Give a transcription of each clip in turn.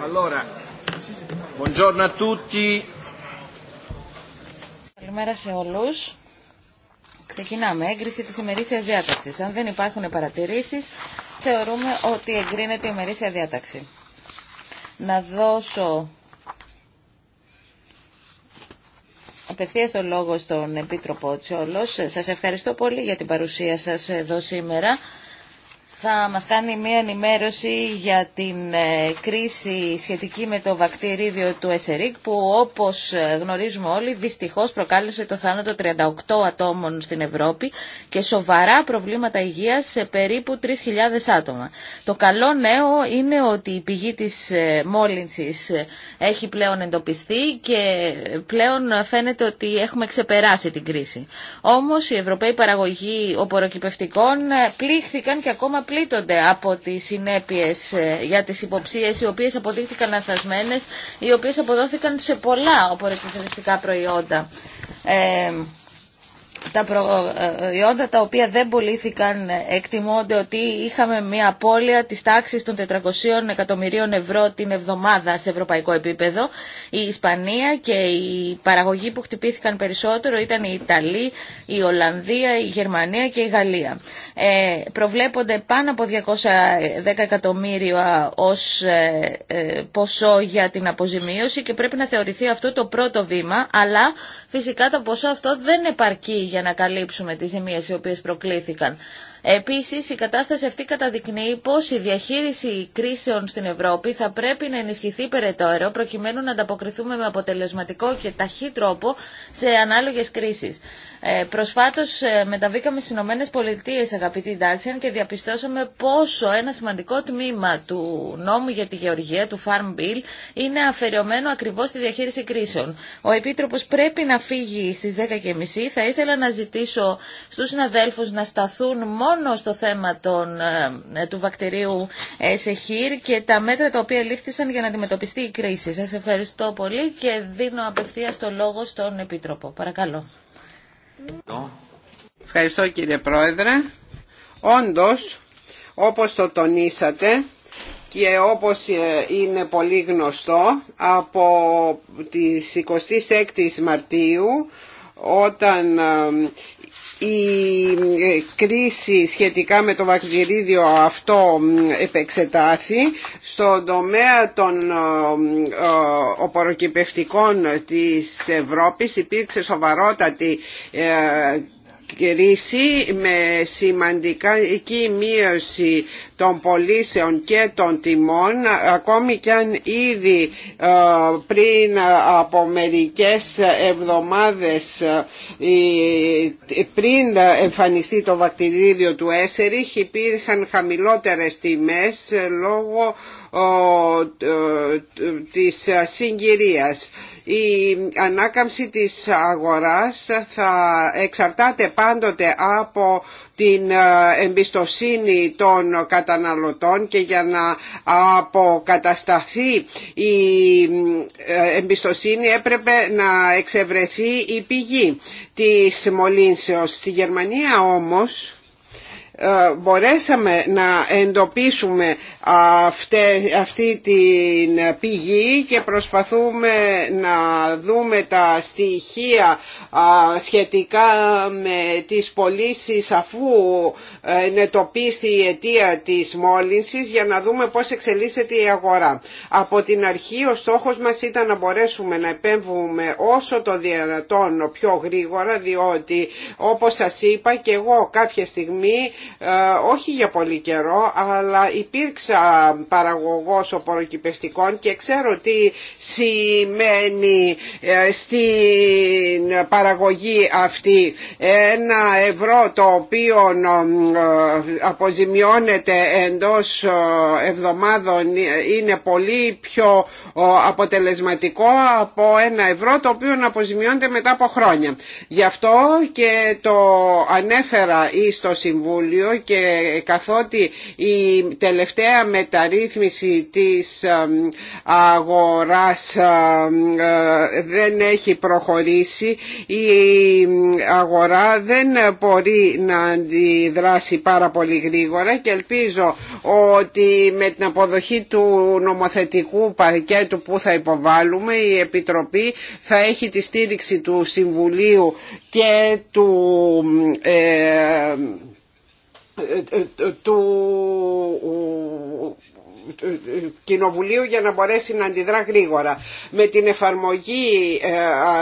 Allora, buongiorno Καλημέρα σε όλους. Ξεκινάμε. Έγκριση τη ημερήσιας διάταξη. Αν δεν υπάρχουν παρατηρήσει, θεωρούμε ότι εγκρίνεται η ημερήσια διάταξη. Να δώσω απευθεία το λόγο στον Επίτροπο Τσιόλο. Σας ευχαριστώ πολύ για την παρουσία σα εδώ σήμερα θα μας κάνει μία ενημέρωση για την ε, κρίση σχετική με το βακτηρίδιο του Εσερίκ που όπως ε, γνωρίζουμε όλοι δυστυχώς προκάλεσε το θάνατο 38 ατόμων στην Ευρώπη και σοβαρά προβλήματα υγείας σε περίπου 3.000 άτομα. Το καλό νέο είναι ότι η πηγή της ε, μόλυνσης έχει πλέον εντοπιστεί και πλέον φαίνεται ότι έχουμε ξεπεράσει την κρίση. Όμως οι Ευρωπαίοι παραγωγοί οποροκυπευτικών πλήχθηκαν και ακόμα πλήττονται από τι συνέπειε ε, για τι υποψίε, οι οποίε αποδείχθηκαν αθασμένε, οι οποίε αποδόθηκαν σε πολλά οπορεκυθαριστικά προϊόντα. Ε, τα προϊόντα ε, ε, τα οποία δεν πουλήθηκαν ε, εκτιμώνται ότι είχαμε μια απώλεια της τάξης των 400 εκατομμυρίων ευρώ την εβδομάδα σε ευρωπαϊκό επίπεδο. Η Ισπανία και οι παραγωγοί που χτυπήθηκαν περισσότερο ήταν η Ιταλία, η Ολλανδία, η Γερμανία και η Γαλλία. Ε, προβλέπονται πάνω από 210 εκατομμύρια ως ποσό για την αποζημίωση και πρέπει να θεωρηθεί αυτό το πρώτο βήμα, αλλά Φυσικά το ποσό αυτό δεν επαρκεί για να καλύψουμε τις ζημίες οι οποίες προκλήθηκαν. Επίσης, η κατάσταση αυτή καταδεικνύει πως η διαχείριση κρίσεων στην Ευρώπη θα πρέπει να ενισχυθεί περαιτέρω προκειμένου να ανταποκριθούμε με αποτελεσματικό και ταχύ τρόπο σε ανάλογες κρίσεις. Ε, Προσφάτω ε, μεταβήκαμε στι Ηνωμένε Πολιτείε, αγαπητοί Ντάρσιαν, και διαπιστώσαμε πόσο ένα σημαντικό τμήμα του νόμου για τη γεωργία, του Farm Bill, είναι αφαιρεωμένο ακριβώ στη διαχείριση κρίσεων. Ο Επίτροπο πρέπει να φύγει στι 10.30. Θα ήθελα να ζητήσω στου συναδέλφου να σταθούν μόνο μόνο στο θέμα των, ε, ε, του βακτηρίου Σεχίρ και τα μέτρα τα οποία λήφθησαν για να αντιμετωπιστεί η κρίση. Σας ευχαριστώ πολύ και δίνω απευθείας το λόγο στον Επίτροπο. Παρακαλώ. Ευχαριστώ κύριε Πρόεδρε. Όντως, όπως το τονίσατε, και όπως ε, είναι πολύ γνωστό από τις 26 Μαρτίου όταν η ε, κρίση σχετικά με το βακτηρίδιο αυτό επεξετάθη στον τομέα των ε, ε, οποροκυπευτικών της Ευρώπης υπήρξε σοβαρότατη κρίση με σημαντική μείωση των πωλήσεων και των τιμών ακόμη και αν ήδη ε, πριν από μερικές εβδομάδες πριν εμφανιστεί το βακτηρίδιο του Έσεριχ υπήρχαν χαμηλότερες τιμές λόγω της συγκυρίας. Η ανάκαμψη της αγοράς θα εξαρτάται πάντοτε από την ε, εμπιστοσύνη των καταναλωτών και για να αποκατασταθεί η ε, εμπιστοσύνη έπρεπε να εξευρεθεί η πηγή της μολύνσεως. Στη Γερμανία όμως ε, μπορέσαμε να εντοπίσουμε αυτή την πηγή και προσπαθούμε να δούμε τα στοιχεία σχετικά με τις πωλήσει αφού ε, ενετοπίστη η αιτία της μόλυνσης για να δούμε πώς εξελίσσεται η αγορά. Από την αρχή ο στόχος μας ήταν να μπορέσουμε να επέμβουμε όσο το δυνατόν πιο γρήγορα διότι όπως σας είπα και εγώ κάποια στιγμή ε, όχι για πολύ καιρό αλλά υπήρξα παραγωγός οπωροκυπευτικών και ξέρω τι σημαίνει ε, στην παραγωγή αυτή ένα ευρώ το οποίο ε, αποζημιώνεται εντός ε, εβδομάδων είναι πολύ πιο αποτελεσματικό από ένα ευρώ το οποίο αποζημιώνεται μετά από χρόνια. Γι' αυτό και το ανέφερα ή στο Συμβούλιο και καθότι η τελευταία μεταρρύθμιση της αγοράς ε, δεν έχει προχωρήσει η αγορά δεν μπορεί να αντιδράσει πάρα πολύ γρήγορα και ελπίζω ότι με την αποδοχή του νομοθετικού πακέτου που θα υποβάλουμε η Επιτροπή θα έχει τη στήριξη του Συμβουλίου και του ε, ε, ε, ε, του Κοινοβουλίου για να μπορέσει να αντιδρά γρήγορα. Με την εφαρμογή ε,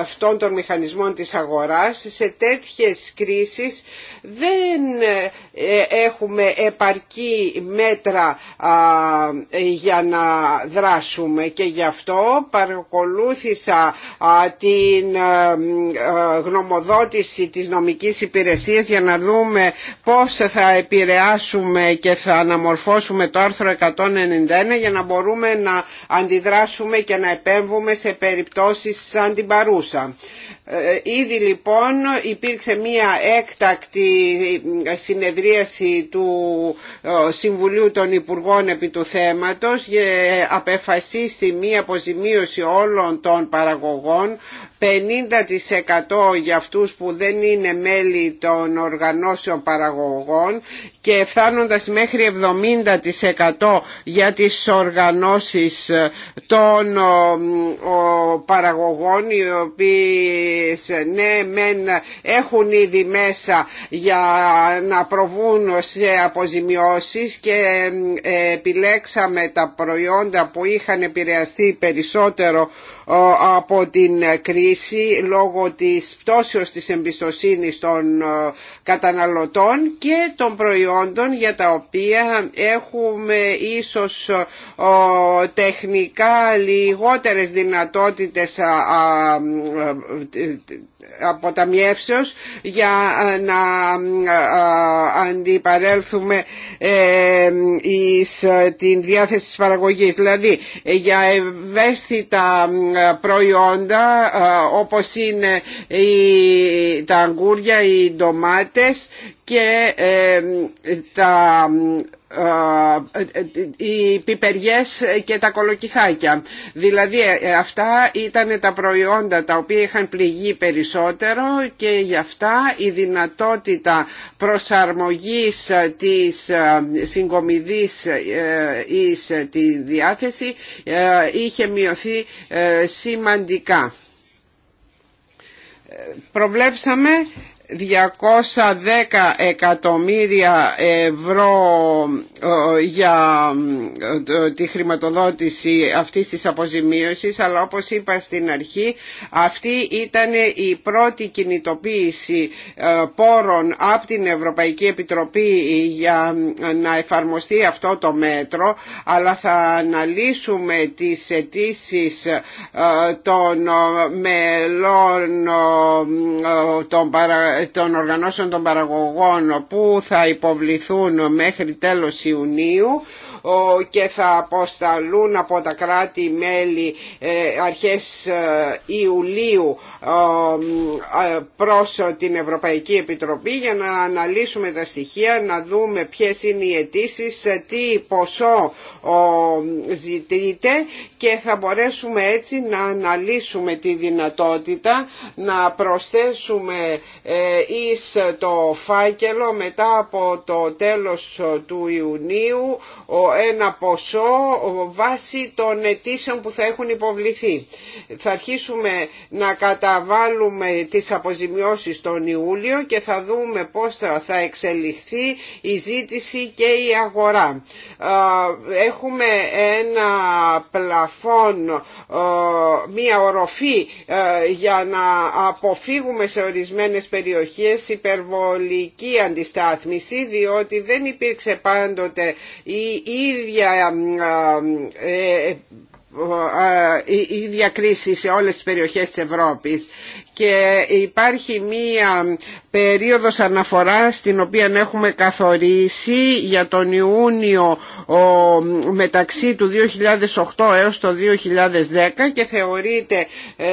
αυτών των μηχανισμών της αγοράς σε τέτοιες κρίσεις δεν ε, έχουμε επαρκή μέτρα για να δράσουμε και γι' αυτό παρακολούθησα την ε, γνωμοδότηση της νομικής υπηρεσίας για να δούμε πώς θα επηρεάσουμε και θα αναμορφώσουμε το άρθρο 190 για να μπορούμε να αντιδράσουμε και να επέμβουμε σε περιπτώσεις σαν την παρούσα. Ε, ήδη λοιπόν υπήρξε μία έκτακτη συνεδρίαση του ε, Συμβουλίου των Υπουργών επί του θέματος και ε, απεφασίστη μία αποζημίωση όλων των παραγωγών 50% για αυτούς που δεν είναι μέλη των οργανώσεων παραγωγών και φτάνοντας μέχρι 70% για τις οργανώσεις ε, των παραγωγών οι οποίες ε, ναι μεν έχουν ήδη μέσα για να προβούν σε αποζημιώσεις και ε, επιλέξαμε τα προϊόντα που είχαν επηρεαστεί περισσότερο από την κρίση λόγω της πτώσεως της εμπιστοσύνης των ε, καταναλωτών και των προϊόντων για τα οποία έχουμε ίσως ε, τεχνικά λιγότερες δυνατότητες ε, αποταμιεύσεως για ε, να ε, ε, αντιπαρέλθουμε εις την διάθεση της παραγωγής. Δηλαδή για ευαίσθητα προϊόντα όπως είναι τα αγγούρια, οι ντομάτες και τα ε, ε, ε, οι πιπεριές και τα κολοκυθάκια. Δηλαδή αυτά ήταν τα προϊόντα τα οποία είχαν πληγεί περισσότερο και γι' αυτά η δυνατότητα προσαρμογής της συγκομιδής ή τη διάθεση είχε μειωθεί σημαντικά προβλέψαμε 210 εκατομμύρια ευρώ ε, για ε, τη χρηματοδότηση αυτής της αποζημίωσης αλλά όπως είπα στην αρχή αυτή ήταν η πρώτη κινητοποίηση ε, πόρων από την Ευρωπαϊκή Επιτροπή για να εφαρμοστεί αυτό το μέτρο αλλά θα αναλύσουμε τις αιτήσει των μελών των παραγωγών των οργανώσεων των παραγωγών που θα υποβληθούν μέχρι τέλος Ιουνίου και θα αποσταλούν από τα κράτη-μέλη ε, αρχές ε, Ιουλίου ε, προς την Ευρωπαϊκή Επιτροπή για να αναλύσουμε τα στοιχεία, να δούμε ποιες είναι οι αιτήσει, τι ποσό ζητείτε και θα μπορέσουμε έτσι να αναλύσουμε τη δυνατότητα να προσθέσουμε εις το φάκελο μετά από το τέλος του Ιουνίου ένα ποσό βάσει των αιτήσεων που θα έχουν υποβληθεί. Θα αρχίσουμε να καταβάλουμε τις αποζημιώσεις τον Ιούλιο και θα δούμε πώς θα εξελιχθεί η ζήτηση και η αγορά. Έχουμε ένα πλαφόν, μία οροφή για να αποφύγουμε σε ορισμένες περιοχές υπερβολική αντιστάθμιση διότι δεν υπήρξε πάντοτε η ίδια η διακρίση σε όλες τις περιοχές της Ευρώπης και υπάρχει μία περίοδος αναφοράς στην οποία έχουμε καθορίσει για τον Ιούνιο μεταξύ του 2008 έως το 2010 και θεωρείται ε,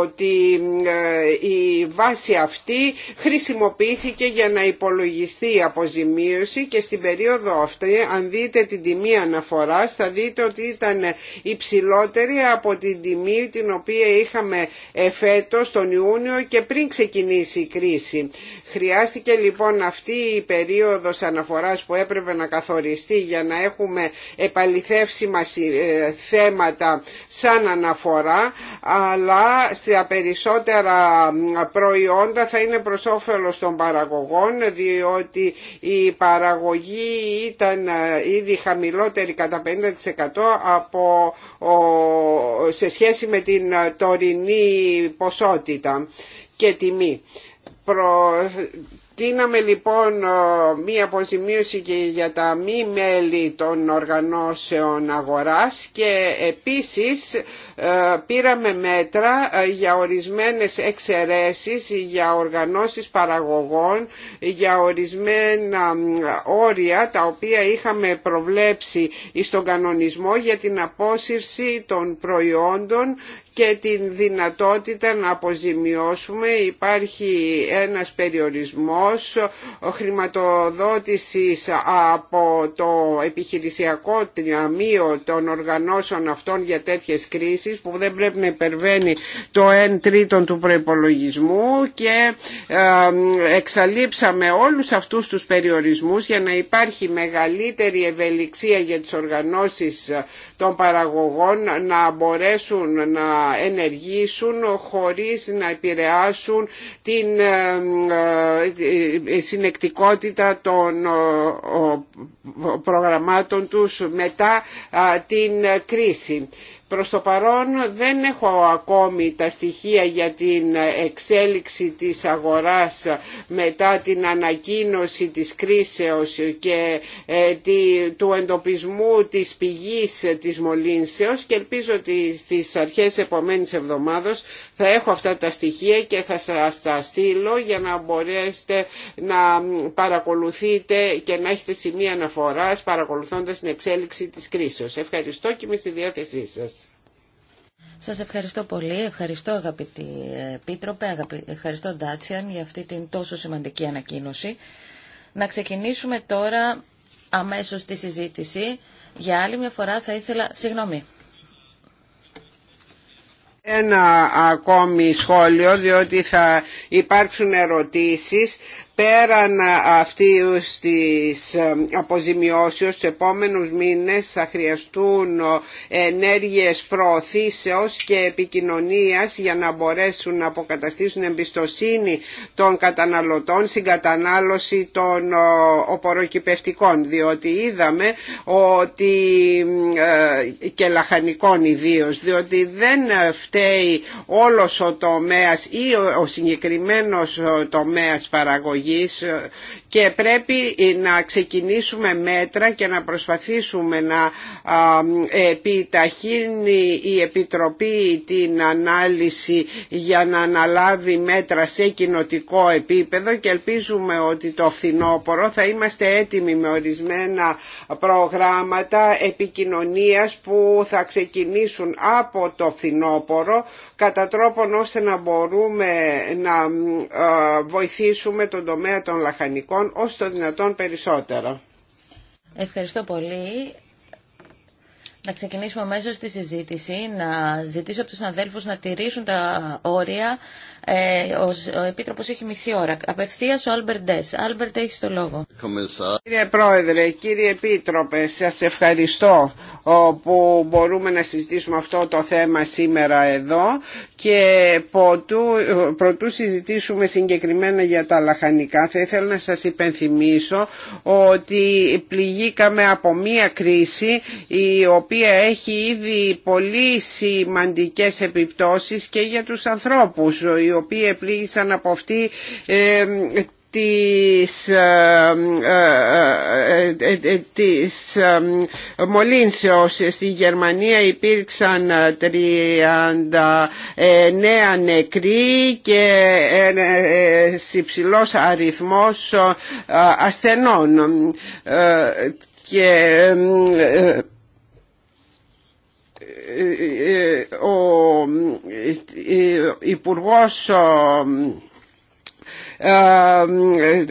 ότι ε, η βάση αυτή χρησιμοποιήθηκε για να υπολογιστεί η αποζημίωση και στην περίοδο αυτή αν δείτε την τιμή αναφοράς θα δείτε ότι ήταν υψηλότερη από την τιμή την οποία είχαμε εφέρει φέτος τον Ιούνιο και πριν ξεκινήσει η κρίση. Χρειάστηκε λοιπόν αυτή η περίοδος αναφοράς που έπρεπε να καθοριστεί για να έχουμε επαληθεύσιμα ε, θέματα σαν αναφορά αλλά στα περισσότερα προϊόντα θα είναι προς όφελος των παραγωγών διότι η παραγωγή ήταν ε, ήδη χαμηλότερη κατά 50% από, σε σχέση με την τωρινή ποσότητα ποσότητα και τιμή. Προ... λοιπόν ε, μία αποζημίωση και για τα μη μέλη των οργανώσεων αγοράς και επίσης ε, πήραμε μέτρα ε, για ορισμένες εξαιρέσεις, για οργανώσεις παραγωγών, για ορισμένα όρια τα οποία είχαμε προβλέψει στον κανονισμό για την απόσυρση των προϊόντων και την δυνατότητα να αποζημιώσουμε. Υπάρχει ένας περιορισμός χρηματοδότησης από το επιχειρησιακό ταμείο των οργανώσεων αυτών για τέτοιες κρίσεις που δεν πρέπει να υπερβαίνει το 1 τρίτο του προϋπολογισμού και εξαλείψαμε όλους αυτούς τους περιορισμούς για να υπάρχει μεγαλύτερη ευελιξία για τις οργανώσεις των παραγωγών να μπορέσουν να ενεργήσουν χωρίς να επηρεάσουν την ε, ε, ε, συνεκτικότητα των προγραμμάτων τους μετά την κρίση. Προς το παρόν δεν έχω ακόμη τα στοιχεία για την εξέλιξη της αγοράς μετά την ανακοίνωση της κρίσεως και ε, του εντοπισμού της πηγής της μολύνσεως και ελπίζω ότι στις αρχές επομένης εβδομάδος θα έχω αυτά τα στοιχεία και θα σας τα στείλω για να μπορέσετε να παρακολουθείτε και να έχετε σημεία αναφοράς παρακολουθώντας την εξέλιξη της κρίσεως. Ευχαριστώ και είμαι στη διάθεσή σας. Σας ευχαριστώ πολύ. Ευχαριστώ αγαπητή Επίτροπε, ευχαριστώ Ντάτσιαν για αυτή την τόσο σημαντική ανακοίνωση. Να ξεκινήσουμε τώρα αμέσως τη συζήτηση. Για άλλη μια φορά θα ήθελα... Συγγνώμη. Ένα ακόμη σχόλιο διότι θα υπάρξουν ερωτήσεις πέραν αυτή της ε, αποζημιώσεως στους επόμενους μήνες θα χρειαστούν ε, ενέργειες προωθήσεως και επικοινωνίας για να μπορέσουν να αποκαταστήσουν εμπιστοσύνη των καταναλωτών στην κατανάλωση των ε, οποροκυπευτικών διότι είδαμε ότι και λαχανικών ιδίω διότι δεν φταίει όλος ο τομέας ή ο συγκεκριμένος τομέας παραγωγής AUTHORWAVE και πρέπει ε, να ξεκινήσουμε μέτρα και να προσπαθήσουμε να επιταχύνει η Επιτροπή την ανάλυση για να αναλάβει μέτρα σε κοινοτικό επίπεδο και ελπίζουμε ότι το φθινόπωρο θα είμαστε έτοιμοι με ορισμένα προγράμματα επικοινωνίας που θα ξεκινήσουν από το φθινόπωρο κατά τρόπον ώστε να μπορούμε να βοηθήσουμε τον τομέα των λαχανικών λοιπόν το δυνατόν περισσότερο. Ευχαριστώ πολύ. Να ξεκινήσουμε μέσα στη συζήτηση, να ζητήσω από τους αδέλφους να τηρήσουν τα όρια, ε, ο, ο Επίτροπος έχει μισή ώρα. Απευθείας ο Άλμπερτ Ντες. έχει το λόγο. Κύριε Πρόεδρε, κύριε Επίτροπε, σας ευχαριστώ που μπορούμε να συζητήσουμε αυτό το θέμα σήμερα εδώ και ποτού, προτού συζητήσουμε συγκεκριμένα για τα λαχανικά θα ήθελα να σας υπενθυμίσω ότι πληγήκαμε από μία κρίση η οποία έχει ήδη πολύ σημαντικές επιπτώσεις και για τους ανθρώπους οι οποίοι επλήγησαν από αυτή ε, της, ε, ε, της μολύνσεως στη Γερμανία υπήρξαν 39 νεκροί και ένας υψηλός αριθμός ασθενών και ο Υπουργός ε,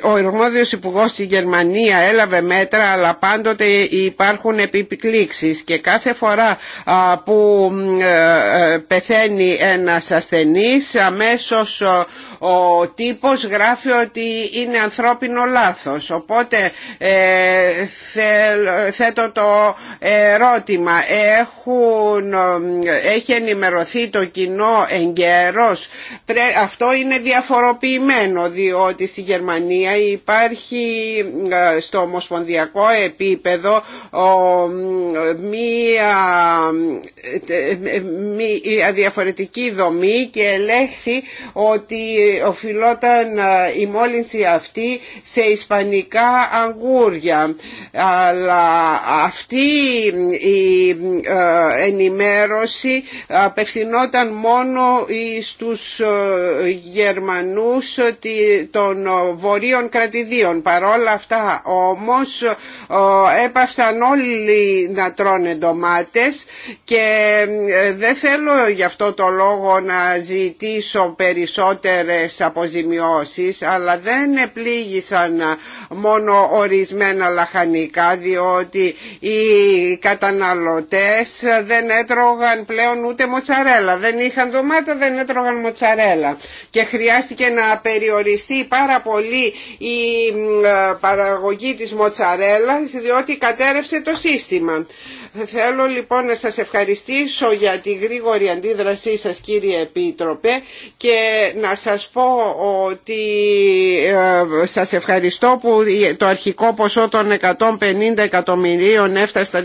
ο Ερμόδιος Υπουργός στη Γερμανία έλαβε μέτρα αλλά πάντοτε υπάρχουν επιπλήξεις και κάθε φορά που ε, ε, πεθαίνει ένας ασθενής αμέσως ο τύπος γράφει ότι είναι ανθρώπινο λάθος οπότε θέτω το ερώτημα έχουν, έχει ενημερωθεί το κοινό εγκαίρος αυτό είναι διαφοροποιημένο διότι στη Γερμανία υπάρχει ε, στο ομοσπονδιακό επίπεδο μία, ε, ε, μία διαφορετική δομή και ελέγχθη ότι οφειλόταν η μόλυνση αυτή σε ισπανικά αγγούρια. Αλλά αυτή η ενημέρωση απευθυνόταν μόνο στους Γερμανούς των βορείων κρατηδίων. Παρόλα αυτά όμως έπαυσαν όλοι να τρώνε ντομάτες και ε, δεν θέλω γι' αυτό το λόγο να ζητήσω περισσότερες αποζημιώσεις αλλά δεν επλήγησαν μόνο ορισμένα λαχανικά διότι οι καταναλωτές δεν έτρωγαν πλέον ούτε μοτσαρέλα δεν είχαν ντομάτα δεν έτρωγαν μοτσαρέλα και χρειάστηκε να περιοριστεί Στή πάρα πολύ η ε, παραγωγή της μοτσαρέλα διότι κατέρευσε το σύστημα. Θέλω λοιπόν να σας ευχαριστήσω για τη γρήγορη αντίδρασή σας κύριε Επίτροπε και να σας πω ότι ε, σας ευχαριστώ που το αρχικό ποσό των 150 εκατομμυρίων έφτασε στα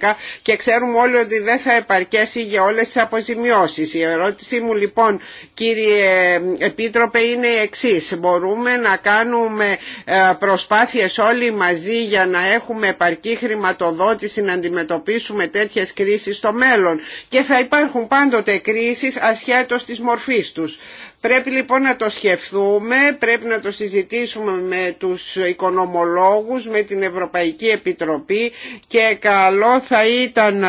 210 και ξέρουμε όλοι ότι δεν θα επαρκέσει για όλες τις αποζημιώσεις. Η ερώτησή μου λοιπόν κύριε Επίτροπε είναι η εξής. Μπορούμε να κάνουμε ε, προσπάθειες όλοι μαζί για να έχουμε επαρκή χρηματοδότηση να αντιμετωπίσουμε τέτοιες κρίσεις στο μέλλον και θα υπάρχουν πάντοτε κρίσεις ασχέτως της μορφής τους. Πρέπει λοιπόν να το σκεφτούμε, πρέπει να το συζητήσουμε με τους οικονομολόγους, με την Ευρωπαϊκή Επιτροπή και καλό θα ήταν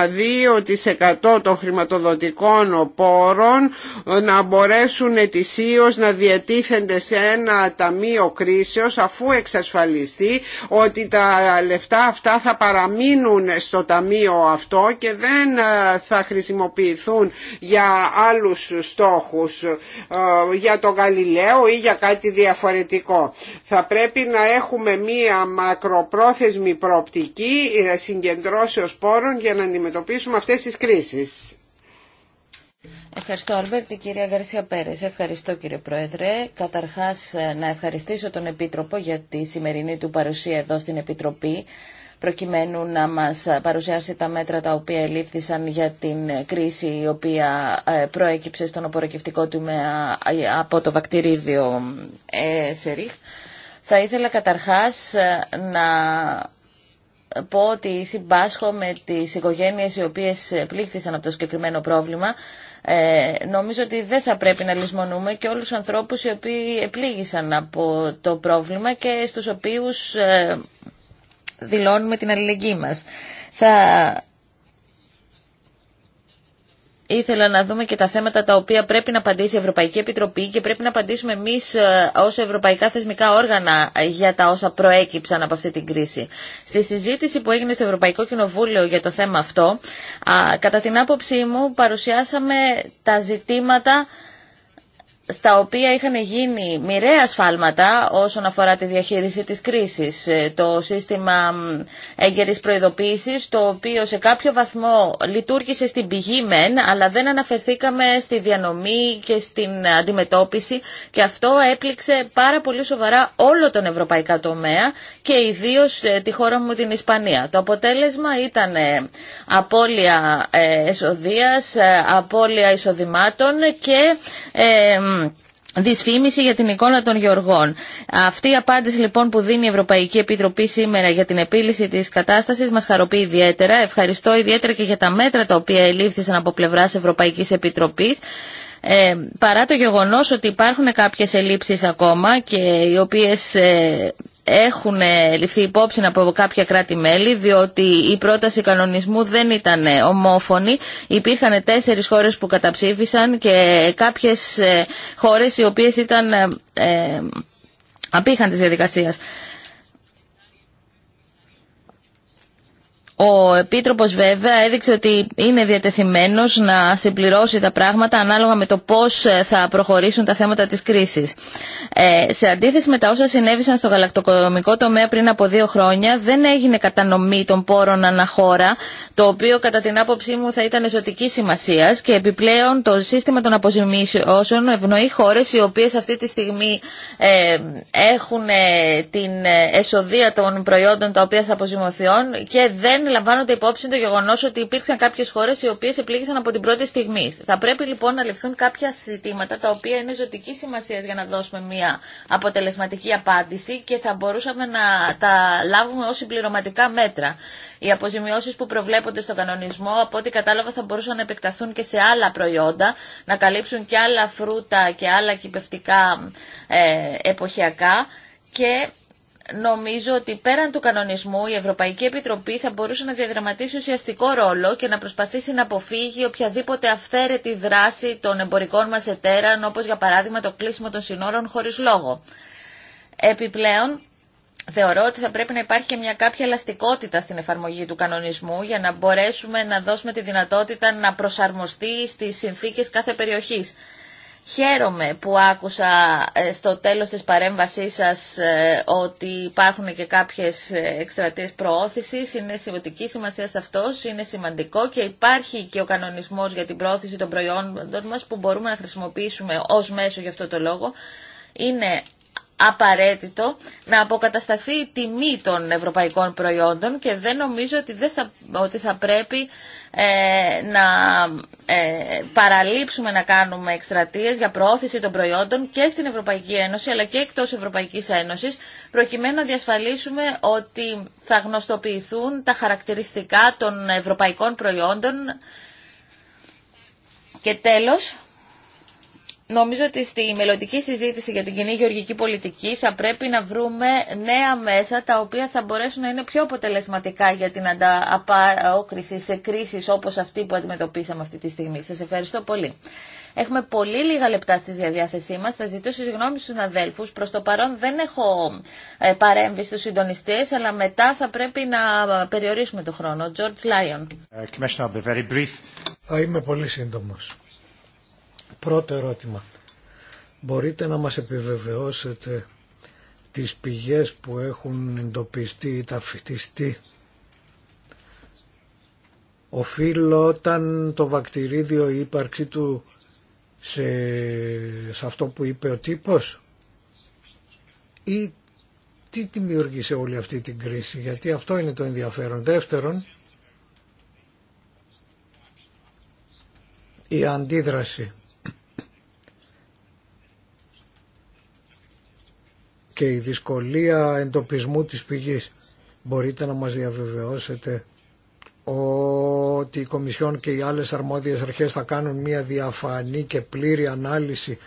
2% των χρηματοδοτικών πόρων να μπορέσουν ετησίως να διατίθενται σε ένα ταμείο κρίσεως αφού εξασφαλιστεί ότι τα λεφτά αυτά θα παραμείνουν στο ταμείο αυτό και δεν θα χρησιμοποιηθούν για άλλους στόχους ε, για τον Γαλιλαίο ή για κάτι διαφορετικό. Θα πρέπει να έχουμε μία μακροπρόθεσμη προοπτική ε, συγκεντρώσεως πόρων για να αντιμετωπίσουμε αυτές τις κρίσεις. Ευχαριστώ, Άλβερτ. Η κυρία Γκαρσία Πέρες. Ευχαριστώ, κύριε Πρόεδρε. Καταρχάς, ε, να ευχαριστήσω τον Επίτροπο για τη σημερινή του παρουσία εδώ στην Επιτροπή προκειμένου να μας παρουσιάσει τα μέτρα τα οποία ελήφθησαν για την κρίση η οποία ε, προέκυψε στον απορροκευτικό του ε, από το βακτηρίδιο ε, ΣΕΡΙΧ. Θα ήθελα καταρχάς να πω ότι συμπάσχω με τις οικογένειες οι οποίες πλήχθησαν από το συγκεκριμένο πρόβλημα. νομίζω ότι δεν θα πρέπει να λησμονούμε και όλους τους ανθρώπους οι οποίοι επλήγησαν από το πρόβλημα και στους οποίους δηλώνουμε την αλληλεγγύη μας. Θα ήθελα να δούμε και τα θέματα τα οποία πρέπει να απαντήσει η Ευρωπαϊκή Επιτροπή και πρέπει να απαντήσουμε εμείς ε, ως ευρωπαϊκά θεσμικά όργανα για τα όσα προέκυψαν από αυτή την κρίση. Στη συζήτηση που έγινε στο Ευρωπαϊκό Κοινοβούλιο για το θέμα αυτό, κατά την άποψή μου παρουσιάσαμε τα ζητήματα στα οποία είχαν γίνει μοιραία σφάλματα όσον αφορά τη διαχείριση της κρίσης. Ε, το σύστημα έγκαιρης προειδοποίησης, το οποίο σε κάποιο βαθμό λειτουργήσε στην πηγή μεν, αλλά δεν αναφερθήκαμε στη διανομή και στην αντιμετώπιση και αυτό έπληξε πάρα πολύ σοβαρά όλο τον ευρωπαϊκό τομέα και ιδίως ε, τη χώρα μου την Ισπανία. Το αποτέλεσμα ήταν ε, απώλεια εσοδείας, απώλεια εισοδημάτων και δυσφήμιση για την εικόνα των γεωργών. Αυτή η απάντηση λοιπόν που δίνει η Ευρωπαϊκή Επιτροπή σήμερα για την επίλυση της κατάστασης μας χαροποιεί ιδιαίτερα. Ευχαριστώ ιδιαίτερα και για τα μέτρα τα οποία ελήφθησαν από πλευράς Ευρωπαϊκής Επιτροπής. Ε, παρά το γεγονός ότι υπάρχουν κάποιες ελλείψεις ακόμα και οι οποίες ε, έχουν ε, ληφθεί υπόψη από κάποια κράτη-μέλη, διότι η πρόταση κανονισμού δεν ήταν ε, ομόφωνη. Υπήρχαν τέσσερις χώρες που καταψήφισαν και κάποιες ε, χώρες οι οποίες ήταν ε, απήχαν της διαδικασίας. Ο Επίτροπος βέβαια έδειξε ότι είναι διατεθειμένος να συμπληρώσει τα πράγματα ανάλογα με το πώς ε, θα προχωρήσουν τα θέματα της κρίσης. Ε, σε αντίθεση με τα όσα συνέβησαν στο γαλακτοκομικό τομέα πριν από δύο χρόνια, δεν έγινε κατανομή των πόρων αναχώρα, το οποίο κατά την άποψή μου θα ήταν εσωτική σημασία και επιπλέον το σύστημα των αποζημιώσεων ευνοεί χώρε οι οποίε αυτή τη στιγμή ε, έχουν την ε, εσοδεία των προϊόντων τα οποία θα αποζημωθεί και δεν να λαμβάνονται υπόψη το γεγονό ότι υπήρξαν κάποιε χώρε οι οποίε επλήγησαν από την πρώτη στιγμή. Θα πρέπει λοιπόν να ληφθούν κάποια συζητήματα τα οποία είναι ζωτική σημασία για να δώσουμε μια αποτελεσματική απάντηση και θα μπορούσαμε να τα λάβουμε ω συμπληρωματικά μέτρα. Οι αποζημιώσει που προβλέπονται στον κανονισμό, από ό,τι κατάλαβα, θα μπορούσαν να επεκταθούν και σε άλλα προϊόντα, να καλύψουν και άλλα φρούτα και άλλα κυπευτικά ε, εποχιακά και νομίζω ότι πέραν του κανονισμού η Ευρωπαϊκή Επιτροπή θα μπορούσε να διαδραματίσει ουσιαστικό ρόλο και να προσπαθήσει να αποφύγει οποιαδήποτε αυθαίρετη δράση των εμπορικών μας εταίρων, όπως για παράδειγμα το κλείσιμο των συνόρων χωρίς λόγο. Επιπλέον, Θεωρώ ότι θα πρέπει να υπάρχει και μια κάποια ελαστικότητα στην εφαρμογή του κανονισμού για να μπορέσουμε να δώσουμε τη δυνατότητα να προσαρμοστεί στις συνθήκες κάθε περιοχής. Χαίρομαι που άκουσα ε, στο τέλος της παρέμβασής σας ε, ότι υπάρχουν και κάποιες ε, εκστρατείες προώθησης. Είναι σημαντική σημασία σε αυτός, είναι σημαντικό και υπάρχει και ο κανονισμός για την προώθηση των προϊόντων μας που μπορούμε να χρησιμοποιήσουμε ως μέσο για αυτό το λόγο. Είναι απαραίτητο να αποκατασταθεί η τιμή των ευρωπαϊκών προϊόντων και δεν νομίζω ότι, δεν θα, ότι θα πρέπει ε, να ε, παραλείψουμε να κάνουμε εκστρατείες για προώθηση των προϊόντων και στην Ευρωπαϊκή Ένωση αλλά και εκτός Ευρωπαϊκής Ένωσης προκειμένου να διασφαλίσουμε ότι θα γνωστοποιηθούν τα χαρακτηριστικά των ευρωπαϊκών προϊόντων και τέλος Νομίζω ότι στη μελλοντική συζήτηση για την κοινή γεωργική πολιτική θα πρέπει να βρούμε νέα μέσα τα οποία θα μπορέσουν να είναι πιο αποτελεσματικά για την ανταπόκριση σε κρίσεις όπως αυτή που αντιμετωπίσαμε αυτή τη στιγμή. Σας ευχαριστώ πολύ. Έχουμε πολύ λίγα λεπτά στη διαδιάθεσή μα. Θα ζητήσω συγγνώμη στου αδέλφου. Προ το παρόν δεν έχω ε, παρέμβει στου συντονιστέ, αλλά μετά θα πρέπει να ε, περιορίσουμε το χρόνο. George Lyon. Ε, θα είμαι πολύ σύντομο. Πρώτο ερώτημα. Μπορείτε να μας επιβεβαιώσετε τις πηγές που έχουν εντοπιστεί ή ταυτιστεί οφείλονταν το βακτηρίδιο η Οφείλω όταν το βακτηριδιο η υπαρξη του σε, σε αυτό που είπε ο τύπος ή τι δημιούργησε όλη αυτή την κρίση γιατί αυτό είναι το ενδιαφέρον. Δεύτερον η αντίδραση και η δυσκολία εντοπισμού της πηγής. Μπορείτε να μας διαβεβαιώσετε ότι η Κομισιόν και οι άλλες αρμόδιες αρχές θα κάνουν μια διαφανή και πλήρη ανάλυση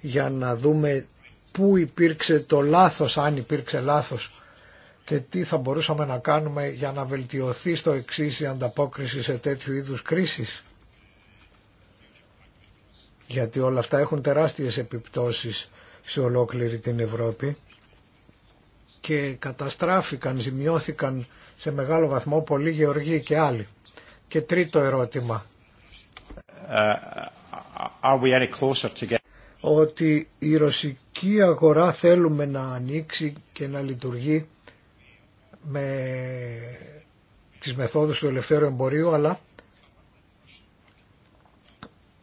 για να δούμε πού υπήρξε το λάθος, αν υπήρξε λάθος και τι θα μπορούσαμε να κάνουμε για να βελτιωθεί στο εξή η ανταπόκριση σε τέτοιου είδους κρίσεις. Γιατί όλα αυτά έχουν τεράστιες επιπτώσεις σε ολόκληρη την Ευρώπη και καταστράφηκαν, ζημιώθηκαν σε μεγάλο βαθμό πολλοί γεωργοί και άλλοι. Και τρίτο ερώτημα. Ε, are we any closer to get... Ότι η ρωσική αγορά θέλουμε να ανοίξει και να λειτουργεί με τις μεθόδους του ελευθέρου εμπορίου, αλλά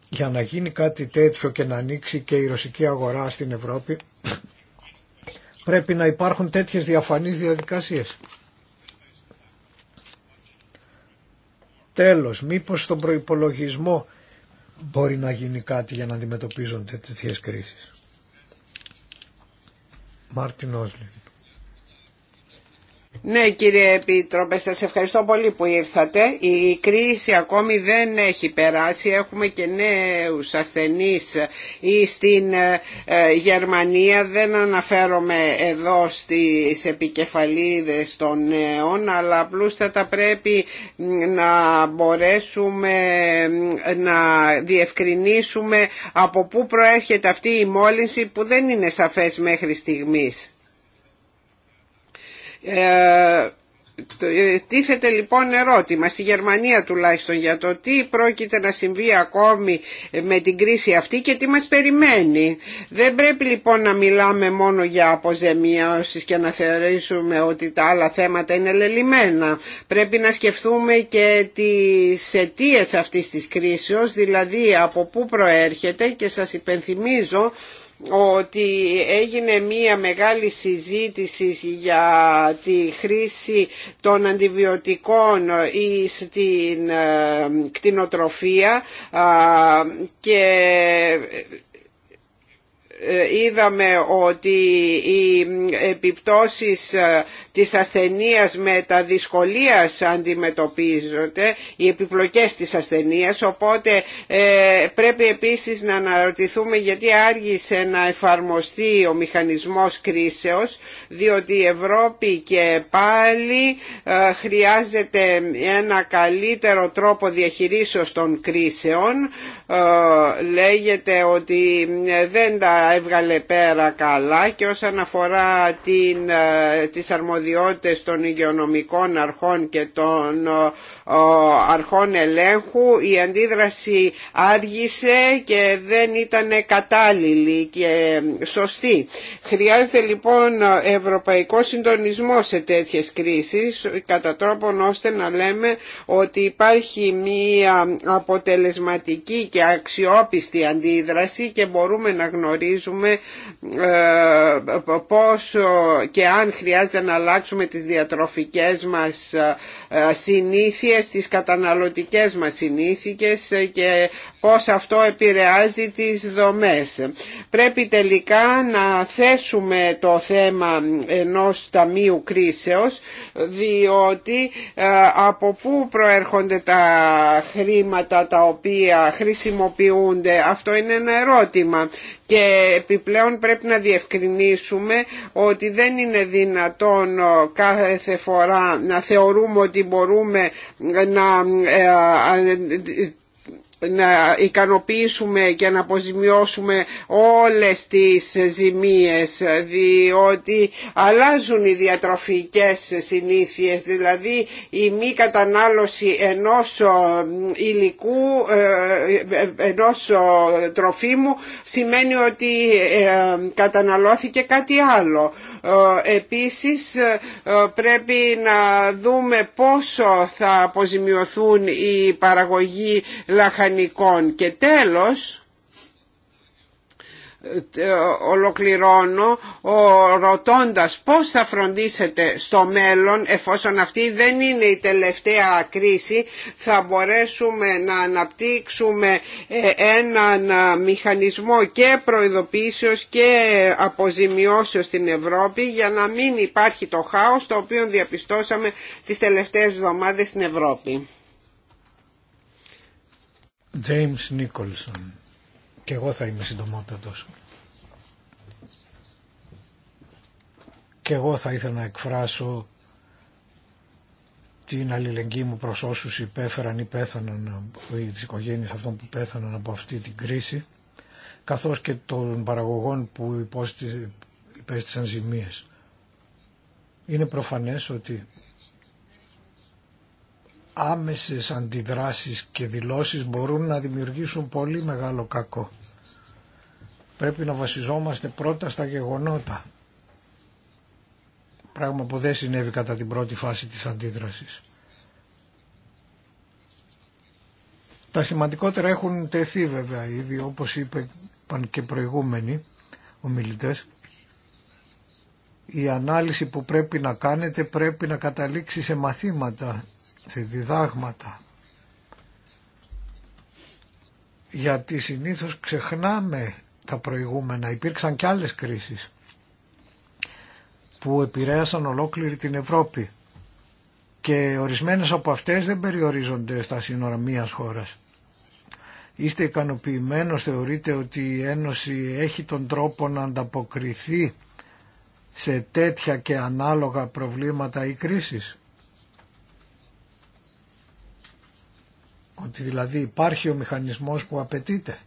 για να γίνει κάτι τέτοιο και να ανοίξει και η ρωσική αγορά στην Ευρώπη πρέπει να υπάρχουν τέτοιες διαφανείς διαδικασίες. Τέλος, μήπως στον προϋπολογισμό μπορεί να γίνει κάτι για να αντιμετωπίζονται τέτοιες κρίσεις. Μάρτιν Όσλιν. Ναι κύριε Επίτροπε, σας ευχαριστώ πολύ που ήρθατε. Η κρίση ακόμη δεν έχει περάσει. Έχουμε και νέους ασθενείς ή στην ε, ε, Γερμανία. Δεν αναφέρομαι εδώ στις επικεφαλίδες των νέων, αλλά απλούστατα πρέπει να μπορέσουμε να διευκρινίσουμε από πού προέρχεται αυτή η μόλυνση που δεν είναι σαφές μέχρι στιγμής. Ε, ε, τίθεται λοιπόν ερώτημα στη Γερμανία τουλάχιστον για το τι πρόκειται να συμβεί ακόμη με την κρίση αυτή και τι μας περιμένει. Δεν πρέπει λοιπόν να μιλάμε μόνο για αποζημίωσεις και να θεωρήσουμε ότι τα άλλα θέματα είναι λελιμένα. Πρέπει να σκεφτούμε και τις αιτίες αυτής της κρίσεως, δηλαδή από πού προέρχεται και σας υπενθυμίζω ότι έγινε μία μεγάλη συζήτηση για τη χρήση των αντιβιωτικών ή στην ε, κτηνοτροφία και ε, είδαμε ότι οι επιπτώσεις ε, της ασθενείας με τα δυσκολία αντιμετωπίζονται, οι επιπλοκές της ασθενείας, οπότε ε, πρέπει επίσης να αναρωτηθούμε γιατί άργησε να εφαρμοστεί ο μηχανισμός κρίσεως, διότι η Ευρώπη και πάλι χρειάζεται ένα καλύτερο τρόπο διαχειρίσεως των κρίσεων. Λέγεται ότι δεν τα έβγαλε πέρα καλά και όσον αφορά την, ε, τις αρμοδιότητες των υγειονομικών αρχών και των ε, αρχών ελέγχου η αντίδραση άργησε και δεν ήταν κατάλληλη και σωστή. Χρειάζεται λοιπόν ευρωπαϊκό συντονισμό σε τέτοιες κρίσεις κατά τρόπον ώστε να λέμε ότι υπάρχει μία αποτελεσματική και αξιόπιστη αντίδραση και μπορούμε να γνωρίζουμε ε, πώς και αν χρειάζεται να αλλάξουμε τις διατροφικές μας ε, συνήθειες, τις καταναλωτικές μας συνήθειες ε, και πώς αυτό επηρεάζει τις δομές. Πρέπει τελικά να θέσουμε το θέμα ενός ταμείου κρίσεως, διότι από πού προέρχονται τα χρήματα τα οποία χρησιμοποιούνται, αυτό είναι ένα ερώτημα και επιπλέον πρέπει να διευκρινίσουμε ότι δεν είναι δυνατόν ε, κάθε φορά να θεωρούμε ότι μπορούμε να ε, ε, να ικανοποιήσουμε και να αποζημιώσουμε όλες τις ζημίες διότι αλλάζουν οι διατροφικές συνήθειες δηλαδή η μη κατανάλωση ενός ε, υλικού ε, ε, ενός τροφίμου σημαίνει ότι καταναλώθηκε κάτι άλλο επίσης πρέπει να δούμε πόσο θα αποζημιωθούν οι παραγωγοί λαχανικών και τέλος, ε, ολοκληρώνω ρωτώντας πώς θα φροντίσετε στο μέλλον εφόσον αυτή δεν είναι η τελευταία κρίση θα μπορέσουμε να αναπτύξουμε ε, έναν ε, μηχανισμό και προειδοποίησεως και αποζημιώσεως στην Ευρώπη για να μην υπάρχει το χάος το οποίο διαπιστώσαμε τις τελευταίες εβδομάδες στην Ευρώπη. James Nicholson. Και εγώ θα είμαι συντομότατος. Και εγώ θα ήθελα να εκφράσω την αλληλεγγύη μου προς όσους υπέφεραν ή πέθαναν, ή τις οικογένειες αυτών που πέθαναν από αυτή την κρίση, καθώς και των παραγωγών που υπέστησαν ζημίες. Είναι προφανές ότι άμεσες αντιδράσεις και δηλώσεις μπορούν να δημιουργήσουν πολύ μεγάλο κακό. Πρέπει να βασιζόμαστε πρώτα στα γεγονότα. Πράγμα που δεν συνέβη κατά την πρώτη φάση της αντίδρασης. Τα σημαντικότερα έχουν τεθεί βέβαια ήδη όπως είπαν και προηγούμενοι ομιλητές. Η ανάλυση που πρέπει να κάνετε πρέπει να καταλήξει σε μαθήματα σε διδάγματα. Γιατί συνήθως ξεχνάμε τα προηγούμενα. Υπήρξαν και άλλες κρίσεις που επηρέασαν ολόκληρη την Ευρώπη. Και ορισμένες από αυτές δεν περιορίζονται στα σύνορα μίας χώρας. Είστε ικανοποιημένος, θεωρείτε ότι η Ένωση έχει τον τρόπο να ανταποκριθεί σε τέτοια και ανάλογα προβλήματα ή κρίσεις. Ότι δηλαδή υπάρχει ο μηχανισμός που απαιτείται.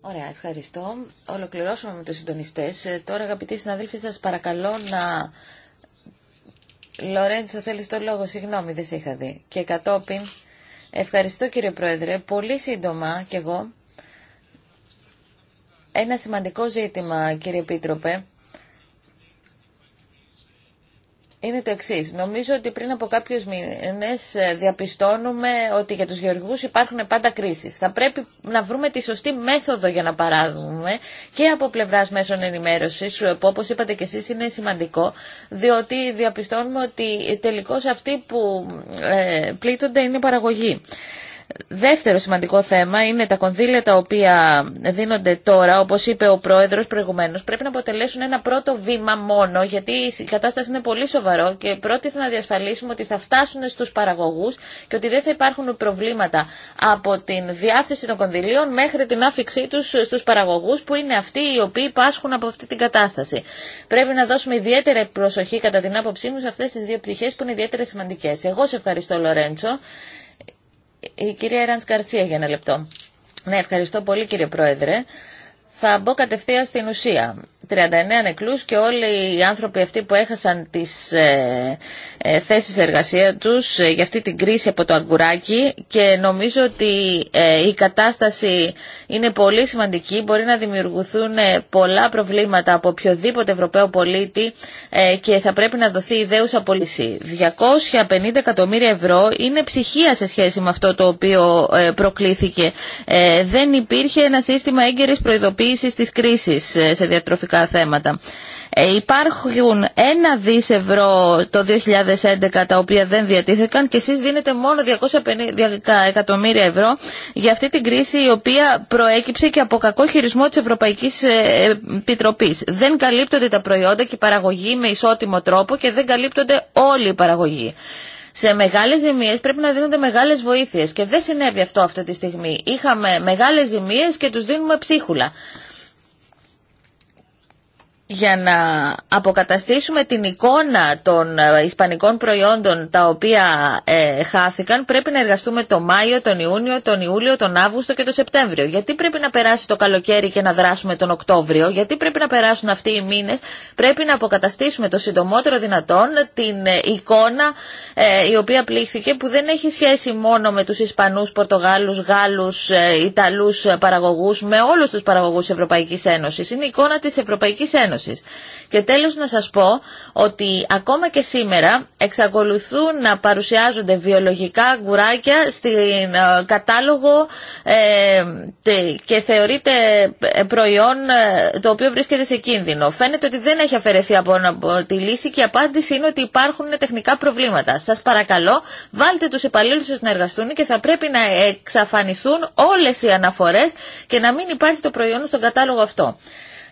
Ωραία, ευχαριστώ. Ολοκληρώσαμε με τους συντονιστές. Ε, τώρα αγαπητοί συναδέλφοι σας παρακαλώ να... Λορέντσο, θέλεις το λόγο, συγγνώμη δεν σε είχα δει. Και κατόπιν, ευχαριστώ κύριε Πρόεδρε, πολύ σύντομα κι εγώ. Ένα σημαντικό ζήτημα κύριε Επίτροπε είναι το εξή. Νομίζω ότι πριν από κάποιου μήνε ε, διαπιστώνουμε ότι για του γεωργού υπάρχουν πάντα κρίσει. Θα πρέπει να βρούμε τη σωστή μέθοδο για να παράγουμε και από πλευρά μέσων ενημέρωση, ε, που όπω είπατε και εσεί είναι σημαντικό, διότι διαπιστώνουμε ότι τελικώ αυτοί που ε, πλήττονται είναι παραγωγή. Δεύτερο σημαντικό θέμα είναι τα κονδύλια τα οποία δίνονται τώρα, όπως είπε ο Πρόεδρος προηγουμένως, πρέπει να αποτελέσουν ένα πρώτο βήμα μόνο, γιατί η κατάσταση είναι πολύ σοβαρό και πρώτοι θα να διασφαλίσουμε ότι θα φτάσουν στους παραγωγούς και ότι δεν θα υπάρχουν προβλήματα από τη διάθεση των κονδυλίων μέχρι την άφηξή τους στους παραγωγούς που είναι αυτοί οι οποίοι πάσχουν από αυτή την κατάσταση. Πρέπει να δώσουμε ιδιαίτερη προσοχή κατά την άποψή μου σε αυτές τις δύο πτυχές που είναι ιδιαίτερα σημαντικές. Εγώ σε ευχαριστώ Λορέντσο. Η κυρία Ραντς Καρσία για ένα λεπτό. Ναι, ευχαριστώ πολύ κύριε Πρόεδρε. Θα μπω κατευθείαν στην ουσία. 39 νεκλούς και όλοι οι άνθρωποι αυτοί που έχασαν τις ε, ε, θέσεις εργασία τους ε, για αυτή την κρίση από το αγκουράκι και νομίζω ότι ε, η κατάσταση είναι πολύ σημαντική. Μπορεί να δημιουργηθούν ε, πολλά προβλήματα από οποιοδήποτε Ευρωπαίο πολίτη και θα πρέπει να δοθεί ιδέουσα πωλήση. 250 εκατομμύρια ευρώ είναι ψυχία σε σχέση με αυτό το οποίο προκλήθηκε. Δεν υπήρχε ένα σύστημα έγκαιρης προειδοποίησης κινητοποίησης τις κρίση ε, σε διατροφικά θέματα. Ε, υπάρχουν ένα δις ευρώ το 2011 τα οποία δεν διατίθεκαν και εσείς δίνετε μόνο 250 εκατομμύρια ευρώ για αυτή την κρίση η οποία προέκυψε και από κακό χειρισμό της Ευρωπαϊκής ε, Επιτροπή. Δεν καλύπτονται τα προϊόντα και η παραγωγή με ισότιμο τρόπο και δεν καλύπτονται όλοι οι παραγωγοί σε μεγάλες ζημίες πρέπει να δίνονται μεγάλες βοήθειες και δεν συνέβη αυτό αυτή τη στιγμή. Είχαμε μεγάλες ζημίες και τους δίνουμε ψίχουλα για να αποκαταστήσουμε την εικόνα των ε, ισπανικών προϊόντων τα οποία ε, χάθηκαν πρέπει να εργαστούμε το Μάιο, τον Ιούνιο, τον Ιούλιο, τον Αύγουστο και τον Σεπτέμβριο. Γιατί πρέπει να περάσει το καλοκαίρι και να δράσουμε τον Οκτώβριο, γιατί πρέπει να περάσουν αυτοί οι μήνες, πρέπει να αποκαταστήσουμε το συντομότερο δυνατόν την ε, εικόνα η οποία πλήχθηκε που δεν έχει σχέση μόνο με τους Ισπανούς, Πορτογάλους, Γάλλους, Ιταλούς παραγωγούς, με όλους τους παραγωγούς της Ευρωπαϊκής Ένωσης. Είναι η εικόνα της Ευρωπαϊκής Ένωσης. Και τέλος να σας πω ότι ακόμα και σήμερα εξακολουθούν να παρουσιάζονται βιολογικά γκουράκια στην ε, κατάλογο ε, και θεωρείται ε, προϊόν το οποίο βρίσκεται σε κίνδυνο. Φαίνεται ότι δεν έχει αφαιρεθεί από τη λύση και η απάντηση είναι ότι υπάρχουν τεχνικά προβλήματα. Σας παρακαλώ βάλτε τους υπαλλήλους σας να εργαστούν και θα πρέπει να εξαφανιστούν όλες οι αναφορές και να μην υπάρχει το προϊόν στον κατάλογο αυτό.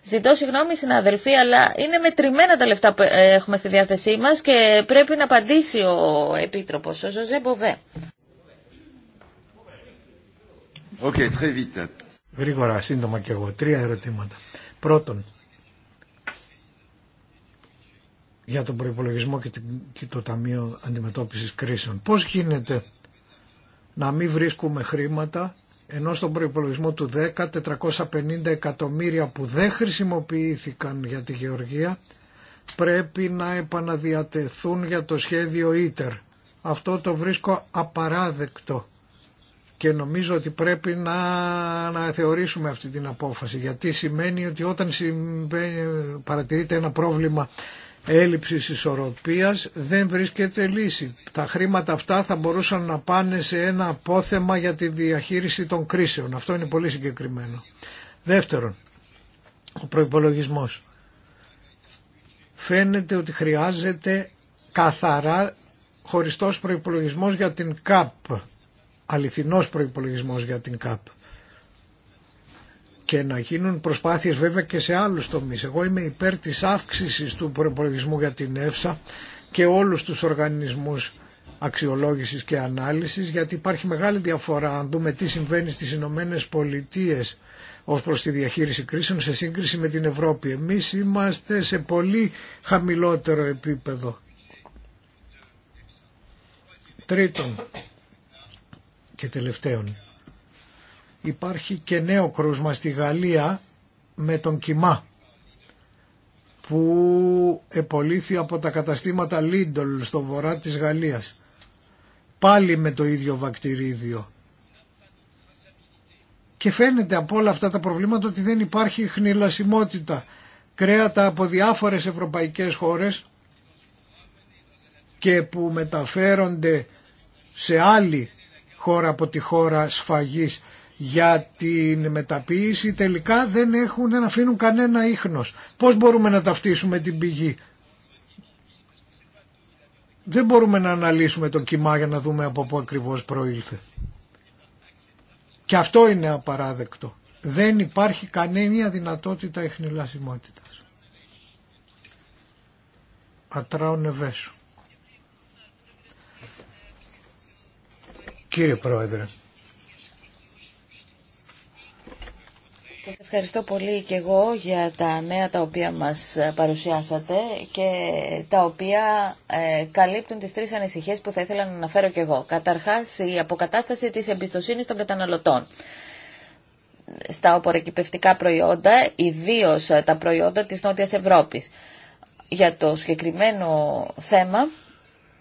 Ζητώ συγγνώμη συναδελφοί, αλλά είναι μετρημένα τα λεφτά που έχουμε στη διάθεσή μας και πρέπει να απαντήσει ο Επίτροπος, ο Ζωζέ Μποβέ. très vite. Γρήγορα, σύντομα και εγώ. Τρία ερωτήματα. Πρώτον, για τον προϋπολογισμό και το Ταμείο Αντιμετώπισης Κρίσεων. Πώς γίνεται να μην βρίσκουμε χρήματα ενώ στον προϋπολογισμό του 10 450 εκατομμύρια που δεν χρησιμοποιήθηκαν για τη Γεωργία πρέπει να επαναδιατεθούν για το σχέδιο ΙΤΕΡ. Αυτό το βρίσκω απαράδεκτο και νομίζω ότι πρέπει να, να θεωρήσουμε αυτή την απόφαση γιατί σημαίνει ότι όταν παρατηρείται ένα πρόβλημα έλλειψη ισορροπίας δεν βρίσκεται λύση. Τα χρήματα αυτά θα μπορούσαν να πάνε σε ένα απόθεμα για τη διαχείριση των κρίσεων. Αυτό είναι πολύ συγκεκριμένο. Δεύτερον, ο προϋπολογισμός. Φαίνεται ότι χρειάζεται καθαρά χωριστός προϋπολογισμός για την ΚΑΠ. Αληθινός προϋπολογισμός για την ΚΑΠ και να γίνουν προσπάθειες βέβαια και σε άλλους τομείς. Εγώ είμαι υπέρ της αύξησης του προπολογισμού για την ΕΦΣΑ και όλους τους οργανισμούς αξιολόγησης και ανάλυσης γιατί υπάρχει μεγάλη διαφορά αν δούμε τι συμβαίνει στις Ηνωμένε Πολιτείε ως προς τη διαχείριση κρίσεων σε σύγκριση με την Ευρώπη. Εμείς είμαστε σε πολύ χαμηλότερο επίπεδο. Τρίτον και τελευταίον υπάρχει και νέο κρούσμα στη Γαλλία με τον Κιμά που επολύθη από τα καταστήματα Λίντολ στο βορρά της Γαλλίας. Πάλι με το ίδιο βακτηρίδιο. Και φαίνεται από όλα αυτά τα προβλήματα ότι δεν υπάρχει χνηλασιμότητα. Κρέατα από διάφορες ευρωπαϊκές χώρες και που μεταφέρονται σε άλλη χώρα από τη χώρα σφαγής για την μεταποίηση τελικά δεν έχουν να αφήνουν κανένα ίχνος. Πώς μπορούμε να ταυτίσουμε την πηγή. Δεν μπορούμε να αναλύσουμε το κοιμά για να δούμε από πού ακριβώς προήλθε. Και αυτό είναι απαράδεκτο. Δεν υπάρχει κανένα δυνατότητα ειχνηλασιμότητας. Ατράω νεβέσου. Κύριε Πρόεδρε, Σας ευχαριστώ πολύ και εγώ για τα νέα τα οποία μας παρουσιάσατε και τα οποία ε, καλύπτουν τις τρεις ανησυχίες που θα ήθελα να αναφέρω και εγώ. Καταρχάς, η αποκατάσταση της εμπιστοσύνης των καταναλωτών στα οπορεκυπευτικά προϊόντα, ιδίω τα προϊόντα της Νότιας Ευρώπης. Για το συγκεκριμένο θέμα,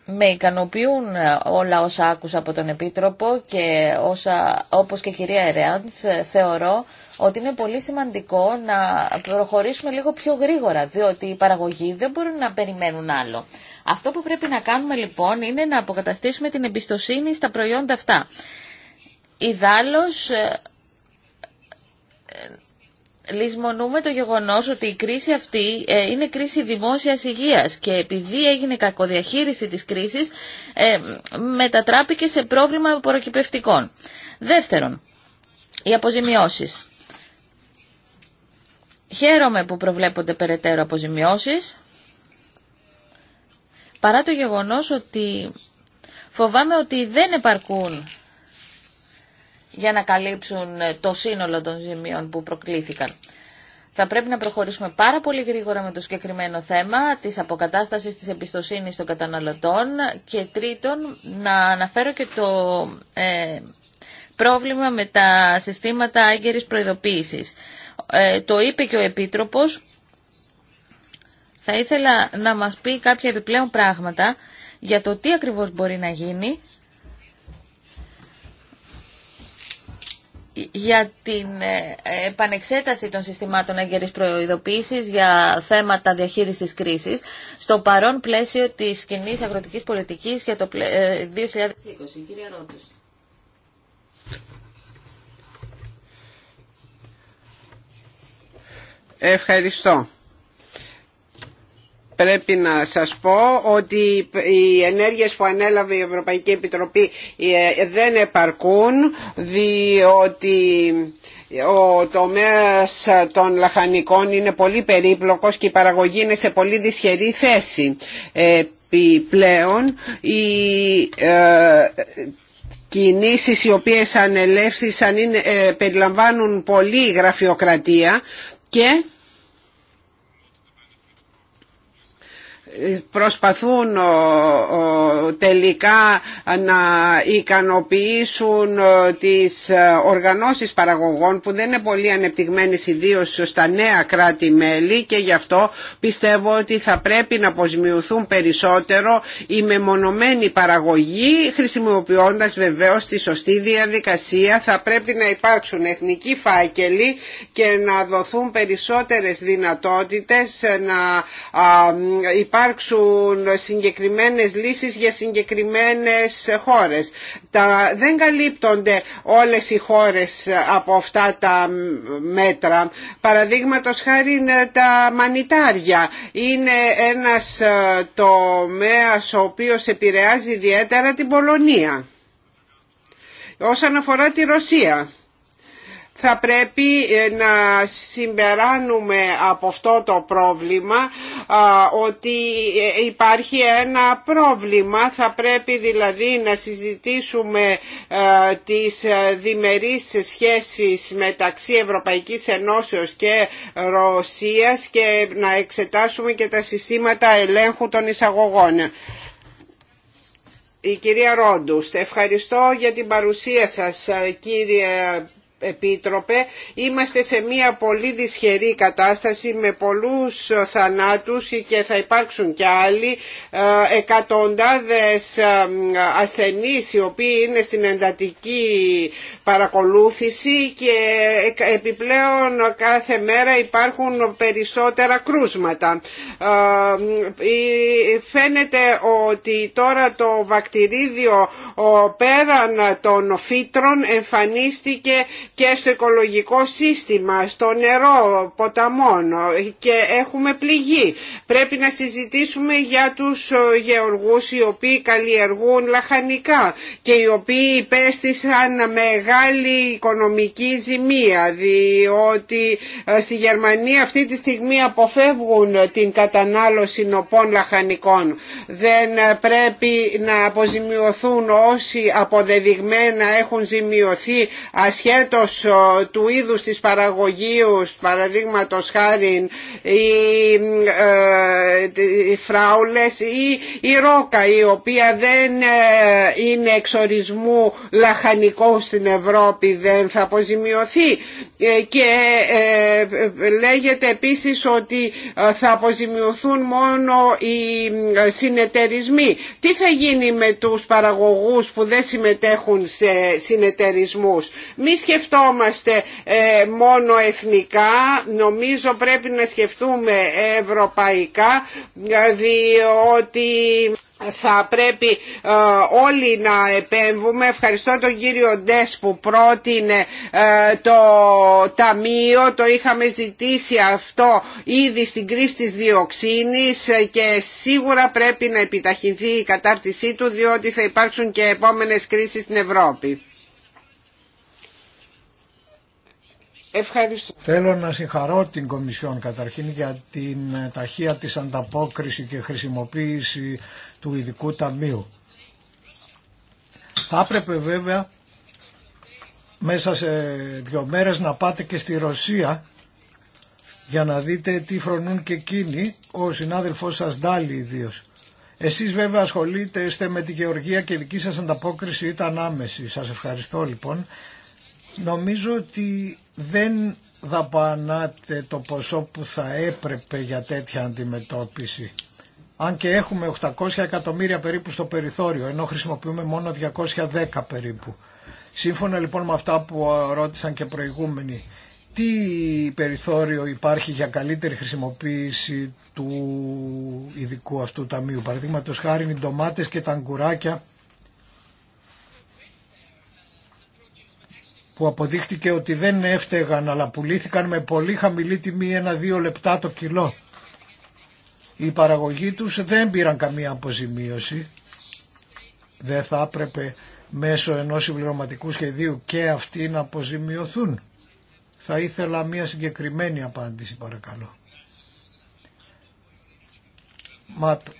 με ικανοποιούν όλα όσα άκουσα από τον Επίτροπο και όσα, όπως και η κυρία Ερεάνς, θεωρώ ότι είναι πολύ σημαντικό να προχωρήσουμε λίγο πιο γρήγορα, διότι οι παραγωγοί δεν μπορούν να περιμένουν άλλο. Αυτό που πρέπει να κάνουμε λοιπόν είναι να αποκαταστήσουμε την εμπιστοσύνη στα προϊόντα αυτά. Ιδάλλως, ε, ε, λησμονούμε το γεγονός ότι η κρίση αυτή ε, είναι κρίση δημόσιας υγείας και επειδή έγινε κακοδιαχείριση της κρίσης μετατράπηκε σε πρόβλημα προκυπευτικών. Δεύτερον, οι αποζημιώσεις. Χαίρομαι που προβλέπονται περαιτέρω αποζημιώσεις, παρά το γεγονός ότι φοβάμαι ότι δεν επαρκούν για να καλύψουν το σύνολο των ζημιών που προκλήθηκαν. Θα πρέπει να προχωρήσουμε πάρα πολύ γρήγορα με το συγκεκριμένο θέμα της αποκατάστασης της εμπιστοσύνης των καταναλωτών και τρίτον να αναφέρω και το ε, πρόβλημα με τα συστήματα έγκαιρης προειδοποίησης. Ε, το είπε και ο Επίτροπος, θα ήθελα να μας πει κάποια επιπλέον πράγματα για το τι ακριβώς μπορεί να γίνει για την ε, επανεξέταση των συστημάτων έγκαιρης προειδοποίησης για θέματα διαχείρισης κρίσης στο παρόν πλαίσιο της κοινή αγροτικής πολιτικής για το 2020. Ε, Κύριε Ρώτης. Ευχαριστώ. Πρέπει να σας πω ότι οι ενέργειες που ανέλαβε η Ευρωπαϊκή Επιτροπή ε, δεν επαρκούν διότι ο τομέας των λαχανικών είναι πολύ περίπλοκος και η παραγωγή είναι σε πολύ δυσχερή θέση. Επιπλέον οι ε, κινήσεις οι οποίες ανελεύθησαν είναι, ε, περιλαμβάνουν πολύ γραφειοκρατία και προσπαθούν τελικά να ικανοποιήσουν τις ε, οργανώσεις παραγωγών που δεν είναι πολύ ανεπτυγμένες ιδίως στα νέα κράτη-μέλη και γι' αυτό πιστεύω ότι θα πρέπει να αποσμιωθούν περισσότερο η μεμονωμένη παραγωγή χρησιμοποιώντας βεβαίως τη σωστή διαδικασία θα πρέπει να υπάρξουν εθνικοί φάκελοι και να δοθούν περισσότερες δυνατότητες να υπάρξουν συγκεκριμένες λύσεις για συγκεκριμένες χώρες. Τα, δεν καλύπτονται όλες οι χώρες από αυτά τα μέτρα. Παραδείγματος χάρη είναι τα μανιτάρια. Είναι ένας ε, τομέας ο οποίος επηρεάζει ιδιαίτερα την Πολωνία. Όσον αφορά τη Ρωσία θα πρέπει ε, να συμπεράνουμε από αυτό το πρόβλημα ότι ε, υπάρχει ένα πρόβλημα. Θα πρέπει δηλαδή να συζητήσουμε ε, τις διμερείς σχέσεις μεταξύ Ευρωπαϊκής Ενώσεως και Ρωσίας και να εξετάσουμε και τα συστήματα ελέγχου των εισαγωγών. Η κυρία Ρόντους, ευχαριστώ για την παρουσία σας κύριε Επίτροπε, είμαστε σε μια πολύ δυσχερή κατάσταση με πολλούς θανάτους και θα υπάρξουν και άλλοι ε, εκατοντάδες ε, ασθενείς οι οποίοι είναι στην εντατική παρακολούθηση και ε, επιπλέον κάθε μέρα υπάρχουν περισσότερα κρούσματα. Φαίνεται ότι τώρα το βακτηρίδιο πέραν των φύτρων εμφανίστηκε και στο οικολογικό σύστημα, στο νερό ποταμών και έχουμε πληγή. Πρέπει να συζητήσουμε για τους γεωργούς οι οποίοι καλλιεργούν λαχανικά και οι οποίοι υπέστησαν μεγάλη οικονομική ζημία διότι ε, στη Γερμανία αυτή τη στιγμή αποφεύγουν την κατανάλωση νοπών λαχανικών. Δεν ε, πρέπει να αποζημιωθούν όσοι αποδεδειγμένα έχουν ζημιωθεί ασχέτως του είδους της παραγωγής, παραδείγματος χάρη ε, οι φράουλες ή η ρόκα η οποία δεν ε, είναι εξορισμού λαχανικό στην Ευρώπη δεν θα αποζημιωθεί ε, και λέγεται επίσης ότι θα αποζημιωθούν μόνο οι συνεταιρισμοί. Τι θα γίνει με τους παραγωγούς που δεν συμμετέχουν σε συνεταιρισμούς. Μη σκεφτόμαστε ε, μόνο εθνικά, νομίζω πρέπει να σκεφτούμε ευρωπαϊκά, διότι δηλαδή θα πρέπει ε, όλοι να επέμβουμε. Ευχαριστώ τον κύριο Ντές που πρότεινε ε, το ταμείο. Το είχαμε ζητήσει αυτό ήδη στην κρίση της διοξίνης και σίγουρα πρέπει να επιταχυνθεί η κατάρτισή του διότι θα υπάρξουν και επόμενες κρίσεις στην Ευρώπη. Ευχαριστώ. Θέλω να συγχαρώ την Κομισιόν καταρχήν για την ε, ταχεία της ανταπόκριση και χρησιμοποίηση του Ειδικού Ταμείου. Θα έπρεπε βέβαια μέσα σε δύο μέρες να πάτε και στη Ρωσία για να δείτε τι φρονούν και εκείνοι, ο συνάδελφός σας Ντάλι ιδίω. Εσείς βέβαια είστε με τη γεωργία και η δική σας ανταπόκριση ήταν άμεση. Σας ευχαριστώ λοιπόν Νομίζω ότι δεν δαπανάτε το ποσό που θα έπρεπε για τέτοια αντιμετώπιση. Αν και έχουμε 800 εκατομμύρια περίπου στο περιθώριο, ενώ χρησιμοποιούμε μόνο 210 περίπου. Σύμφωνα λοιπόν με αυτά που ρώτησαν και προηγούμενοι, τι περιθώριο υπάρχει για καλύτερη χρησιμοποίηση του ειδικού αυτού ταμείου. Παραδείγματος χάρη οι ντομάτες και τα αγκουράκια που αποδείχτηκε ότι δεν έφταιγαν αλλά πουλήθηκαν με πολύ χαμηλή τιμή ένα-δύο λεπτά το κιλό. Οι παραγωγοί τους δεν πήραν καμία αποζημίωση. Δεν θα έπρεπε μέσω ενός συμπληρωματικού σχεδίου και αυτοί να αποζημιωθούν. Θα ήθελα μια συγκεκριμένη απάντηση παρακαλώ. Μάτω.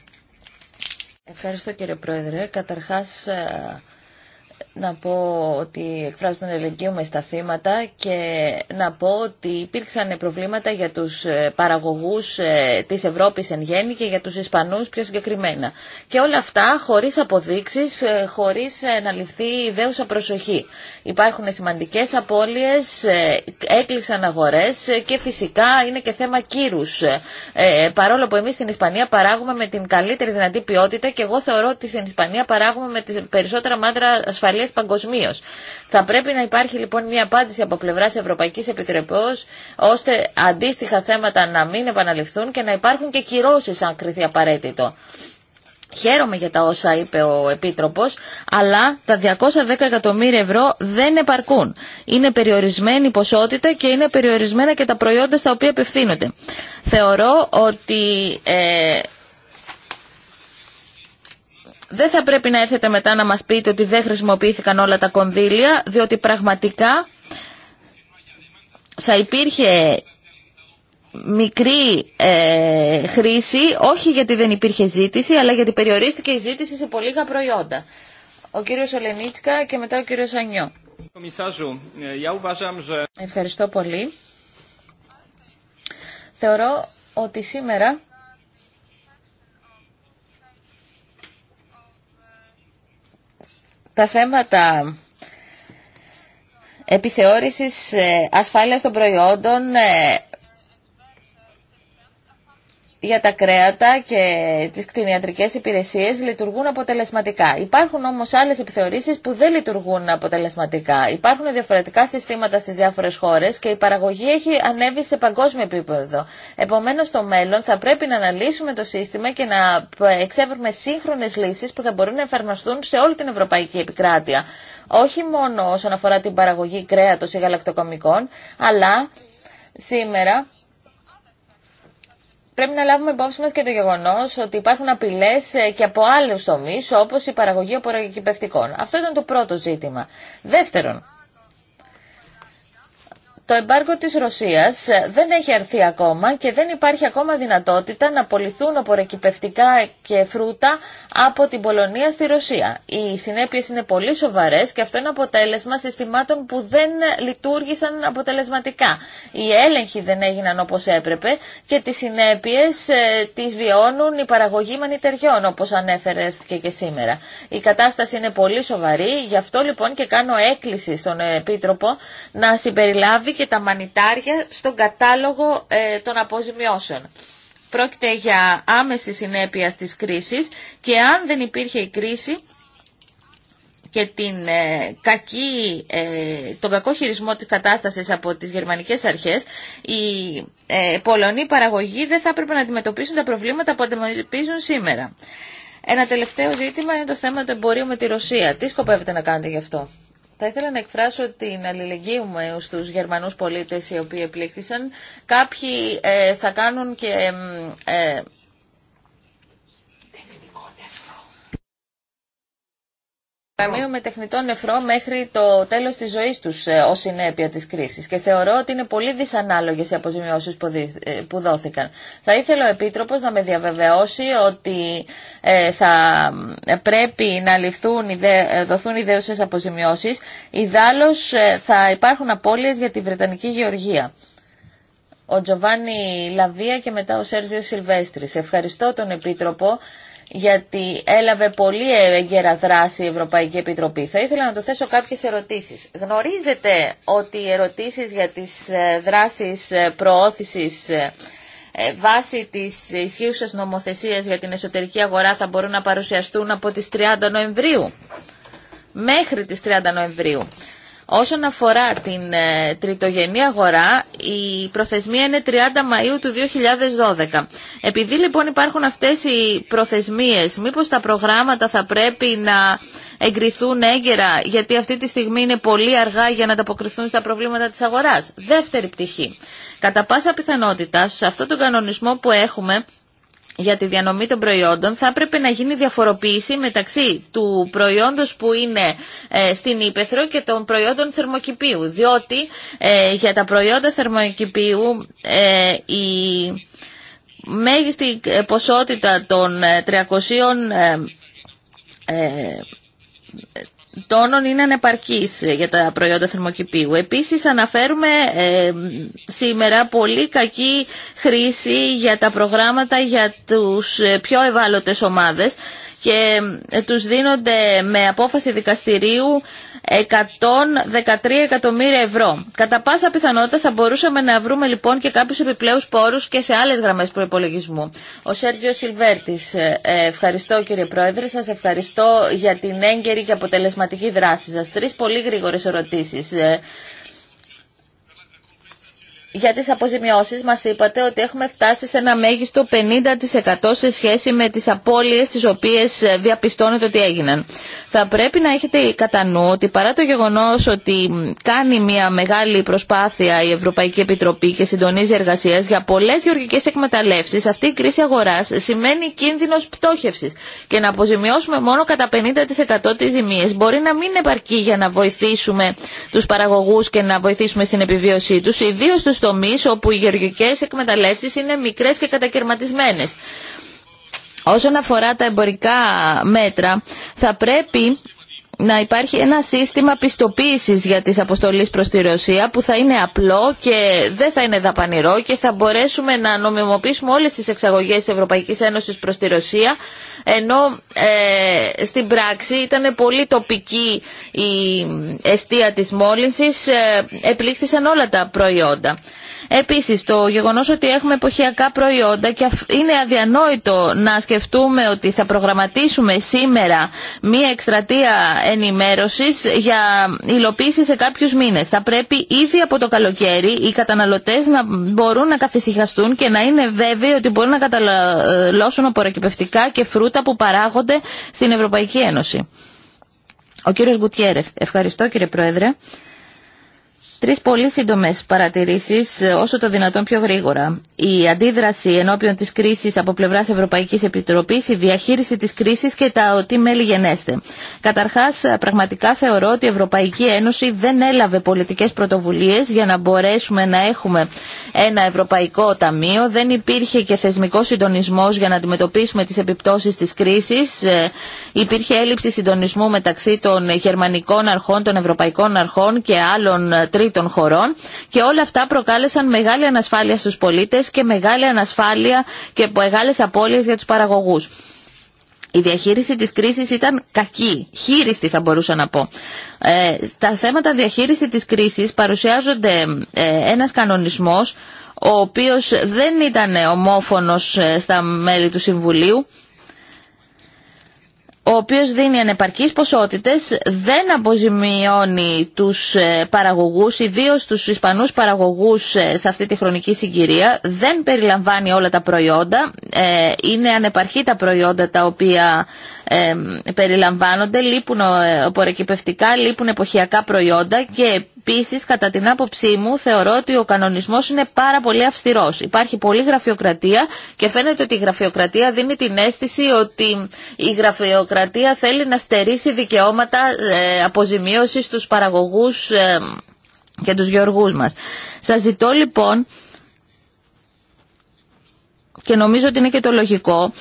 Ευχαριστώ κύριε Πρόεδρε. Καταρχάς να πω ότι εκφράζω τον ελεγγύο με στα θύματα και να πω ότι υπήρξαν προβλήματα για τους ε, παραγωγούς ε, της Ευρώπης εν γέννη και για τους Ισπανούς πιο συγκεκριμένα. Και όλα αυτά χωρίς αποδείξεις, ε, χωρίς να ληφθεί ιδέουσα προσοχή. Υπάρχουν σημαντικές απώλειες, έκλεισαν αγορές και φυσικά είναι και θέμα κύρους. Παρόλο που εμείς στην Ισπανία παράγουμε με την καλύτερη δυνατή ποιότητα και εγώ θεωρώ ότι στην Ισπανία παράγουμε με περισσότερα μάτρα ασφαλή δυσκολίε παγκοσμίω. Θα πρέπει να υπάρχει λοιπόν μια απάντηση από πλευρά Ευρωπαϊκή Επιτροπή ώστε αντίστοιχα θέματα να μην επαναληφθούν και να υπάρχουν και κυρώσει αν κρυθεί απαραίτητο. Χαίρομαι για τα όσα είπε ο επίτροπο, αλλά τα 210 εκατομμύρια ευρώ δεν επαρκούν. Είναι περιορισμένη η ποσότητα και είναι περιορισμένα και τα προϊόντα στα οποία απευθύνονται. Θεωρώ ότι ε, δεν θα πρέπει να έρθετε μετά να μας πείτε ότι δεν χρησιμοποιήθηκαν όλα τα κονδύλια, διότι πραγματικά θα υπήρχε μικρή ε, χρήση, όχι γιατί δεν υπήρχε ζήτηση, αλλά γιατί περιορίστηκε η ζήτηση σε πολύ προϊόντα. Ο κύριος Ολενίτσκα και μετά ο κύριος Ανιό. Ευχαριστώ πολύ. Θεωρώ ότι σήμερα τα θέματα επιθεώρησης ε, ασφάλειας των προϊόντων ε, για τα κρέατα και τις κτηνιατρικές υπηρεσίες λειτουργούν αποτελεσματικά. Υπάρχουν όμως άλλες επιθεωρήσεις που δεν λειτουργούν αποτελεσματικά. Υπάρχουν διαφορετικά συστήματα στις διάφορες χώρες και η παραγωγή έχει ανέβει σε παγκόσμιο επίπεδο. Επομένως στο μέλλον θα πρέπει να αναλύσουμε το σύστημα και να εξεύρουμε σύγχρονες λύσεις που θα μπορούν να εφαρμοστούν σε όλη την ευρωπαϊκή επικράτεια. Όχι μόνο όσον αφορά την παραγωγή κρέατος ή γαλακτοκομικών, αλλά σήμερα πρέπει να λάβουμε υπόψη μα και το γεγονός ότι υπάρχουν απειλέ ε, και από άλλου τομεί όπως η παραγωγή απορροκυπευτικών. Αυτό ήταν το πρώτο ζήτημα. Δεύτερον, το εμπάργκο της Ρωσίας ε, δεν έχει αρθεί ακόμα και δεν υπάρχει ακόμα δυνατότητα να πολιθούν απορρεκυπευτικά και φρούτα από την Πολωνία στη Ρωσία. Οι συνέπειες είναι πολύ σοβαρές και αυτό είναι αποτέλεσμα συστημάτων που δεν λειτουργήσαν αποτελεσματικά. Οι έλεγχοι δεν έγιναν όπως έπρεπε και τις συνέπειες ε, τις βιώνουν οι παραγωγοί μανιτεριών όπως ανέφερε και, σήμερα. Η κατάσταση είναι πολύ σοβαρή, γι' αυτό λοιπόν και κάνω έκκληση στον Επίτροπο να συμπεριλάβει και τα μανιτάρια στον κατάλογο ε, των αποζημιώσεων. Πρόκειται για άμεση συνέπεια της κρίσης και αν δεν υπήρχε η κρίση και την ε, κακή, ε, τον κακό χειρισμό της κατάστασης από τις γερμανικές αρχές, οι ε, πολωνοί παραγωγοί δεν θα έπρεπε να αντιμετωπίσουν τα προβλήματα που αντιμετωπίζουν σήμερα. Ένα τελευταίο ζήτημα είναι το θέμα του εμπορίου με τη Ρωσία. Τι σκοπεύετε να κάνετε γι' αυτό. Θα ήθελα να εκφράσω την αλληλεγγύη μου στους Γερμανούς πολίτες οι οποίοι επλήχθησαν. Κάποιοι ε, θα κάνουν και ε, Ταμείο τεχνητό νεφρό μέχρι το τέλος της ζωής τους ε, ως συνέπεια της κρίσης και θεωρώ ότι είναι πολύ δυσανάλογες οι αποζημιώσεις που ε, δόθηκαν. Θα ήθελα ο Επίτροπος να με διαβεβαιώσει ότι ε, θα πρέπει να ληφθούν, δοθούν αποζημιώσει. αποζημιώσεις. ε, θα υπάρχουν απώλειες για τη Βρετανική Γεωργία ο Τζοβάνι Λαβία και μετά ο Σέρβιο Σιλβέστρη. Ευχαριστώ τον Επίτροπο γιατί έλαβε πολύ έγκαιρα δράση η Ευρωπαϊκή Επιτροπή. Θα ήθελα να το θέσω κάποιες ερωτήσεις. Γνωρίζετε ότι οι ερωτήσεις για τις ε, δράσεις ε, προώθησης ε, βάσει της ισχύουσας νομοθεσίας για την εσωτερική αγορά θα μπορούν να παρουσιαστούν από τις 30 Νοεμβρίου μέχρι τις 30 Νοεμβρίου. Όσον αφορά την ε, τριτογενή αγορά, η προθεσμία είναι 30 Μαΐου του 2012. Επειδή λοιπόν υπάρχουν αυτές οι προθεσμίες, μήπως τα προγράμματα θα πρέπει να εγκριθούν έγκαιρα, γιατί αυτή τη στιγμή είναι πολύ αργά για να ανταποκριθούν στα προβλήματα της αγοράς. Δεύτερη πτυχή. Κατά πάσα πιθανότητα, σε αυτόν τον κανονισμό που έχουμε, για τη διανομή των προϊόντων θα έπρεπε να γίνει διαφοροποίηση μεταξύ του προϊόντος που είναι ε, στην Ήπεθρο και των προϊόντων θερμοκηπίου. Διότι ε, για τα προϊόντα θερμοκηπίου ε, η μέγιστη ποσότητα των 300 τόνων είναι ανεπαρκής για τα προϊόντα θερμοκηπίου. Επίσης αναφέρουμε ε, σήμερα πολύ κακή χρήση για τα προγράμματα για τους ε, πιο ευάλωτες ομάδες και ε, τους δίνονται με απόφαση δικαστηρίου 113 εκατομμύρια ευρώ. Κατά πάσα πιθανότητα θα μπορούσαμε να βρούμε λοιπόν και κάποιους επιπλέους πόρους και σε άλλες γραμμές προϋπολογισμού. Ο Σέργιο Σιλβέρτης, ε, ε, ευχαριστώ κύριε Πρόεδρε, σας ευχαριστώ για την έγκαιρη και αποτελεσματική δράση σας. Τρεις πολύ γρήγορες ερωτήσεις για τις αποζημιώσεις μας είπατε ότι έχουμε φτάσει σε ένα μέγιστο 50% σε σχέση με τις απώλειες τις οποίες διαπιστώνεται ότι έγιναν. Θα πρέπει να έχετε κατά νου ότι παρά το γεγονός ότι κάνει μια μεγάλη προσπάθεια η Ευρωπαϊκή Επιτροπή και συντονίζει εργασίες για πολλές γεωργικές εκμεταλλεύσεις, αυτή η κρίση αγοράς σημαίνει κίνδυνος πτώχευσης και να αποζημιώσουμε μόνο κατά 50% τις ζημίες μπορεί να μην επαρκεί για να βοηθήσουμε τους παραγωγούς και να βοηθήσουμε στην επιβίωσή τους, ιδίως τους όπου οι γεωργικέ εκμεταλλεύσεις είναι μικρές και κατακαιρματισμένε. Όσον αφορά τα εμπορικά μέτρα, θα πρέπει να υπάρχει ένα σύστημα πιστοποίησης για τις αποστολές προ τη Ρωσία που θα είναι απλό και δεν θα είναι δαπανηρό και θα μπορέσουμε να νομιμοποιήσουμε όλες τις εξαγωγέ τη Ευρωπαϊκής Ένωση προ τη Ρωσία ενώ ε, στην πράξη ήταν πολύ τοπική η αιστεία της μόλυνσης, ε, επλήχθησαν όλα τα προϊόντα. Επίσης, το γεγονός ότι έχουμε εποχιακά προϊόντα και είναι αδιανόητο να σκεφτούμε ότι θα προγραμματίσουμε σήμερα μία εκστρατεία ενημέρωση για υλοποίηση σε κάποιου μήνες. Θα πρέπει ήδη από το καλοκαίρι οι καταναλωτές να μπορούν να καθησυχαστούν και να είναι βέβαιοι ότι μπορούν να καταναλώσουν απορροκυπευτικά και φρούτα που παράγονται στην Ευρωπαϊκή Ένωση. Ο κύριος Γκουτιέρεφ. Ευχαριστώ κύριε Πρόεδρε. Τρεις πολύ σύντομες παρατηρήσεις όσο το δυνατόν πιο γρήγορα. Η αντίδραση ενώπιον της κρίσης από πλευράς Ευρωπαϊκής Επιτροπής, η διαχείριση της κρίσης και τα ότι μέλη γενέστε. Καταρχάς, πραγματικά θεωρώ ότι η Ευρωπαϊκή Ένωση δεν έλαβε πολιτικές πρωτοβουλίες για να μπορέσουμε να έχουμε ένα Ευρωπαϊκό Ταμείο. Δεν υπήρχε και θεσμικό συντονισμός για να αντιμετωπίσουμε τις επιπτώσεις της κρίσης. Ε, υπήρχε έλλειψη συντονισμού μεταξύ των γερμανικών αρχών, των ευρωπαϊκών αρχών και άλλων των χωρών και όλα αυτά προκάλεσαν μεγάλη ανασφάλεια στους πολίτες και μεγάλη ανασφάλεια και μεγάλες απώλειες για τους παραγωγούς. Η διαχείριση της κρίσης ήταν κακή, χείριστη θα μπορούσα να πω. Ε, στα θέματα διαχείριση της κρίσης παρουσιάζονται ε, ένας κανονισμός ο οποίος δεν ήταν ομόφωνος ε, στα μέλη του Συμβουλίου ο οποίος δίνει ανεπαρκείς ποσότητες, δεν αποζημιώνει τους ε, παραγωγούς, ιδίως τους Ισπανούς παραγωγούς ε, σε αυτή τη χρονική συγκυρία, δεν περιλαμβάνει όλα τα προϊόντα, ε, είναι ανεπαρκή τα προϊόντα τα οποία περιλαμβάνονται, λείπουν ε, οπορεκυπευτικά, λείπουν εποχιακά προϊόντα και Επίση, κατά την άποψή μου, θεωρώ ότι ο κανονισμό είναι πάρα πολύ αυστηρό. Υπάρχει πολλή γραφειοκρατία και φαίνεται ότι η γραφειοκρατία δίνει την αίσθηση ότι η γραφειοκρατία θέλει να στερήσει δικαιώματα ε, αποζημίωση στου παραγωγού και τους γεωργούς μας. Σας ζητώ λοιπόν και νομίζω ότι είναι και το λογικό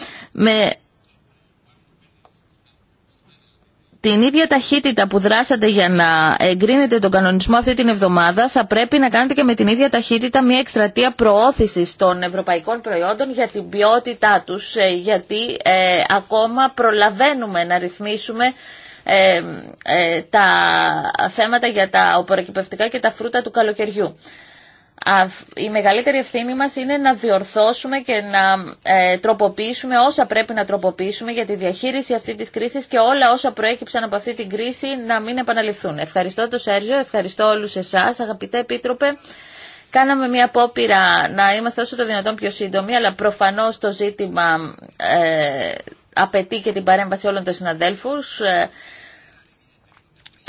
την ίδια ταχύτητα που δράσατε για να εγκρίνετε τον κανονισμό αυτή την εβδομάδα, θα πρέπει να κάνετε και με την ίδια ταχύτητα μια εκστρατεία προώθηση των ευρωπαϊκών προϊόντων για την ποιότητά του, ε, γιατί ε, ακόμα προλαβαίνουμε να ρυθμίσουμε ε, τα θέματα για τα οποροκυπευτικά και τα φρούτα του καλοκαιριού η μεγαλύτερη ευθύνη μας είναι να διορθώσουμε και να ε, τροποποιήσουμε όσα πρέπει να τροποποιήσουμε για τη διαχείριση αυτή της κρίσης και όλα όσα προέκυψαν από αυτή την κρίση να μην επαναληφθούν. Ευχαριστώ τον Σέρζιο, ευχαριστώ όλους εσάς, αγαπητέ Επίτροπε. Κάναμε μια απόπειρα να είμαστε όσο το δυνατόν πιο σύντομοι, αλλά προφανώς το ζήτημα ε, απαιτεί και την παρέμβαση όλων των συναδέλφους. Ε,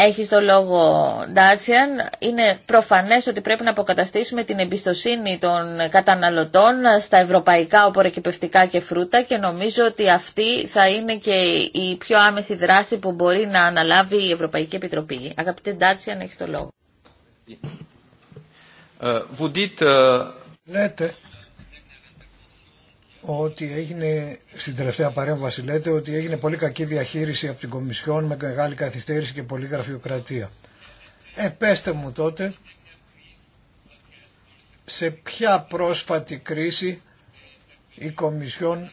έχει το λόγο, Ντάτσιαν. Είναι προφανές ότι πρέπει να αποκαταστήσουμε την εμπιστοσύνη των καταναλωτών στα ευρωπαϊκά οπορεκυπευτικά και φρούτα και νομίζω ότι αυτή θα είναι και η πιο άμεση δράση που μπορεί να αναλάβει η Ευρωπαϊκή Επιτροπή. Αγαπητέ Ντάτσιαν, έχει το λόγο. Ε, ε, ότι έγινε, στην τελευταία παρέμβαση λέτε, ότι έγινε πολύ κακή διαχείριση από την Κομισιόν με μεγάλη καθυστέρηση και πολύ γραφειοκρατία. Ε, πέστε μου τότε, σε ποια πρόσφατη κρίση η Κομισιόν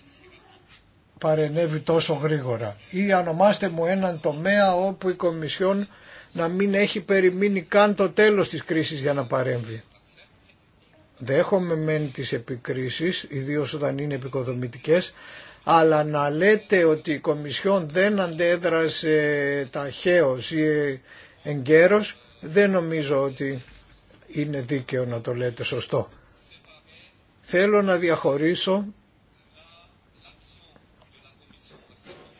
παρενέβη τόσο γρήγορα. Ή ανομάστε μου έναν τομέα όπου η Κομισιόν να μην έχει περιμείνει καν το τέλος της κρίσης για να παρέμβει. Δέχομαι μεν τις επικρίσεις, ιδίως όταν είναι επικοδομητικές, αλλά να λέτε ότι η Κομισιόν δεν αντέδρασε ταχαίως ή εγκαίρως, δεν νομίζω ότι είναι δίκαιο να το λέτε σωστό. Θέλω να διαχωρίσω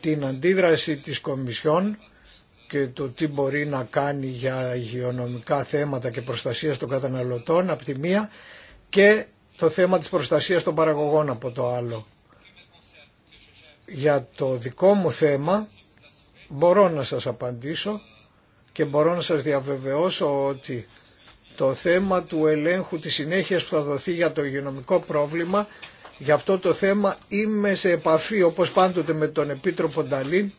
την αντίδραση της Κομισιόν και το τι μπορεί να κάνει για υγειονομικά θέματα και προστασία των καταναλωτών από τη μία και το θέμα της προστασίας των παραγωγών από το άλλο. Για το δικό μου θέμα μπορώ να σας απαντήσω και μπορώ να σας διαβεβαιώσω ότι το θέμα του ελέγχου της συνέχειας που θα δοθεί για το υγειονομικό πρόβλημα για αυτό το θέμα είμαι σε επαφή όπως πάντοτε με τον Επίτροπο Νταλή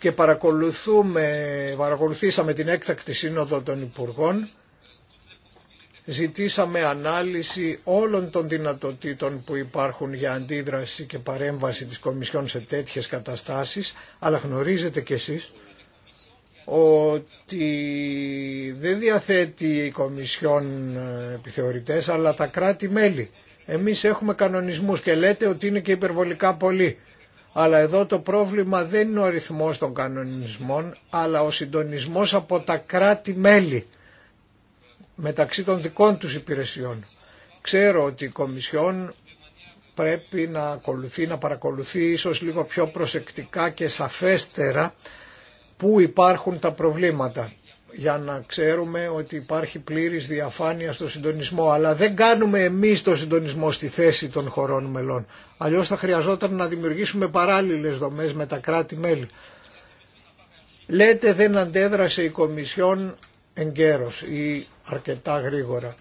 και παρακολουθούμε, παρακολουθήσαμε την έκτακτη σύνοδο των Υπουργών ζητήσαμε ανάλυση όλων των δυνατοτήτων που υπάρχουν για αντίδραση και παρέμβαση της Κομισιόν σε τέτοιες καταστάσεις, αλλά γνωρίζετε κι εσείς ότι δεν διαθέτει η Κομισιόν ε, επιθεωρητές, αλλά τα κράτη-μέλη. Εμείς έχουμε κανονισμούς και λέτε ότι είναι και υπερβολικά πολύ, Αλλά εδώ το πρόβλημα δεν είναι ο αριθμός των κανονισμών, αλλά ο συντονισμός από τα κράτη-μέλη μεταξύ των δικών τους υπηρεσιών. Ξέρω ότι η Κομισιόν πρέπει να ακολουθεί, να παρακολουθεί ίσως λίγο πιο προσεκτικά και σαφέστερα πού υπάρχουν τα προβλήματα για να ξέρουμε ότι υπάρχει πλήρης διαφάνεια στο συντονισμό. Αλλά δεν κάνουμε εμείς το συντονισμό στη θέση των χωρών μελών. Αλλιώς θα χρειαζόταν να δημιουργήσουμε παράλληλες δομές με τα κράτη-μέλη. Λέτε δεν αντέδρασε η Κομισιόν εγκαίρως αρκετά γρήγορα.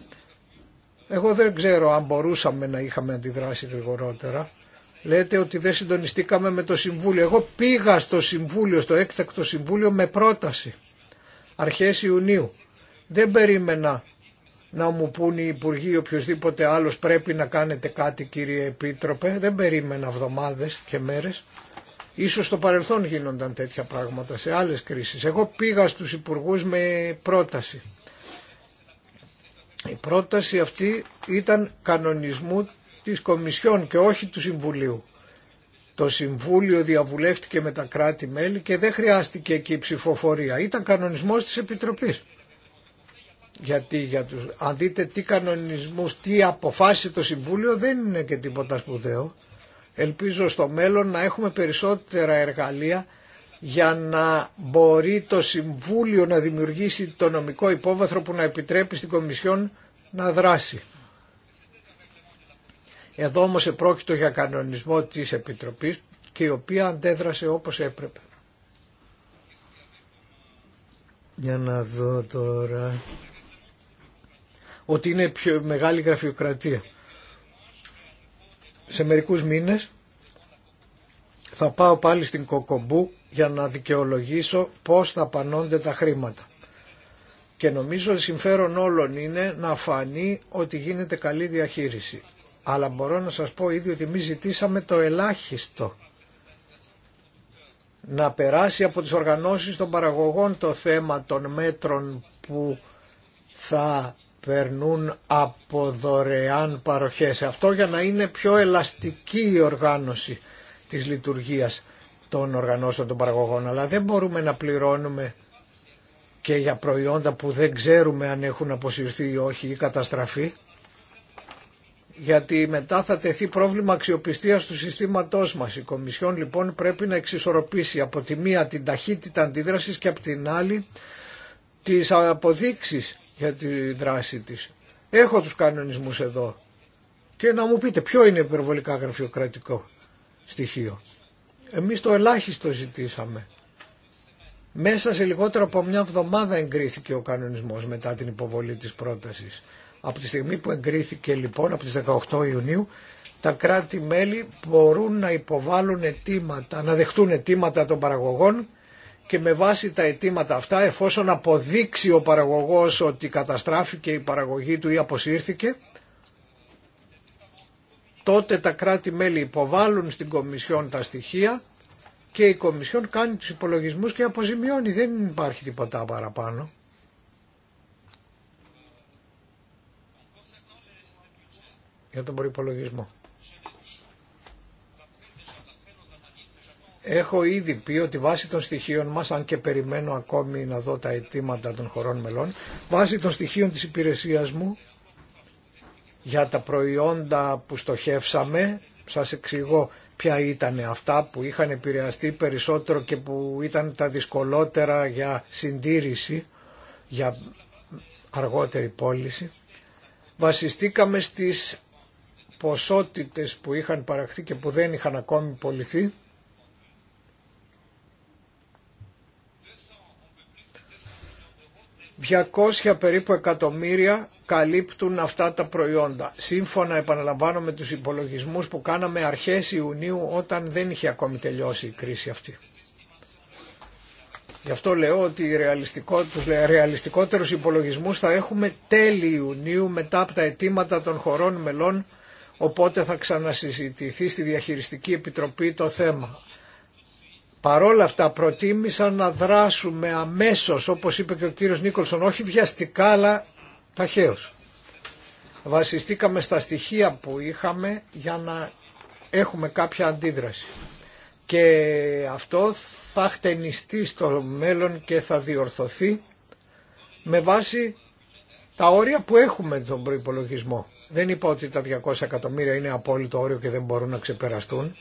Εγώ δεν ξέρω αν μπορούσαμε να είχαμε αντιδράσει γρηγορότερα. Λέτε ότι δεν συντονιστήκαμε με το Συμβούλιο. Εγώ πήγα στο Συμβούλιο, στο έκτακτο Συμβούλιο με πρόταση. Αρχές Ιουνίου. Δεν περίμενα να μου πούν οι Υπουργοί ή οποιοδήποτε άλλος πρέπει να κάνετε κάτι κύριε Επίτροπε. Δεν περίμενα εβδομάδες και μέρες. Ίσως στο παρελθόν γίνονταν τέτοια πράγματα σε άλλες κρίσεις. Εγώ πήγα στους Υπουργούς με πρόταση. Η πρόταση αυτή ήταν κανονισμού της Κομισιόν και όχι του Συμβουλίου. Το Συμβούλιο διαβουλεύτηκε με τα κράτη-μέλη και δεν χρειάστηκε εκεί ψηφοφορία. Ήταν κανονισμός της Επιτροπής. Γιατί αν δείτε τι κανονισμούς, τι αποφάσισε το Συμβούλιο δεν είναι και τίποτα σπουδαίο. Ελπίζω στο μέλλον να έχουμε περισσότερα εργαλεία για να μπορεί το Συμβούλιο να δημιουργήσει το νομικό υπόβαθρο που να επιτρέπει στην Κομισιόν να δράσει. Εδώ όμως επρόκειτο για κανονισμό της Επιτροπής και η οποία αντέδρασε όπως έπρεπε. Για να δω τώρα ότι είναι πιο μεγάλη γραφειοκρατία. Σε μερικούς μήνες θα πάω πάλι στην Κοκομπού για να δικαιολογήσω πώς θα πανώνται τα χρήματα. Και νομίζω ότι συμφέρον όλων είναι να φανεί ότι γίνεται καλή διαχείριση. Αλλά μπορώ να σας πω ήδη ότι εμεί ζητήσαμε το ελάχιστο να περάσει από τις οργανώσεις των παραγωγών το θέμα των μέτρων που θα περνούν από δωρεάν παροχές. Αυτό για να είναι πιο ελαστική η οργάνωση της λειτουργίας των οργανώσεων των παραγωγών, αλλά δεν μπορούμε να πληρώνουμε και για προϊόντα που δεν ξέρουμε αν έχουν αποσυρθεί ή όχι ή καταστραφεί, γιατί μετά θα τεθεί πρόβλημα αξιοπιστίας του συστήματός μας. Η Κομισιόν λοιπόν πρέπει να εξισορροπήσει από τη μία την ταχύτητα αντίδρασης και από την άλλη τις αποδείξεις για τη δράση της. Έχω τους κανονισμούς εδώ και να μου πείτε ποιο είναι υπερβολικά γραφειοκρατικό στοιχείο. Εμείς το ελάχιστο ζητήσαμε. Μέσα σε λιγότερο από μια εβδομάδα εγκρίθηκε ο κανονισμός μετά την υποβολή της πρότασης. Από τη στιγμή που εγκρίθηκε λοιπόν, από τις 18 Ιουνίου, τα κράτη-μέλη μπορούν να υποβάλουν αιτήματα, να δεχτούν αιτήματα των παραγωγών και με βάση τα αιτήματα αυτά, εφόσον αποδείξει ο παραγωγός ότι καταστράφηκε η παραγωγή του ή αποσύρθηκε, Τότε τα κράτη-μέλη υποβάλλουν στην Κομισιόν τα στοιχεία και η Κομισιόν κάνει τους υπολογισμούς και αποζημιώνει. Δεν υπάρχει τίποτα παραπάνω. Για τον προϋπολογισμό. Έχω ήδη πει ότι βάσει των στοιχείων μας, αν και περιμένω ακόμη να δω τα αιτήματα των χωρών μελών, βάσει των στοιχείων της υπηρεσίας μου, για τα προϊόντα που στοχεύσαμε. Σας εξηγώ ποια ήταν αυτά που είχαν επηρεαστεί περισσότερο και που ήταν τα δυσκολότερα για συντήρηση, για αργότερη πώληση. Βασιστήκαμε στις ποσότητες που είχαν παραχθεί και που δεν είχαν ακόμη πωληθεί. ...200 περίπου εκατομμύρια καλύπτουν αυτά τα προϊόντα. Σύμφωνα επαναλαμβάνω με τους υπολογισμούς που κάναμε αρχές Ιουνίου όταν δεν είχε ακόμη τελειώσει η κρίση αυτή. Γι' αυτό λέω ότι ρεαλιστικό, τους ρεαλιστικότερους υπολογισμούς θα έχουμε τέλη Ιουνίου μετά από τα αιτήματα των χωρών μελών οπότε θα ξανασυζητηθεί στη Διαχειριστική Επιτροπή το θέμα. Παρόλα αυτά προτίμησα να δράσουμε αμέσως όπως είπε και ο κύριος Νίκολσον όχι βιαστικά αλλά ταχαίως. Βασιστήκαμε στα στοιχεία που είχαμε για να έχουμε κάποια αντίδραση. Και αυτό θα χτενιστεί στο μέλλον και θα διορθωθεί με βάση τα όρια που έχουμε τον προϋπολογισμό. Δεν είπα ότι τα 200 εκατομμύρια είναι απόλυτο όριο και δεν μπορούν να ξεπεραστούν.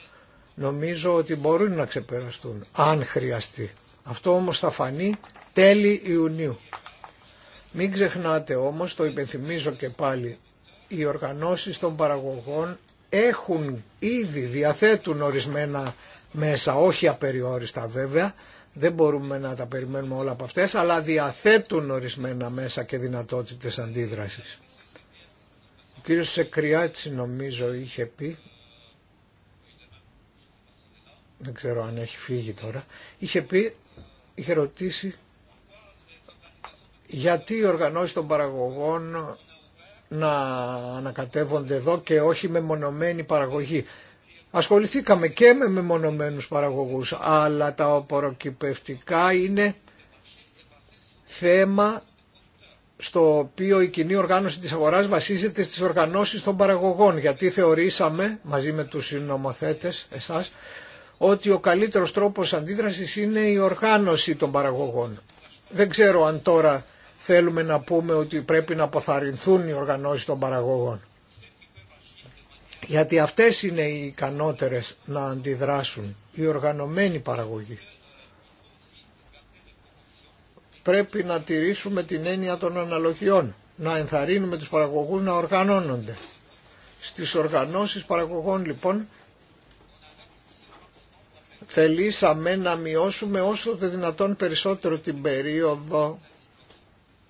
Νομίζω ότι μπορούν να ξεπεραστούν, αν χρειαστεί. Αυτό όμως θα φανεί τέλη Ιουνίου. Μην ξεχνάτε όμως, το υπενθυμίζω και πάλι, οι οργανώσεις των παραγωγών έχουν ήδη διαθέτουν ορισμένα μέσα, όχι απεριόριστα βέβαια, δεν μπορούμε να τα περιμένουμε όλα από αυτές, αλλά διαθέτουν ορισμένα μέσα και δυνατότητες αντίδρασης. Ο κύριος Σεκριάτσι νομίζω είχε πει, δεν ξέρω αν έχει φύγει τώρα, είχε πει, είχε ρωτήσει γιατί οι οργανώσει των παραγωγών να ανακατεύονται εδώ και όχι με μονομένη παραγωγή. Ασχοληθήκαμε και με μεμονωμένους παραγωγούς, αλλά τα οποροκυπευτικά είναι θέμα στο οποίο η κοινή οργάνωση της αγοράς βασίζεται στις οργανώσεις των παραγωγών, γιατί θεωρήσαμε, μαζί με τους συνομοθέτες, εσάς, ότι ο καλύτερος τρόπος αντίδρασης είναι η οργάνωση των παραγωγών. Δεν ξέρω αν τώρα θέλουμε να πούμε ότι πρέπει να αποθαρρυνθούν οι οργανώσεις των παραγωγών. Γιατί αυτές είναι οι ικανότερες να αντιδράσουν, οι οργανωμένοι παραγωγοί. Πρέπει να τηρήσουμε την έννοια των αναλογιών, να ενθαρρύνουμε τους παραγωγούς να οργανώνονται. Στις οργανώσεις παραγωγών λοιπόν θελήσαμε να μειώσουμε όσο το δυνατόν περισσότερο την περίοδο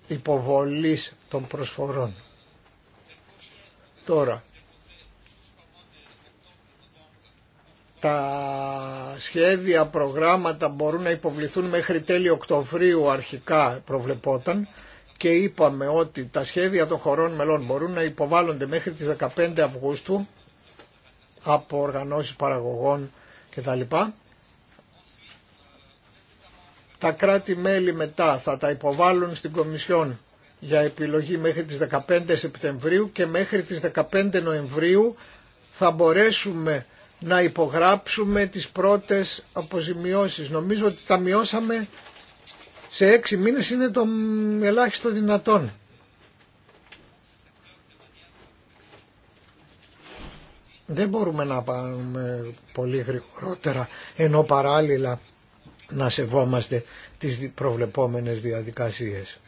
υποβολής των προσφορών. Τώρα, τα σχέδια, προγράμματα μπορούν να υποβληθούν μέχρι τέλη Οκτωβρίου αρχικά προβλεπόταν και είπαμε ότι τα σχέδια των χωρών μελών μπορούν να υποβάλλονται μέχρι τις 15 Αυγούστου από οργανώσεις παραγωγών κτλ. Τα κράτη-μέλη μετά θα τα υποβάλουν στην Κομισιόν για επιλογή μέχρι τις 15 Σεπτεμβρίου και μέχρι τις 15 Νοεμβρίου θα μπορέσουμε να υπογράψουμε τις πρώτες αποζημιώσεις. Νομίζω ότι τα μειώσαμε σε έξι μήνες είναι το ελάχιστο δυνατόν. Δεν μπορούμε να πάμε πολύ γρηγορότερα ενώ παράλληλα να σεβόμαστε τις προβλεπόμενες διαδικασίες.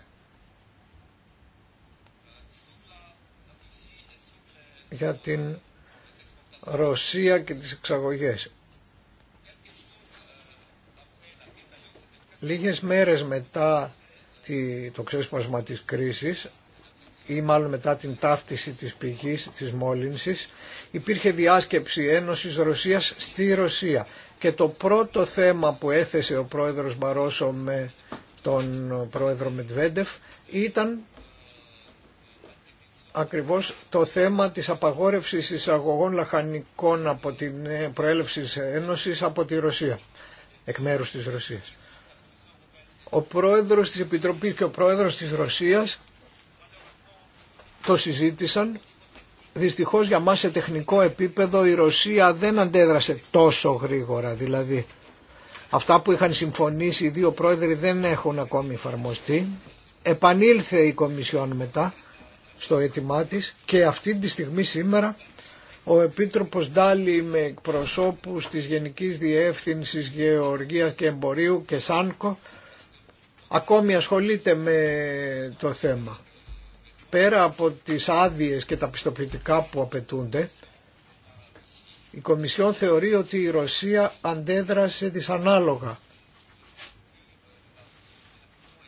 Για την Ρωσία και τις εξαγωγές. Λίγες μέρες μετά το ξέσπασμα της κρίσης ή μάλλον μετά την ταύτιση της πηγής της μόλυνσης υπήρχε διάσκεψη Ένωσης Ρωσίας στη Ρωσία και το πρώτο θέμα που έθεσε ο πρόεδρος Μπαρόσο με τον πρόεδρο Μετβέντεφ ήταν ακριβώς το θέμα της απαγόρευσης εισαγωγών λαχανικών από την ε, προέλευση Ένωσης από τη Ρωσία, εκ μέρους της Ρωσίας. Ο πρόεδρος της Επιτροπής και ο πρόεδρος της Ρωσίας το συζήτησαν. Δυστυχώς για μας σε τεχνικό επίπεδο η Ρωσία δεν αντέδρασε τόσο γρήγορα. Δηλαδή αυτά που είχαν συμφωνήσει οι δύο πρόεδροι δεν έχουν ακόμη εφαρμοστεί. Επανήλθε η Κομισιόν μετά στο αίτημά της και αυτή τη στιγμή σήμερα ο Επίτροπος Ντάλι με εκπροσώπους της Γενικής Διεύθυνσης Γεωργίας και Εμπορίου και ΣΑΝΚΟ ακόμη ασχολείται με το θέμα πέρα από τις άδειε και τα πιστοποιητικά που απαιτούνται, η Κομισιόν θεωρεί ότι η Ρωσία αντέδρασε δυσανάλογα.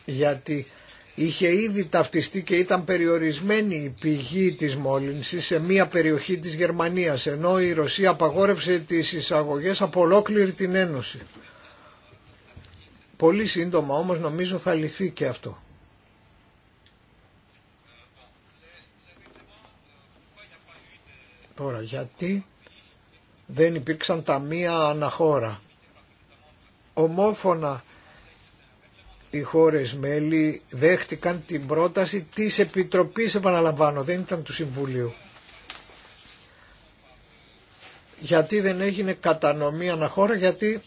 Γιατί είχε ήδη ταυτιστεί και ήταν περιορισμένη η πηγή της μόλυνσης σε μία περιοχή της Γερμανίας, ενώ η Ρωσία απαγόρευσε τις εισαγωγές από ολόκληρη την Ένωση. Πολύ σύντομα όμως νομίζω θα λυθεί και αυτό. Τώρα, γιατί δεν υπήρξαν ταμεία αναχώρα. Ομόφωνα οι χώρες μέλη δέχτηκαν την πρόταση της Επιτροπής, επαναλαμβάνω, δεν ήταν του Συμβουλίου. Γιατί δεν έγινε κατανομή αναχώρα, γιατί,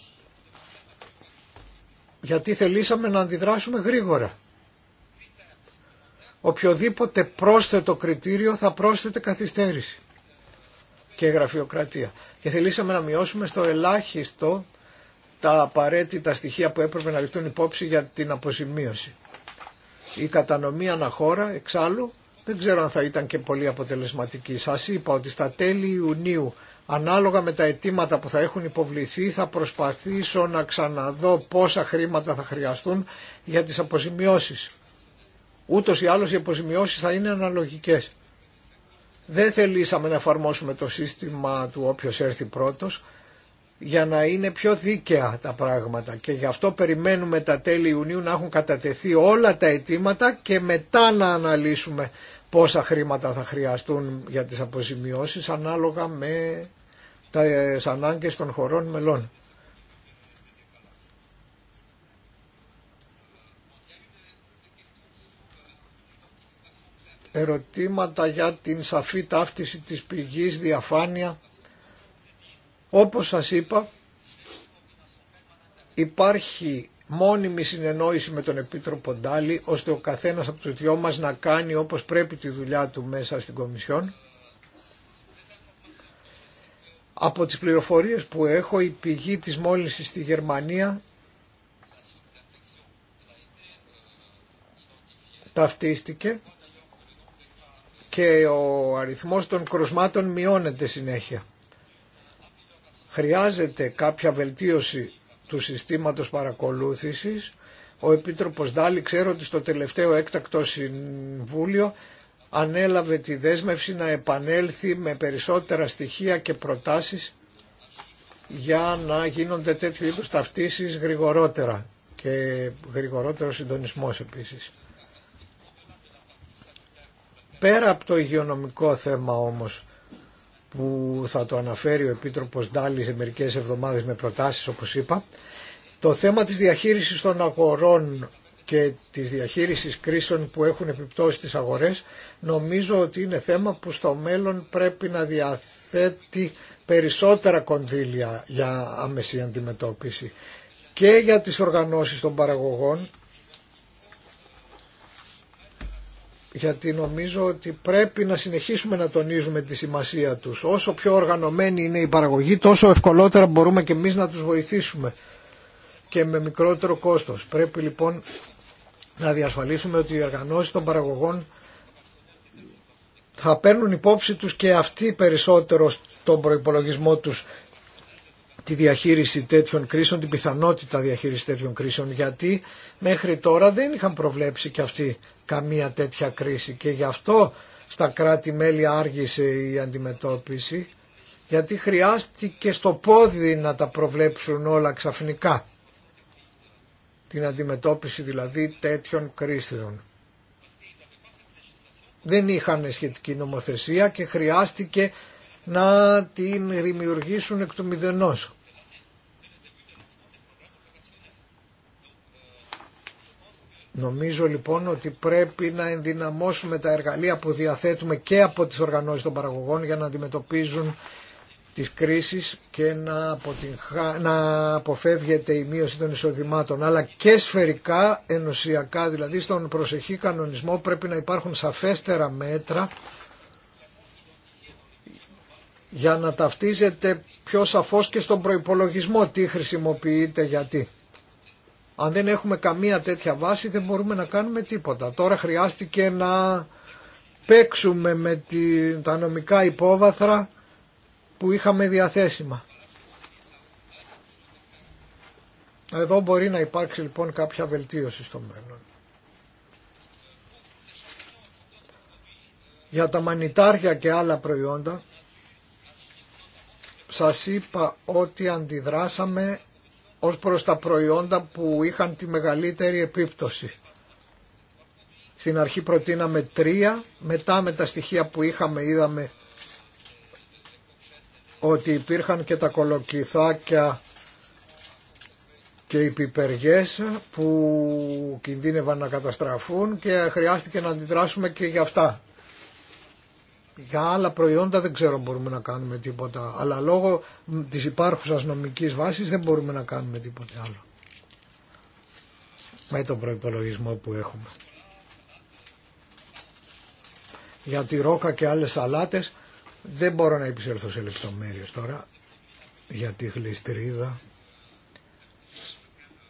γιατί θελήσαμε να αντιδράσουμε γρήγορα. Οποιοδήποτε πρόσθετο κριτήριο θα πρόσθεται καθυστέρηση και γραφειοκρατία. Και θελήσαμε να μειώσουμε στο ελάχιστο τα απαραίτητα στοιχεία που έπρεπε να ληφθούν υπόψη για την αποζημίωση. Η κατανομή αναχώρα, εξάλλου, δεν ξέρω αν θα ήταν και πολύ αποτελεσματική. Σα είπα ότι στα τέλη Ιουνίου, ανάλογα με τα αιτήματα που θα έχουν υποβληθεί, θα προσπαθήσω να ξαναδώ πόσα χρήματα θα χρειαστούν για τις αποζημιώσεις. Ούτως ή άλλως οι αποζημιώσεις θα είναι αναλογικές. Δεν θελήσαμε να εφαρμόσουμε το σύστημα του όποιος έρθει πρώτος για να είναι πιο δίκαια τα πράγματα και γι' αυτό περιμένουμε τα τέλη Ιουνίου να έχουν κατατεθεί όλα τα αιτήματα και μετά να αναλύσουμε πόσα χρήματα θα χρειαστούν για τις αποζημιώσεις ανάλογα με ε, τις ανάγκες των χωρών μελών. ερωτήματα για την σαφή ταύτιση της πηγής, διαφάνεια. Όπως σας είπα, υπάρχει μόνιμη συνεννόηση με τον Επίτροπο Ντάλι, ώστε ο καθένας από τους δυο μας να κάνει όπως πρέπει τη δουλειά του μέσα στην Κομισιόν. Από τις πληροφορίες που έχω, η πηγή της μόλυνσης στη Γερμανία ταυτίστηκε και ο αριθμός των κρουσμάτων μειώνεται συνέχεια. Χρειάζεται κάποια βελτίωση του συστήματος παρακολούθησης. Ο Επίτροπος Ντάλι ξέρω ότι στο τελευταίο έκτακτο συμβούλιο ανέλαβε τη δέσμευση να επανέλθει με περισσότερα στοιχεία και προτάσεις για να γίνονται τέτοιου είδους ταυτίσεις γρηγορότερα και γρηγορότερο συντονισμός επίσης. Πέρα από το υγειονομικό θέμα όμως που θα το αναφέρει ο Επίτροπος Ντάλι σε μερικές εβδομάδες με προτάσεις όπως είπα, το θέμα της διαχείρισης των αγορών και της διαχείρισης κρίσεων που έχουν επιπτώσει στις αγορές νομίζω ότι είναι θέμα που στο μέλλον πρέπει να διαθέτει περισσότερα κονδύλια για άμεση αντιμετώπιση και για τις οργανώσεις των παραγωγών γιατί νομίζω ότι πρέπει να συνεχίσουμε να τονίζουμε τη σημασία τους. Όσο πιο οργανωμένη είναι η παραγωγή, τόσο ευκολότερα μπορούμε και εμείς να τους βοηθήσουμε και με μικρότερο κόστος. Πρέπει λοιπόν να διασφαλίσουμε ότι οι οργανώσεις των παραγωγών θα παίρνουν υπόψη τους και αυτοί περισσότερο στον προϋπολογισμό τους τη διαχείριση τέτοιων κρίσεων, την πιθανότητα διαχείριση τέτοιων κρίσεων, γιατί μέχρι τώρα δεν είχαν προβλέψει και αυτοί καμία τέτοια κρίση και γι' αυτό στα κράτη-μέλη άργησε η αντιμετώπιση γιατί χρειάστηκε στο πόδι να τα προβλέψουν όλα ξαφνικά την αντιμετώπιση δηλαδή τέτοιων κρίσεων. Δεν είχαν σχετική νομοθεσία και χρειάστηκε να την δημιουργήσουν εκ του μηδενός. Νομίζω λοιπόν ότι πρέπει να ενδυναμώσουμε τα εργαλεία που διαθέτουμε και από τις οργανώσεις των παραγωγών για να αντιμετωπίζουν τις κρίσεις και να, να αποφεύγεται η μείωση των εισοδημάτων. Αλλά και σφαιρικά, ενωσιακά, δηλαδή στον προσεχή κανονισμό πρέπει να υπάρχουν σαφέστερα μέτρα για να ταυτίζεται πιο σαφώς και στον προϋπολογισμό τι χρησιμοποιείται γιατί. Αν δεν έχουμε καμία τέτοια βάση δεν μπορούμε να κάνουμε τίποτα. Τώρα χρειάστηκε να παίξουμε με τη, τα νομικά υπόβαθρα που είχαμε διαθέσιμα. Εδώ μπορεί να υπάρξει λοιπόν κάποια βελτίωση στο μέλλον. Για τα μανιτάρια και άλλα προϊόντα σας είπα ότι αντιδράσαμε ως προς τα προϊόντα που είχαν τη μεγαλύτερη επίπτωση. Στην αρχή προτείναμε τρία, μετά με τα στοιχεία που είχαμε είδαμε ότι υπήρχαν και τα κολοκυθάκια και οι πιπεριές που κινδύνευαν να καταστραφούν και χρειάστηκε να αντιδράσουμε και για αυτά. Για άλλα προϊόντα δεν ξέρω μπορούμε να κάνουμε τίποτα, αλλά λόγω της υπάρχουσας νομικής βάσης δεν μπορούμε να κάνουμε τίποτα άλλο. Με τον προϋπολογισμό που έχουμε. Για τη ρόκα και άλλες σαλάτες δεν μπορώ να επισέλθω σε λεπτομέρειες τώρα για τη γλιστρίδα.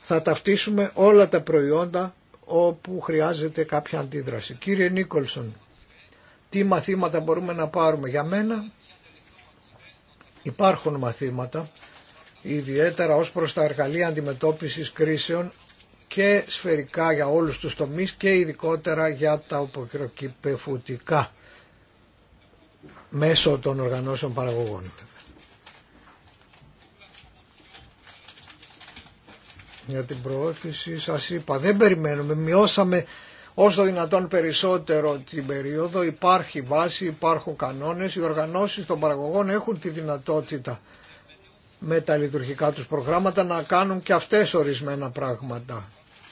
Θα ταυτίσουμε όλα τα προϊόντα όπου χρειάζεται κάποια αντίδραση. Κύριε Νίκολσον, τι μαθήματα μπορούμε να πάρουμε. Για μένα υπάρχουν μαθήματα, ιδιαίτερα ως προς τα εργαλεία αντιμετώπισης κρίσεων και σφαιρικά για όλους τους τομείς και ειδικότερα για τα οποκροκυπεφουτικά μέσω των οργανώσεων παραγωγών. Για την προώθηση σας είπα, δεν περιμένουμε, μειώσαμε όσο δυνατόν περισσότερο την περίοδο υπάρχει βάση, υπάρχουν κανόνες, οι οργανώσεις των παραγωγών έχουν τη δυνατότητα με τα λειτουργικά τους προγράμματα να κάνουν και αυτές ορισμένα πράγματα.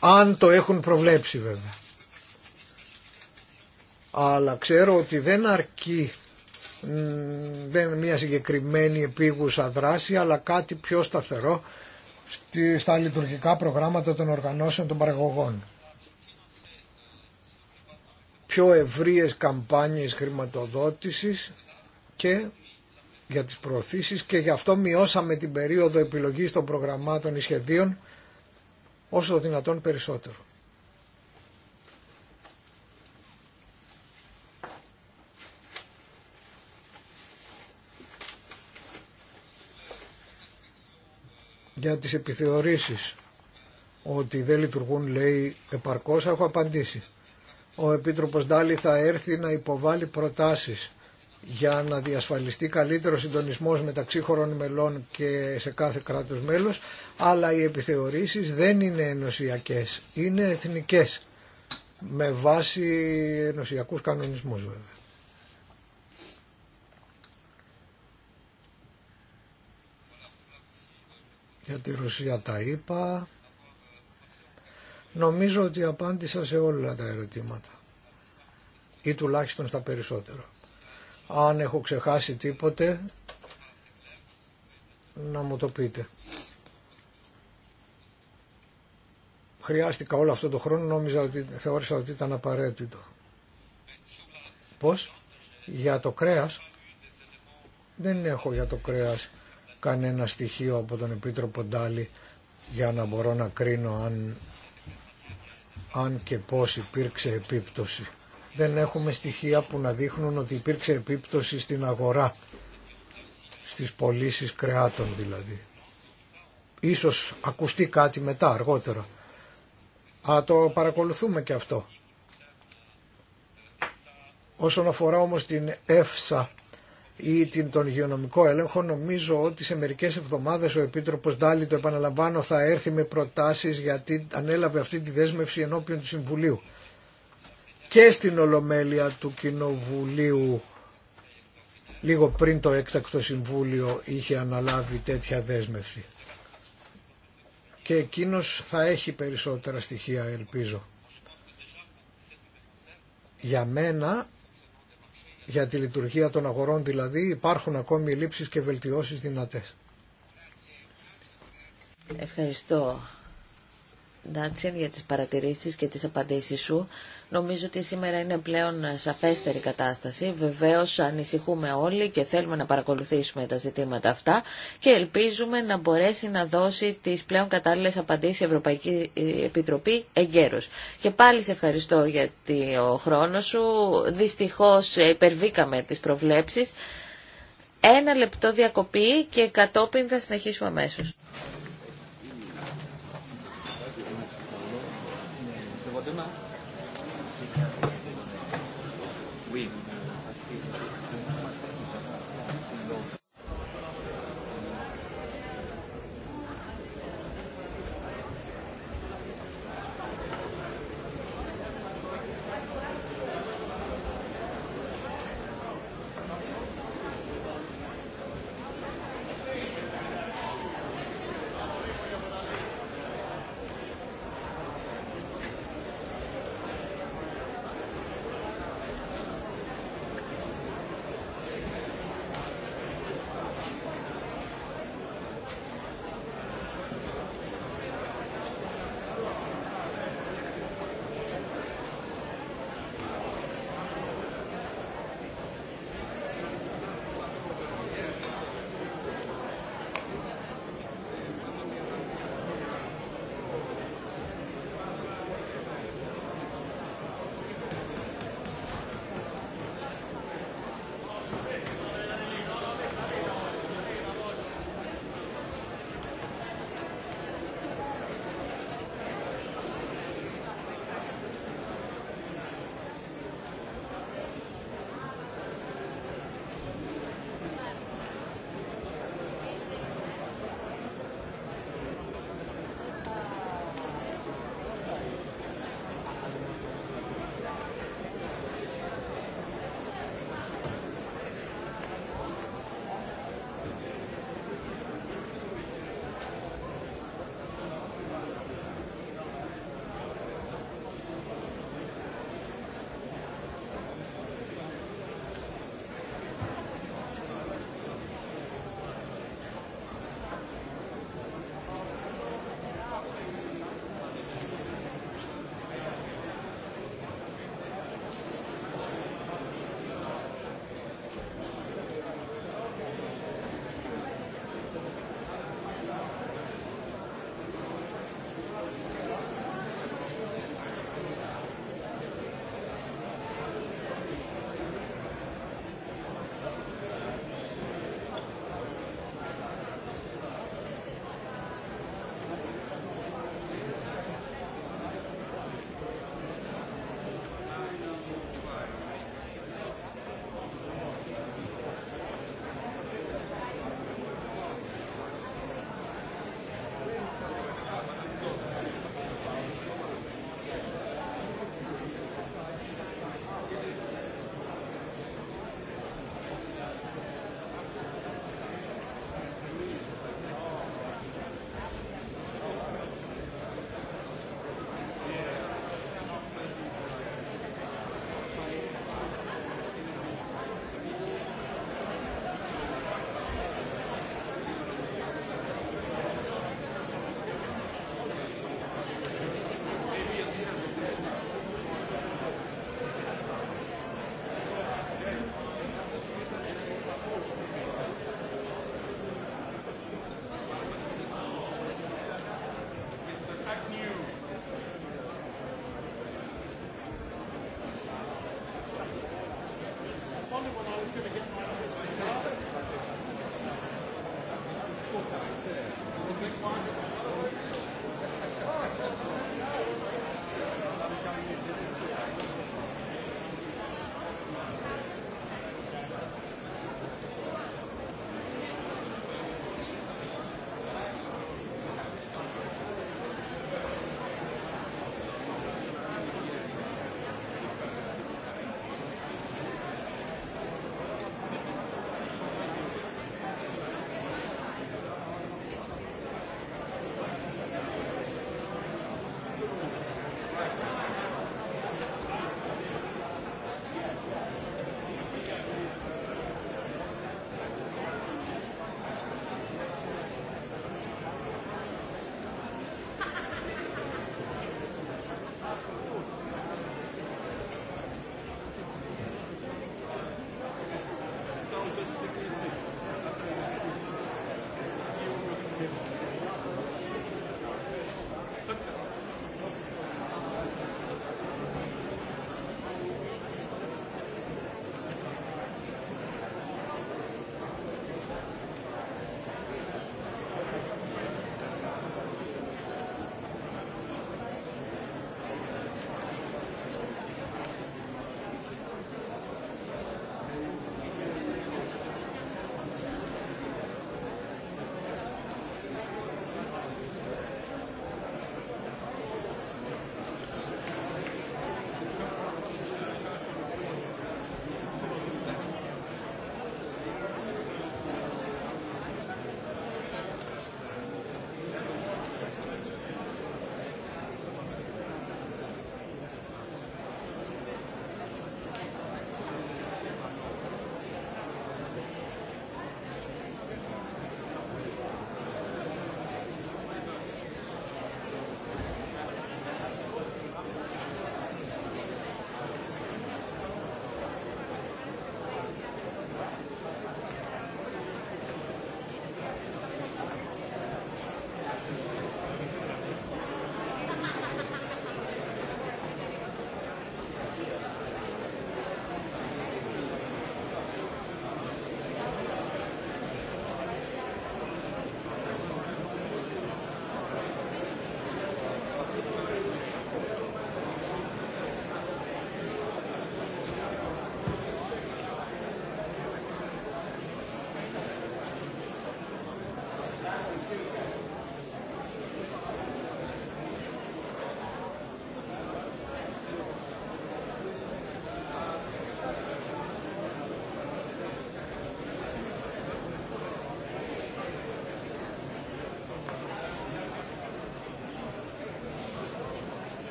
Αν το έχουν προβλέψει βέβαια. Αλλά ξέρω ότι δεν αρκεί δεν μια συγκεκριμένη επίγουσα δράση αλλά κάτι πιο σταθερό στα λειτουργικά προγράμματα των οργανώσεων των παραγωγών πιο ευρείες καμπάνιες χρηματοδότησης και για τις προωθήσεις και γι' αυτό μειώσαμε την περίοδο επιλογής των προγραμμάτων ή σχεδίων όσο το δυνατόν περισσότερο. Για τις επιθεωρήσεις ότι δεν λειτουργούν λέει επαρκώς έχω απαντήσει. Ο Επίτροπος Ντάλι θα έρθει να υποβάλει προτάσεις για να διασφαλιστεί καλύτερο συντονισμός μεταξύ χωρών μελών και σε κάθε κράτος μέλος, αλλά οι επιθεωρήσεις δεν είναι ενωσιακές, είναι εθνικές, με βάση ενωσιακούς κανονισμούς βέβαια. Για τη Ρωσία τα είπα. Νομίζω ότι απάντησα σε όλα τα ερωτήματα ή τουλάχιστον στα περισσότερα. Αν έχω ξεχάσει τίποτε, να μου το πείτε. Χρειάστηκα όλο αυτό το χρόνο, νόμιζα ότι, θεώρησα ότι ήταν απαραίτητο. Πώς? Για το κρέας, δεν έχω για το κρέας κανένα στοιχείο από τον Επίτροπο Ντάλι για να μπορώ να κρίνω αν αν και πώς υπήρξε επίπτωση. Δεν έχουμε στοιχεία που να δείχνουν ότι υπήρξε επίπτωση στην αγορά, στις πωλήσει κρεάτων δηλαδή. Ίσως ακουστεί κάτι μετά, αργότερα. Α, το παρακολουθούμε και αυτό. Όσον αφορά όμως την ΕΦΣΑ ή την, τον υγειονομικό έλεγχο νομίζω ότι σε μερικές εβδομάδες ο Επίτροπος Ντάλι το επαναλαμβάνω θα έρθει με προτάσεις γιατί ανέλαβε αυτή τη δέσμευση ενώπιον του Συμβουλίου και στην Ολομέλεια του Κοινοβουλίου λίγο πριν το έκτακτο Συμβούλιο είχε αναλάβει τέτοια δέσμευση και εκείνος θα έχει περισσότερα στοιχεία ελπίζω. Για μένα για τη λειτουργία των αγορών δηλαδή υπάρχουν ακόμη λήψεις και βελτιώσεις δυνατές. Ευχαριστώ Ντάτσιν για τις παρατηρήσεις και τις απαντήσεις σου. Νομίζω ότι σήμερα είναι πλέον σαφέστερη κατάσταση. Βεβαίως ανησυχούμε όλοι και θέλουμε να παρακολουθήσουμε τα ζητήματα αυτά και ελπίζουμε να μπορέσει να δώσει τις πλέον κατάλληλες απαντήσεις η Ευρωπαϊκή Επιτροπή εγκαίρως. Και πάλι σε ευχαριστώ για το χρόνο σου. Δυστυχώς υπερβήκαμε τις προβλέψεις. Ένα λεπτό διακοπή και κατόπιν θα συνεχίσουμε αμέσως.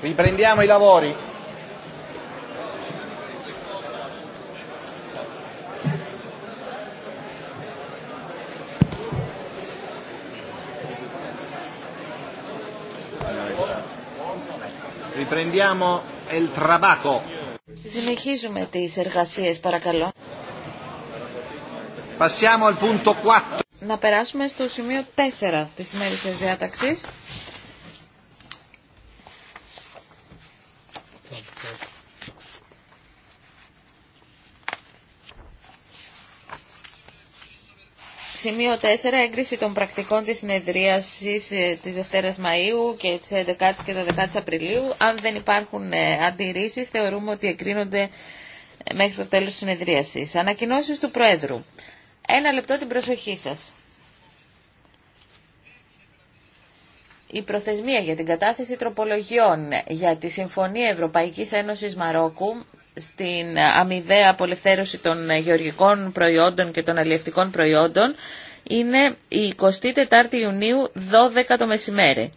Riprendiamo i lavori. Riprendiamo il trabaco. Συνεχίζουμε τις εργασίες παρακαλώ. Passiamo al punto 4. Να περάσουμε στο σημείο 4 της σημερινής διάταξης. Σημείο 4. Έγκριση των πρακτικών της συνεδρίασης ε, της Δευτέρας Μαΐου και της 11 και 12ης Απριλίου. Αν δεν υπάρχουν ε, αντιρρήσεις, θεωρούμε ότι εκκρίνονται ε, μέχρι το τέλος της συνεδρίασης. Ανακοινώσεις του Προέδρου. Ένα λεπτό την προσοχή σας. Η προθεσμία για την κατάθεση τροπολογιών για τη Συμφωνία Ευρωπαϊκής Ένωσης Μαρόκου στην αμοιβαία απολευθέρωση των γεωργικών προϊόντων και των αλλιευτικών προϊόντων είναι η 24η Ιουνίου 12 το μεσημέρι.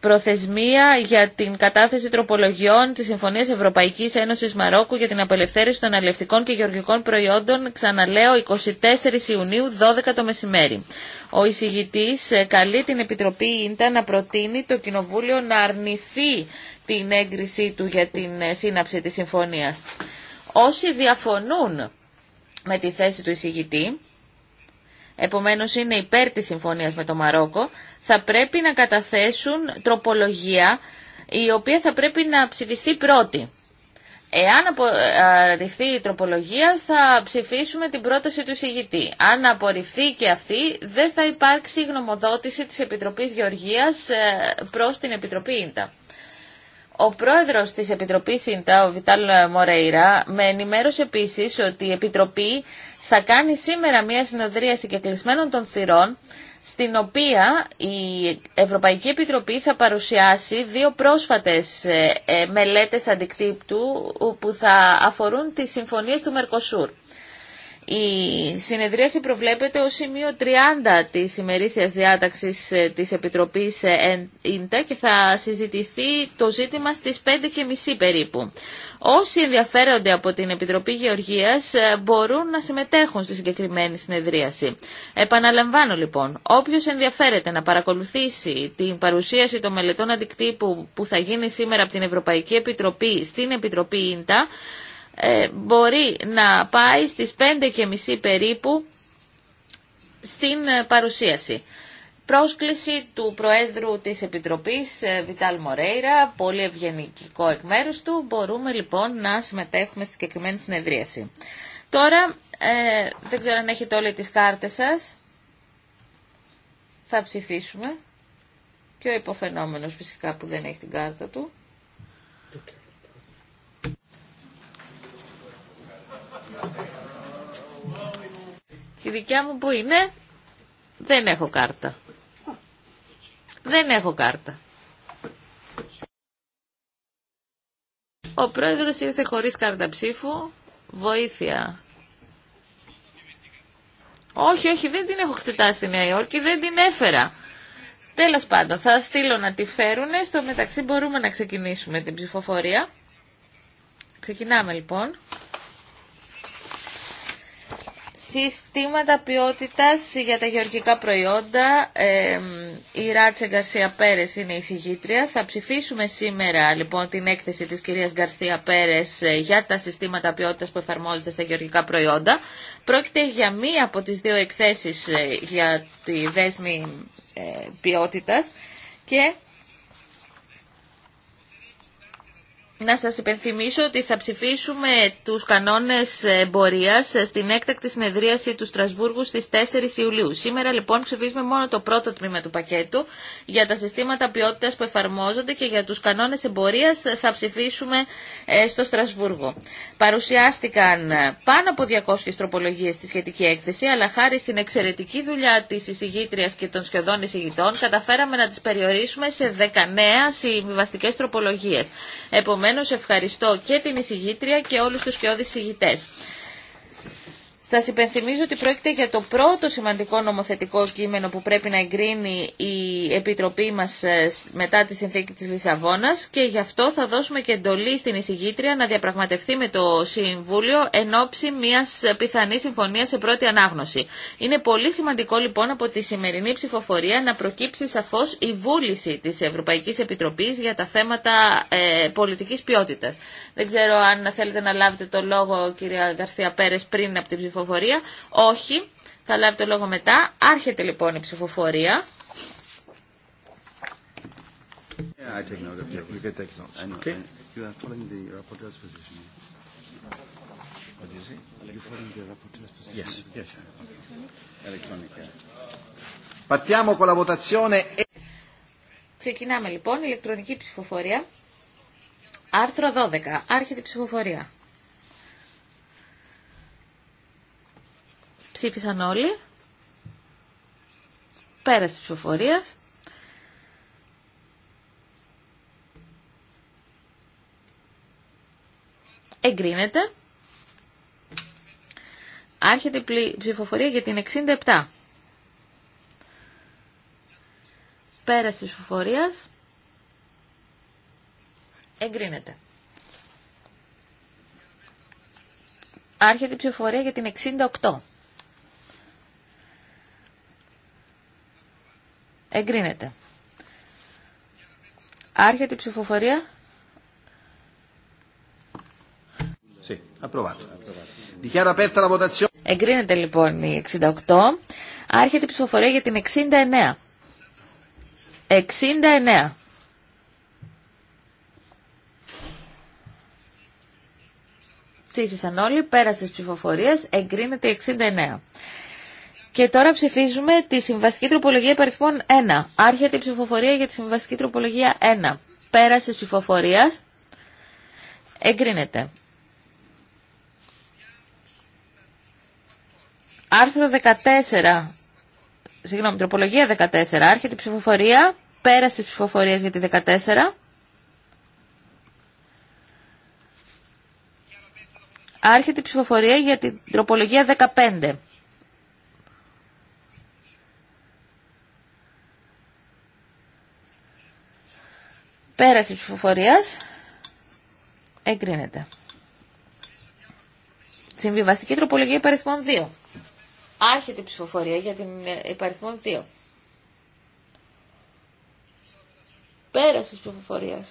Προθεσμία για την κατάθεση τροπολογιών της Συμφωνίας Ευρωπαϊκής Ένωσης Μαρόκου για την απελευθέρωση των αλλιευτικών και γεωργικών προϊόντων, ξαναλέω, 24 Ιουνίου, 12 το μεσημέρι. Ο εισηγητής ε, καλεί την Επιτροπή Ίντα να προτείνει το Κοινοβούλιο να αρνηθεί την έγκρισή του για την ε, σύναψη της συμφωνίας. Όσοι διαφωνούν με τη θέση του εισηγητή, επομένως είναι υπέρ της συμφωνίας με το Μαρόκο, θα πρέπει να καταθέσουν τροπολογία η οποία θα πρέπει να ψηφιστεί πρώτη. Εάν απορριφθεί ε, η τροπολογία θα ψηφίσουμε την πρόταση του εισηγητή. Αν απορριφθεί και αυτή δεν θα υπάρξει γνωμοδότηση της Επιτροπής Γεωργίας ε, προς την Επιτροπή Ίντα. Ο πρόεδρο τη Επιτροπής ΣΥΝΤΑ, ο Βιτάλ Μορέιρα, με ενημέρωσε επίση ότι η Επιτροπή θα κάνει σήμερα μια συνοδρία συγκεκρισμένων των θυρών, στην οποία η Ευρωπαϊκή Επιτροπή θα παρουσιάσει δύο πρόσφατες ε, ε, μελέτες αντικτύπτου που θα αφορούν τις συμφωνίες του Μερκοσούρ. Η συνεδρίαση προβλέπεται ως σημείο 30 της ημερήσιας διάταξης ε, της Επιτροπής ΕΝΤΕ και θα συζητηθεί το ζήτημα στις 5.30 περίπου. Όσοι ενδιαφέρονται από την Επιτροπή Γεωργίας ε, μπορούν να συμμετέχουν στη συγκεκριμένη συνεδρίαση. Επαναλαμβάνω λοιπόν, όποιος ενδιαφέρεται να παρακολουθήσει την παρουσίαση των μελετών αντικτύπου που θα γίνει σήμερα από την Ευρωπαϊκή Επιτροπή στην Επιτροπή ΙΝΤΑ, ε, μπορεί να πάει στις 5.30 περίπου στην ε, παρουσίαση. Πρόσκληση του Προέδρου της Επιτροπής ε, Βιτάλ Μορέιρα, πολύ ευγενικό εκ μέρους του, μπορούμε λοιπόν να συμμετέχουμε στη συγκεκριμένη συνεδρίαση. Τώρα, ε, δεν ξέρω αν έχετε όλοι τις κάρτες σας, θα ψηφίσουμε και ο υποφαινόμενος φυσικά που δεν έχει την κάρτα του. Η δικιά μου που είναι, δεν έχω κάρτα. Δεν έχω κάρτα. Ο πρόεδρος ήρθε χωρίς κάρτα ψήφου, βοήθεια. Όχι, όχι, δεν την έχω ξετάσει στη Νέα Υόρκη, δεν την έφερα. Τέλος πάντων, θα στείλω να τη φέρουνε, στο μεταξύ μπορούμε να ξεκινήσουμε την ψηφοφορία. Ξεκινάμε λοιπόν συστήματα ποιότητας για τα γεωργικά προϊόντα. Ε, η Ράτσε Γκαρσία Πέρες είναι η συγγήτρια. Θα ψηφίσουμε σήμερα λοιπόν την έκθεση της κυρίας Γκαρσία Πέρες ε, για τα συστήματα ποιότητας που εφαρμόζονται στα γεωργικά προϊόντα. Πρόκειται για μία από τις δύο εκθέσεις ε, για τη δέσμη ποιότητας και να σας υπενθυμίσω ότι θα ψηφίσουμε τους κανόνες εμπορία στην έκτακτη συνεδρίαση του Στρασβούργου στις 4 Ιουλίου. Σήμερα λοιπόν ψηφίζουμε μόνο το πρώτο τμήμα του πακέτου για τα συστήματα ποιότητας που εφαρμόζονται και για τους κανόνες εμπορία θα ψηφίσουμε ε, στο Στρασβούργο. Παρουσιάστηκαν ε, πάνω από 200 τροπολογίες στη σχετική έκθεση, αλλά χάρη στην εξαιρετική δουλειά της εισηγήτριας και των σχεδόν εισηγητών καταφέραμε να τι περιορίσουμε σε 19 συμβιβαστικές τροπολογίες. Επομένως ευχαριστώ και την εισηγήτρια και όλους τους κοιόδης εισηγητές. Σα υπενθυμίζω ότι πρόκειται για το πρώτο σημαντικό νομοθετικό κείμενο που πρέπει να εγκρίνει η Επιτροπή μα ε, μετά τη συνθήκη τη Λισαβόνα και γι' αυτό θα δώσουμε και εντολή στην εισηγήτρια να διαπραγματευτεί με το Συμβούλιο εν ώψη μιας πιθανής συμφωνίας σε πρώτη ανάγνωση. Είναι πολύ σημαντικό λοιπόν από τη σημερινή ψηφοφορία να προκύψει σαφώ η βούληση τη Ευρωπαϊκή Επιτροπής για τα θέματα ε, πολιτικής ποιότητας. Δεν ξέρω αν θέλετε να λάβετε το λόγο κυρία Γκαρθία Πέρε, πριν από την ψηφοφορία ψηφοφορία. Όχι, θα λάβει το λόγο μετά. Άρχεται λοιπόν η ψηφοφορία. E- Ξεκινάμε λοιπόν, ηλεκτρονική ψηφοφορία. Άρθρο 12. Άρχεται η ψηφοφορία. Ψήφισαν όλοι. Πέρασε τη ψηφοφορίας. Εγκρίνεται. Άρχεται η ψηφοφορία για την 67. Πέραση ψηφοφορία. ψηφοφορίας. Εγκρίνεται. Άρχεται η ψηφοφορία για την 68. Εγκρίνεται. Άρχεται η ψηφοφορία. Sì, approvato. Dichiaro aperta la votazione. Εγκρίνεται λοιπόν η 68. Άρχεται η ψηφοφορία για την 69. 69. Ψήφισαν όλοι, πέρασε ψηφοφορία, εγκρίνεται η 69. Και τώρα ψηφίζουμε τη συμβαστική τροπολογία υπαριθμών 1. Άρχεται η ψηφοφορία για τη συμβασική τροπολογία 1. Πέραση ψηφοφορία. Εγκρίνεται. Άρθρο 14. Συγγνώμη, τροπολογία 14. Άρχεται η ψηφοφορία. Πέραση ψηφοφορία για τη 14. Άρχεται η ψηφοφορία για την τροπολογία 15. Πέραση ψηφοφορίας. Εγκρίνεται. Συμβιβαστική τροπολογία υπαριθμών 2. Άρχεται η ψηφοφορία για την ε, υπαριθμών 2. Πέραση ψηφοφορίας.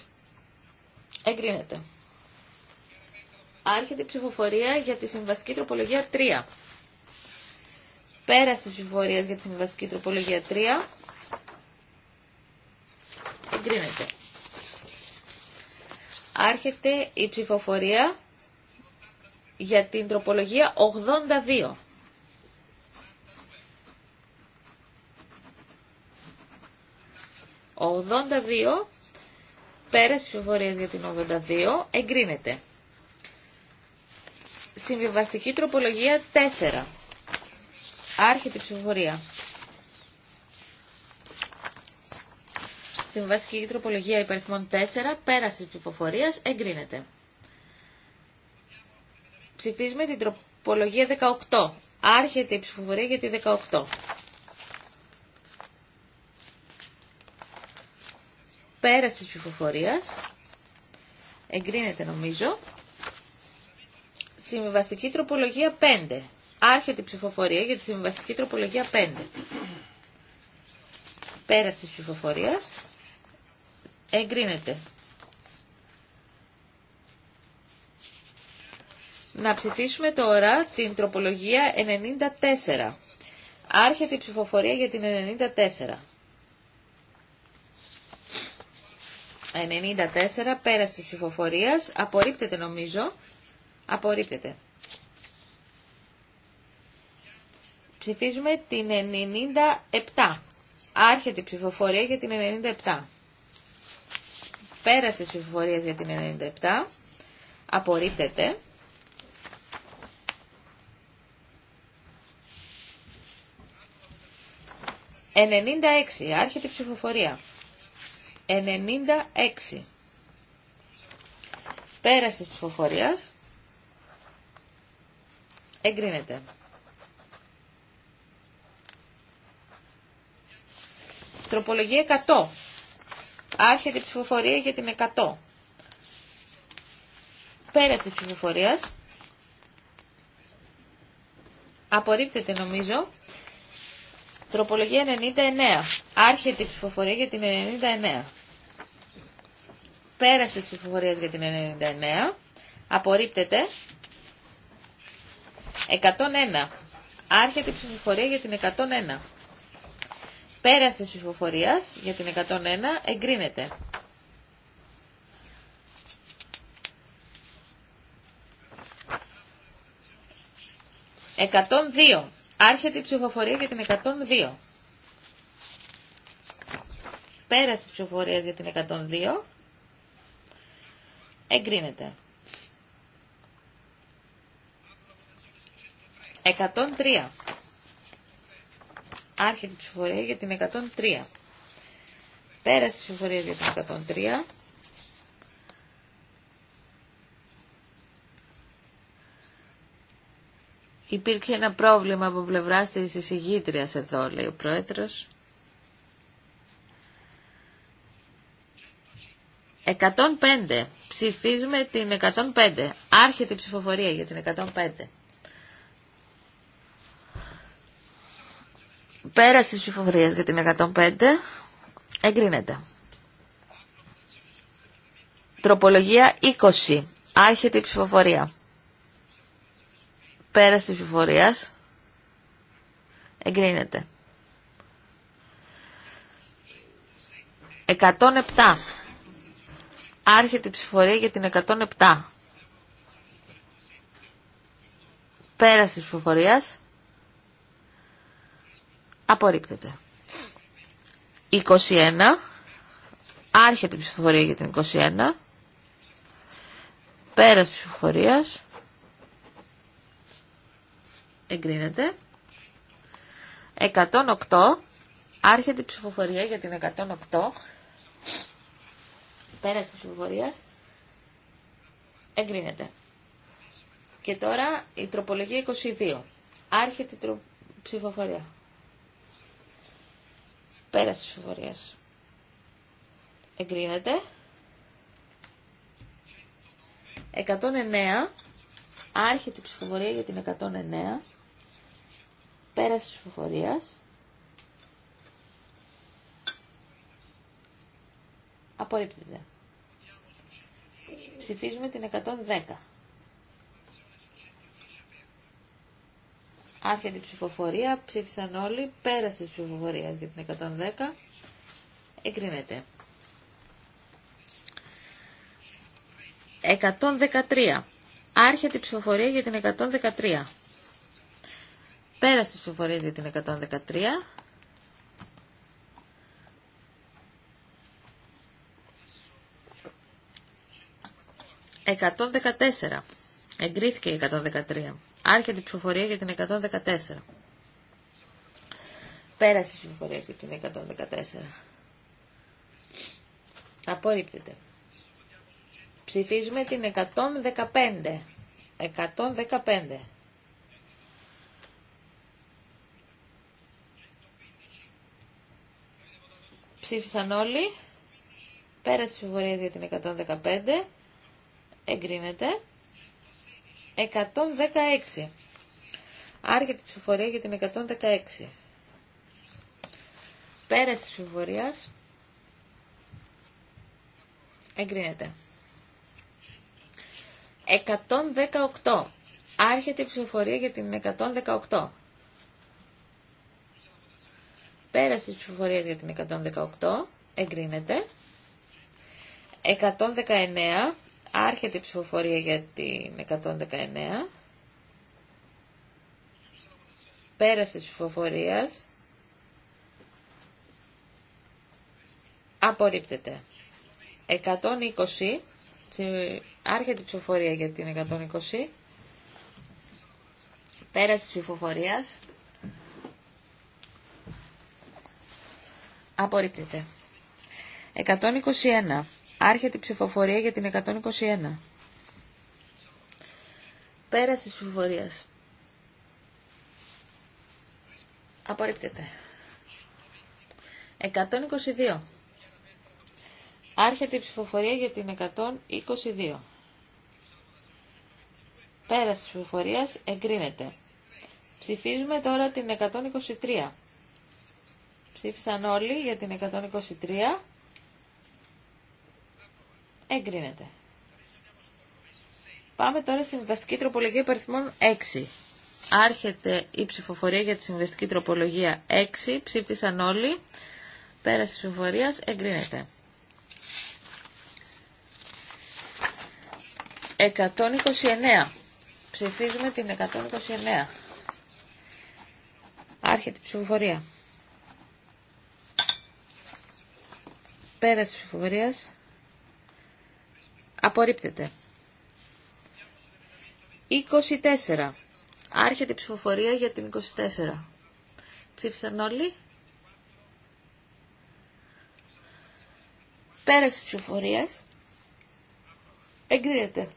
Εγκρίνεται. Άρχεται η ψηφοφορία για τη συμβιβαστική τροπολογία 3. Πέραση ψηφοφορίας για τη συμβαστική τροπολογία 3. Εγκρίνεται. Άρχεται η ψηφοφορία για την τροπολογία 82. 82 πέρασε ψηφοφορίες για την 82 εγκρίνεται. Συμβιβαστική τροπολογία 4. Άρχεται η ψηφοφορία. βασική τροπολογία υπαριθμών 4, πέραση ψηφοφορία. ψηφοφορίας, εγκρίνεται. Ψηφίζουμε την τροπολογία 18. Άρχεται η ψηφοφορία για τη 18. Πέραση της ψηφοφορίας, εγκρίνεται νομίζω. Συμβαστική τροπολογία 5. Άρχεται η ψηφοφορία για τη συμβαστική τροπολογία 5. Πέραση της ψηφοφορίας. Εγκρίνεται. Να ψηφίσουμε τώρα την τροπολογία 94. Άρχεται η ψηφοφορία για την 94. 94, πέραση της ψηφοφορίας, απορρίπτεται νομίζω, απορρίπτεται. Ψηφίζουμε την 97. Άρχεται η ψηφοφορία για την 97. Πέρασε ψηφοφορία ψηφοφορίας για την 97 απορρίπτεται. «96. Άρχεται η ψηφοφορία. 96. αρχεται η ψηφοφορια 96 Πέρασε της ψηφοφορίας. Εγκρίνεται. Τροπολογία 100. Άρχεται η ψηφοφορία για την 100. Πέρασε η ψηφοφορία. Απορρίπτεται νομίζω. Τροπολογία 99. Άρχεται η ψηφοφορία για την 99. Πέρασε η ψηφοφορία για την 99. Απορρίπτεται. 101. Άρχεται η ψηφοφορία για την 101. Πέρας της ψηφοφορίας για την 101 εγκρίνεται. Εκατόν δύο. Άρχεται η ψηφοφορία για την 102. Πέρασε ψηφοφορία ψηφοφορίας για την 102 εγκρίνεται. 103. Άρχεται η ψηφοφορία για την 103. Πέρασε η ψηφοφορία για την 103. Υπήρξε ένα πρόβλημα από πλευρά τη εισηγήτρια εδώ, λέει ο πρόεδρο. 105. Ψηφίζουμε την 105. Άρχεται η ψηφοφορία για την 105. Πέραση ψηφοφορία ψηφοφορίας για την 105 εγκρίνεται. Τροπολογία 20. Άρχεται η ψηφοφορία. Πέραση τις ψηφοφορίας εγκρίνεται. 107. Άρχεται η ψηφορία για την 107. Πέραση της ψηφοφορίας Απορρίπτεται. 21. Άρχεται η ψηφοφορία για την 21. Πέρας της ψηφοφορίας. Εγκρίνεται. 108. Άρχεται η ψηφοφορία για την 108. Πέρας της ψηφοφορίας. Εγκρίνεται. Και τώρα η τροπολογία 22. Άρχεται η ψηφοφορία. Πέρας της ψηφοφορίας. Εγκρίνεται. 109. Άρχεται η ψηφοφορία για την 109. Πέρας της ψηφοφορίας. Απορρίπτεται. Ψηφίζουμε την 110. Άρχεται η ψηφοφορία, ψήφισαν όλοι, πέρασε της ψηφοφορία για την 110, εγκρίνεται. 113. Άρχεται την ψηφοφορία για την 113. Πέρασε της ψηφοφορία για την 113. 114. Εγκρίθηκε η 113. Άρχεται η ψηφοφορία για την 114. Πέρασε η ψηφοφορία για την 114. Απορρίπτεται. Ψηφίζουμε την 115. 115. Ψήφισαν όλοι. Πέρασε η ψηφοφορία για την 115. Εγκρίνεται. 116. Άρχεται η ψηφοφορία για την 116. Πέρας τη ψηφοφορίας εγκρίνεται. 118. Άρχεται η ψηφοφορία για την 118. Πέραση τη ψηφοφορίας για την 118. Εγκρίνεται. 119. Άρχεται η ψηφοφορία για την 119. Πέραση της ψηφοφορίας. Απορρίπτεται. 120. Άρχεται η ψηφοφορία για την 120. Πέραση της ψηφοφορίας. Απορρίπτεται. 121. Άρχεται η ψηφοφορία για την 121. Πέραση της ψηφοφορίας. Απορρίπτεται. 122. Άρχεται η ψηφοφορία για την 122. Πέρασε της ψηφοφορίας εγκρίνεται. Ψηφίζουμε τώρα την 123. Ψήφισαν όλοι για την 123. Εγκρίνεται. Πάμε τώρα στη συμβαστική τροπολογία υπαριθμών 6. Άρχεται η ψηφοφορία για τη συμβαστική τροπολογία 6. Ψήφισαν όλοι. Πέραση τη ψηφοφορίας εγκρίνεται. 129. Ψηφίζουμε την 129. Άρχεται η ψηφοφορία. Πέραση τη ψηφοφορίας Απορρίπτεται. 24. Άρχεται η ψηφοφορία για την 24. Ψήφισαν όλοι. Πέρασε τις ψηφοφορίες. Εγκρίνεται.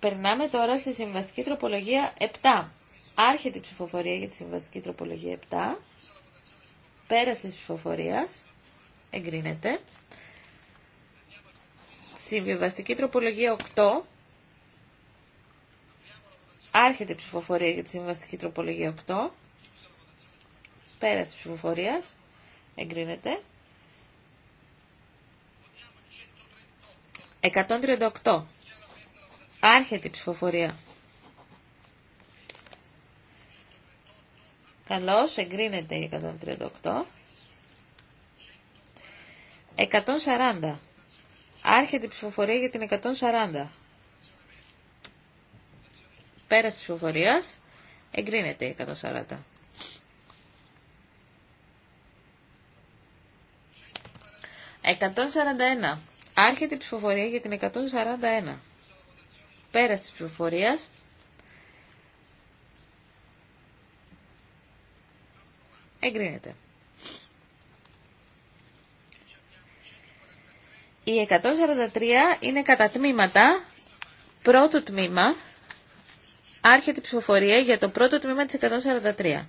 Περνάμε τώρα στη συμβαστική τροπολογία 7. Άρχεται η ψηφοφορία για τη συμβαστική τροπολογία 7. Πέρασε τις ψηφοφορία. Εγκρίνεται. Συμβιβαστική τροπολογία 8. Άρχεται η ψηφοφορία για τη συμβιβαστική τροπολογία 8. Πέραση ψηφοφορία Εγκρίνεται. 138. Άρχεται η ψηφοφορία. Καλώς, εγκρίνεται η 138. 140. Άρχεται η ψηφοφορία για την 140. Πέραση ψηφοφορίας. Εγκρίνεται η 140. 141. Άρχεται η ψηφοφορία για την 141. Πέραση της ψηφοφορίας. Εγκρίνεται. Η 143 είναι κατά τμήματα. Πρώτο τμήμα. Άρχεται η ψηφοφορία για το πρώτο τμήμα της 143.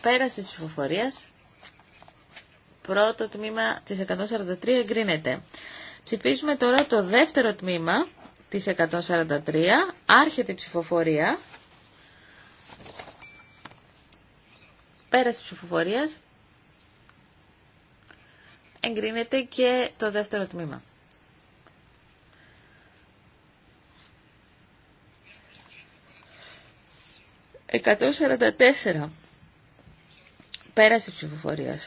Πέρας της ψηφοφορίας. Πρώτο τμήμα της 143 εγκρίνεται. Ψηφίζουμε τώρα το δεύτερο τμήμα της 143. Άρχεται η ψηφοφορία. Πέρας της ψηφοφορίας εγκρίνεται και το δεύτερο τμήμα. 144. Πέραση ψηφοφορία.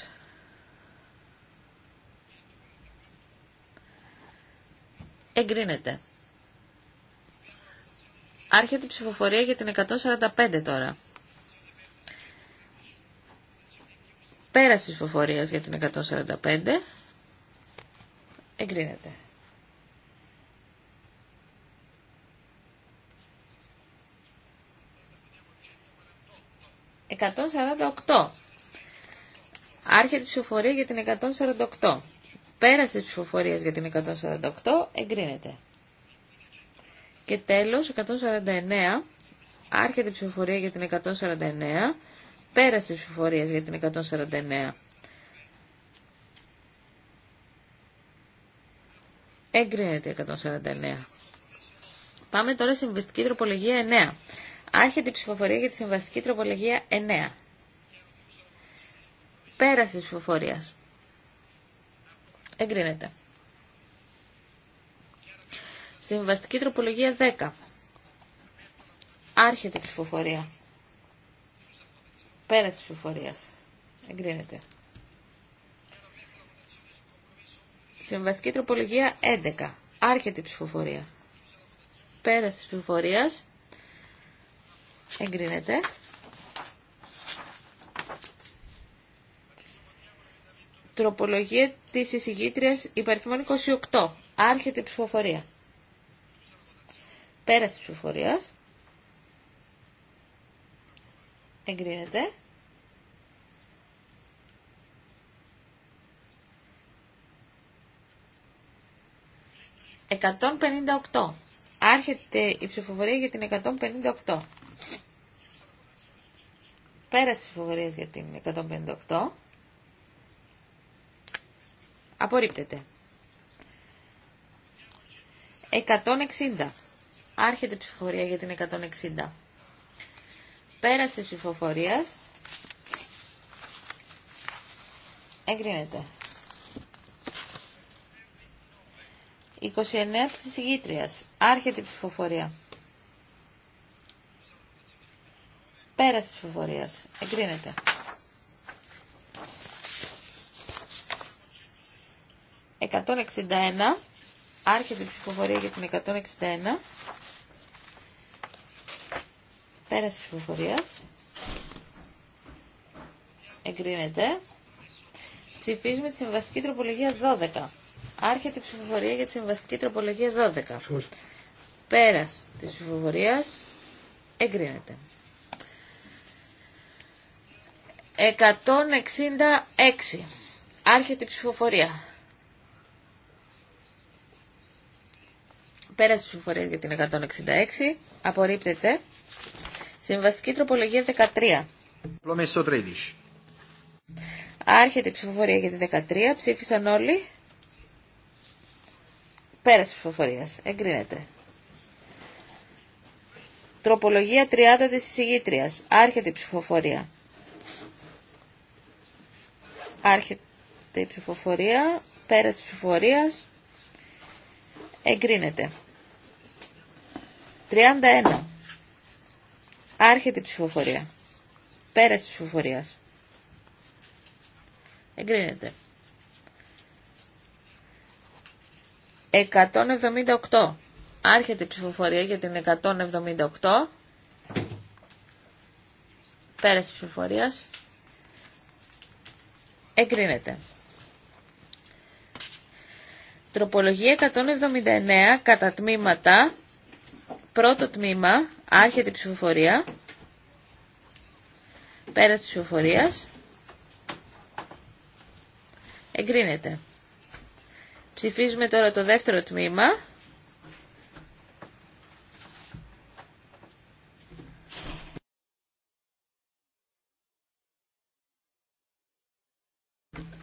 Εγκρίνεται. Άρχεται η ψηφοφορία για την 145 τώρα. Πέραση ψηφοφορίας για την 145. Εγκρίνεται. 148. Άρχεται η ψηφοφορία για την 148. Πέραση τη ψηφοφορίας για την 148 εγκρίνεται. Και τέλος, 149. Άρχεται η ψηφοφορία για την 149. Πέρασε η ψηφοφορία για την 149. Εγκρίνεται 149. Πάμε τώρα στη συμβαστική τροπολογία 9. Άρχεται η ψηφοφορία για τη συμβαστική τροπολογία 9. Πέρασε της ψηφοφορίας. Εγκρίνεται. Συμβαστική τροπολογία 10. Άρχεται η ψηφοφορία. Πέραση τη ψηφοφορία. Εγκρίνεται. Συμβαστική τροπολογία 11. Άρχεται η ψηφοφορία. Πέραση τη ψηφοφορία. Εγκρίνεται. Τροπολογία τη εισηγήτρια υπαριθμών 28. Άρχεται η ψηφοφορία. Πέραση ψηφοφορία. εγκρίνεται. Εκατόν Άρχεται η ψηφοφορία για την 158. Πέρασε η ψηφοφορία για την 158. Απορρίπτεται. 160. Άρχεται η ψηφοφορία για την 160. Πέραση της ψηφοφορίας. Εγκρίνεται. 29 της εισηγήτριας. Άρχεται η ψηφοφορία. Πέραση ψηφοφορίας. Εγκρίνεται. 161. Άρχεται η ψηφοφορία για την 161. Πέρας τη ψηφοφορία Εγκρίνεται. Ψηφίζουμε τη συμβαστική τροπολογία 12. Άρχεται η ψηφοφορία για τη συμβαστική τροπολογία 12. Πέρας της ψηφοφορίας. Εγκρίνεται. 166. Άρχεται η ψηφοφορία. τη ψηφοφορία για την 166. Απορρίπτεται. Συμβαστική τροπολογία 13. 13. Άρχεται η ψηφοφορία για τη 13. Ψήφισαν όλοι. Πέρας ψηφοφορία. Εγκρίνεται. Τροπολογία 30 της εισηγήτριας. Άρχεται η ψηφοφορία. Άρχεται η ψηφοφορία. Πέρας ψηφοφορίας. Εγκρίνεται. 31. Άρχεται η ψηφοφορία. Πέραση της Εγκρίνεται. 178. Άρχεται η ψηφοφορία για την 178. Πέρας της ψηφοφορίας. Εγκρίνεται. Τροπολογία 179 κατά τμήματα. Πρώτο τμήμα, άρχεται η ψηφοφορία. Πέρας της ψηφοφορίας. Εγκρίνεται. Ψηφίζουμε τώρα το δεύτερο τμήμα.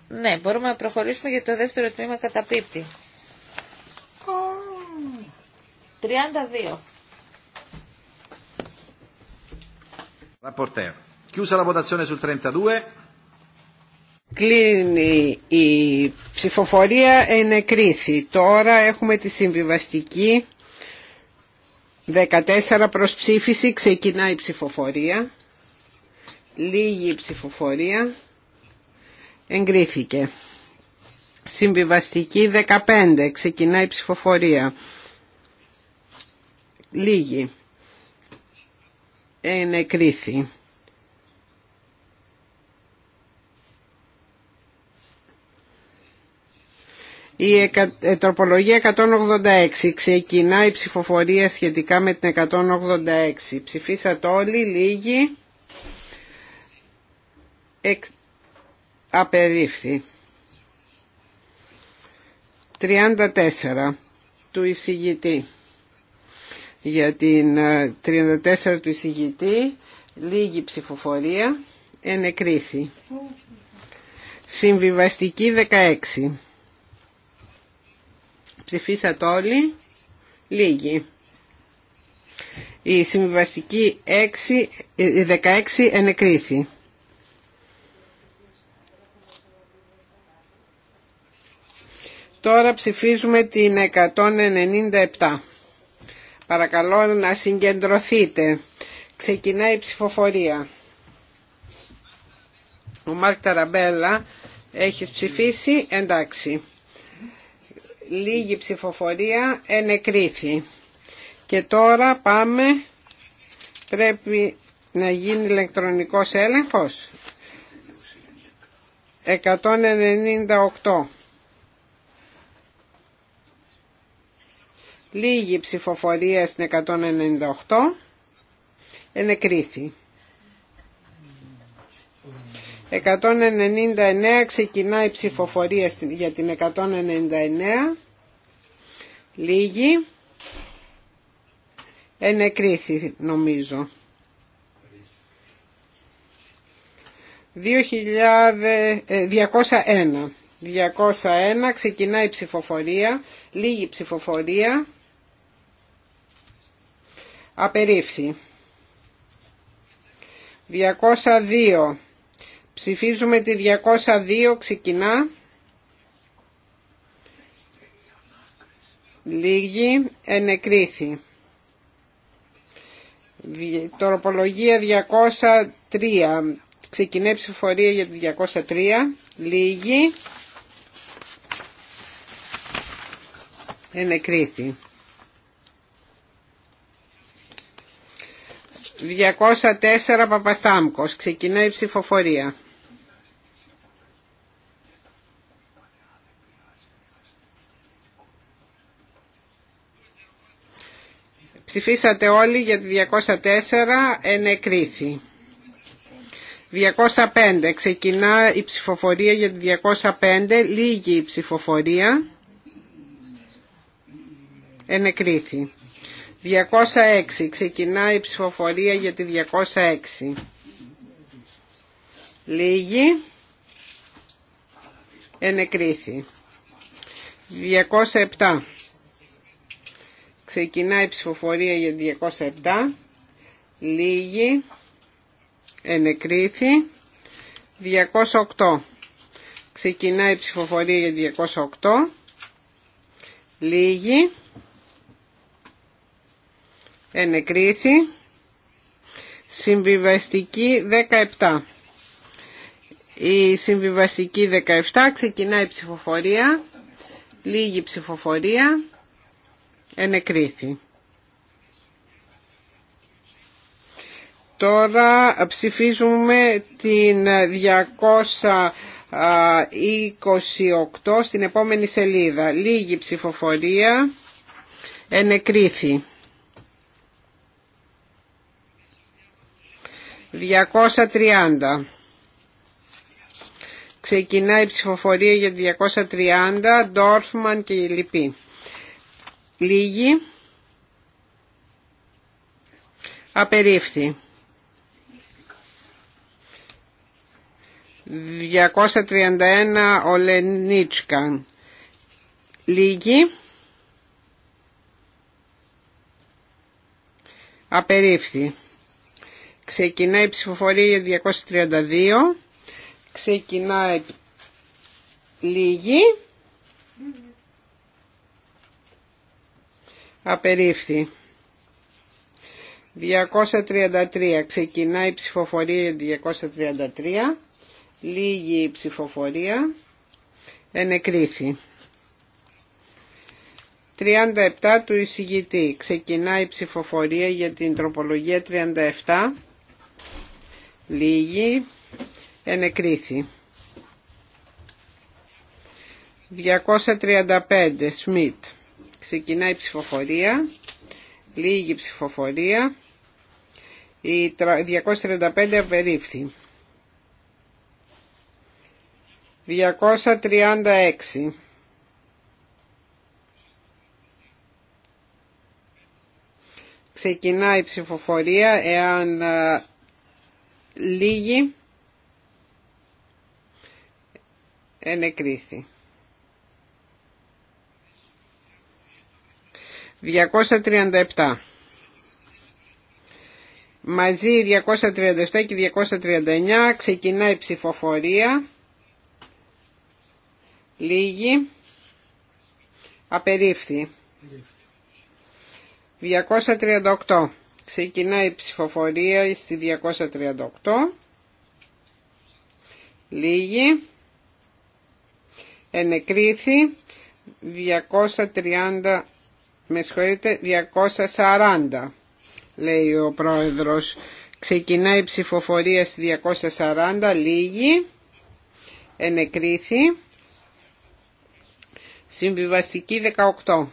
Ναι, μπορούμε να προχωρήσουμε για το δεύτερο τμήμα καταπίπτη. 32. Κλείνει η ψηφοφορία, ενεκρίθη. Τώρα έχουμε τη συμβιβαστική 14 προς ψήφιση, ξεκινάει η ψηφοφορία. Λίγη η ψηφοφορία, εγκρίθηκε. Συμβιβαστική 15, ξεκινάει η ψηφοφορία. Λίγη ενεκρίθη. Η ε, τροπολογία 186 ξεκινά η ψηφοφορία σχετικά με την 186. Ψηφίσατε όλοι, λίγοι, απερίφθη. 34 του εισηγητή για την 34 ε, του εισηγητή, λίγη ψηφοφορία, ενεκρίθη. Συμβιβαστική 16. Ψηφίσατε όλοι, λίγη. Η συμβιβαστική 6, 16 ε, ενεκρίθη. Τώρα ψηφίζουμε την 197. Παρακαλώ να συγκεντρωθείτε. Ξεκινάει η ψηφοφορία. Ο Μάρκ Ταραμπέλα έχει ψηφίσει. Εντάξει. Λίγη ψηφοφορία ενεκρίθη. Και τώρα πάμε, πρέπει να γίνει ηλεκτρονικός έλεγχος. 198. Λίγη ψηφοφορία στην 198. Ενεκρίθη. 199 ξεκινάει η ψηφοφορία για την 199. Λίγη. Ενεκρίθη νομίζω. 201. 201 ε, ξεκινάει η ψηφοφορία, λίγη ψηφοφορία, Απερίφθη. 202. Ψηφίζουμε τη 202. Ξεκινά. Λίγη. Ενεκρίθη. Τροπολογία 203. Ξεκινάει ψηφορία για τη 203. Λίγη. Ενεκρίθη. 204 Παπαστάμκος. Ξεκινάει η ψηφοφορία. Ψηφίσατε όλοι για τη 204, ενεκρίθη. 205, ξεκινά η ψηφοφορία για τη 205, λίγη η ψηφοφορία, ενεκρίθη. 206. Ξεκινάει η ψηφοφορία για τη 206. Λίγη. Ενεκρίθη. 207. Ξεκινάει η ψηφοφορία για τη 207. Λίγη. Ενεκρίθη. 208. Ξεκινάει η ψηφοφορία για τη 208. Λίγη ενεκρίθη. Συμβιβαστική 17. Η συμβιβαστική 17 ξεκινάει ψηφοφορία, λίγη ψηφοφορία, ενεκρίθη. Τώρα ψηφίζουμε την 228 στην επόμενη σελίδα. Λίγη ψηφοφορία, ενεκρίθη. 230. Ξεκινάει η ψηφοφορία για 230, Ντόρφμαν και η λοιπή. Λίγη. Απερίφθη. 231 Ολενίτσκα. Λίγη. Απερίφθη. Ξεκινάει η ψηφοφορία 232. Ξεκινάει λίγη. Απερίφθη. 233. Ξεκινάει η ψηφοφορία 233. Λίγη η ψηφοφορία. Ενεκρίθη. 37 του εισηγητή. Ξεκινάει η ψηφοφορία για την τροπολογία 37. Λίγη. Ενεκρίθη. 235. Σμιτ. Ξεκινάει η ψηφοφορία. Λίγη ψηφοφορία. Η 235 απερίφθη. 236. Ξεκινάει η ψηφοφορία εάν ε, Λίγη. Ενεκρίθη. 237. Μαζί 237 και 239 ξεκινάει η ψηφοφορία. Λίγη. Απερίφθη. 238. Ξεκινάει η ψηφοφορία στη 238. Λίγη. Ενεκρίθη. 230. Με συγχωρείτε. 240. Λέει ο πρόεδρος. Ξεκινάει η ψηφοφορία στη 240. Λίγη. Ενεκρίθη. Συμβιβαστική 18.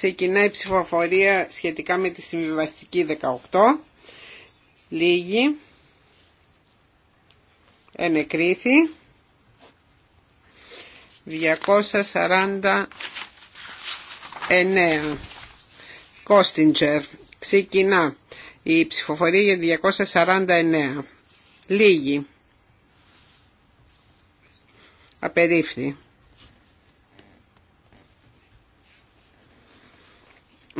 Ξεκινάει η ψηφοφορία σχετικά με τη συμβιβαστική 18. Λίγη. Ενεκρίθη. 249. Κόστιντζερ. Ξεκινά η ψηφοφορία για 249. Λίγη. Απερίφθη.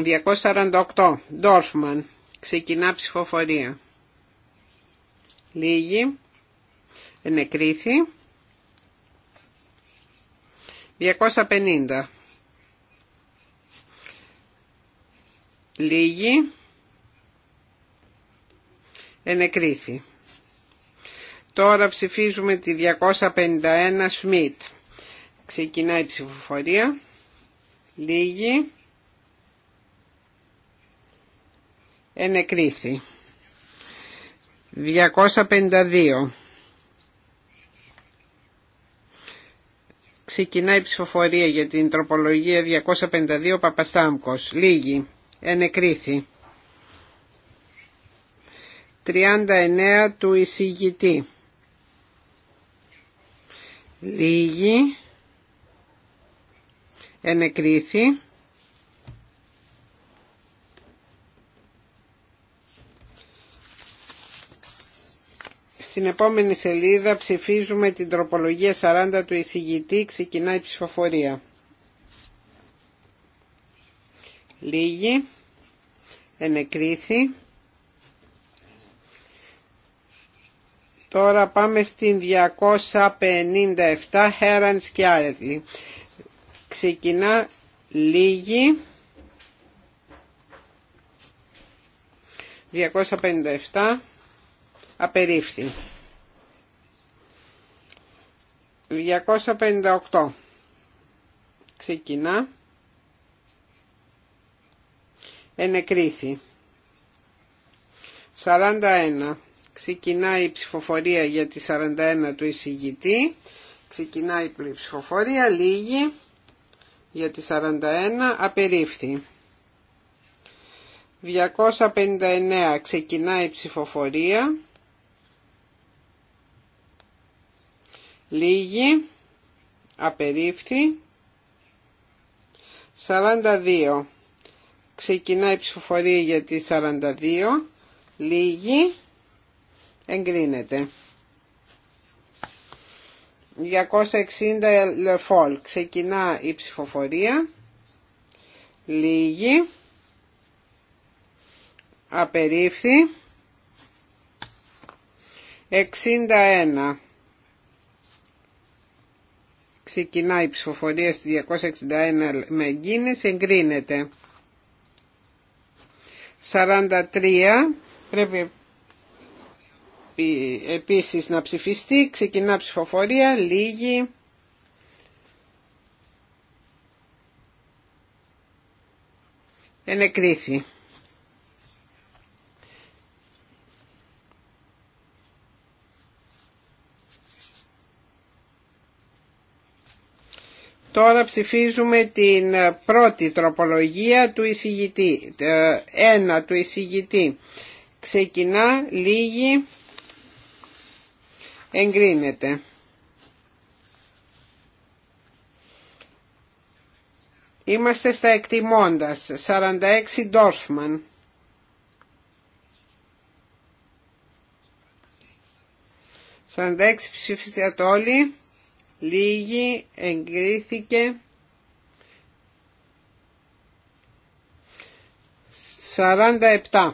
248. Ντόρφμαν. Ξεκινά ψηφοφορία. Λίγη. Ενεκρίθη. 250. Λίγη. Ενεκρίθη. Τώρα ψηφίζουμε τη 251 Σμιτ. Ξεκινάει ψηφοφορία. Λίγη. ενεκρίθη. 252. Ξεκινάει η ψηφοφορία για την τροπολογία 252 Παπαστάμκος. Λίγη. Ενεκρίθη. 39 του εισηγητή. Λίγη. Ενεκρίθη. Στην επόμενη σελίδα ψηφίζουμε την τροπολογία 40 του εισηγητή. Ξεκινάει η ψηφοφορία. Λίγη. Ενεκρίθη. Τώρα πάμε στην 257 Χέραντς και Ξεκινά λίγη. 257 Απερίφθη. 258. Ξεκινά. Ενεκρίθη. 41. Ξεκινάει η ψηφοφορία για τη 41 του εισηγητή. Ξεκινάει η ψηφοφορία. Λίγη. Για τη 41. Απερίφθη. 259. Ξεκινάει η ψηφοφορία. Λίγη. Απερίφθη. 42. Ξεκινάει η ψηφοφορία για τη 42. Λίγη. Εγκρίνεται. 260 ε, λεφόλ. Ξεκινά η ψηφοφορία. Λίγη. Απερίφθη. 61. Ξεκινάει η ψηφοφορία στη 261 με εγκίνες, εγκρίνεται. 43 πρέπει επίσης να ψηφιστεί. Ξεκινά ψηφοφορία, λίγη. Ενεκρίθη. Τώρα ψηφίζουμε την πρώτη τροπολογία του εισηγητή. Ε, ένα του εισηγητή. Ξεκινά, λίγη, εγκρίνεται. Είμαστε στα εκτιμώντας, 46 Ντόρφμαν. Σαν ψηφίστε όλοι. Λίγη εγκρίθηκε 47.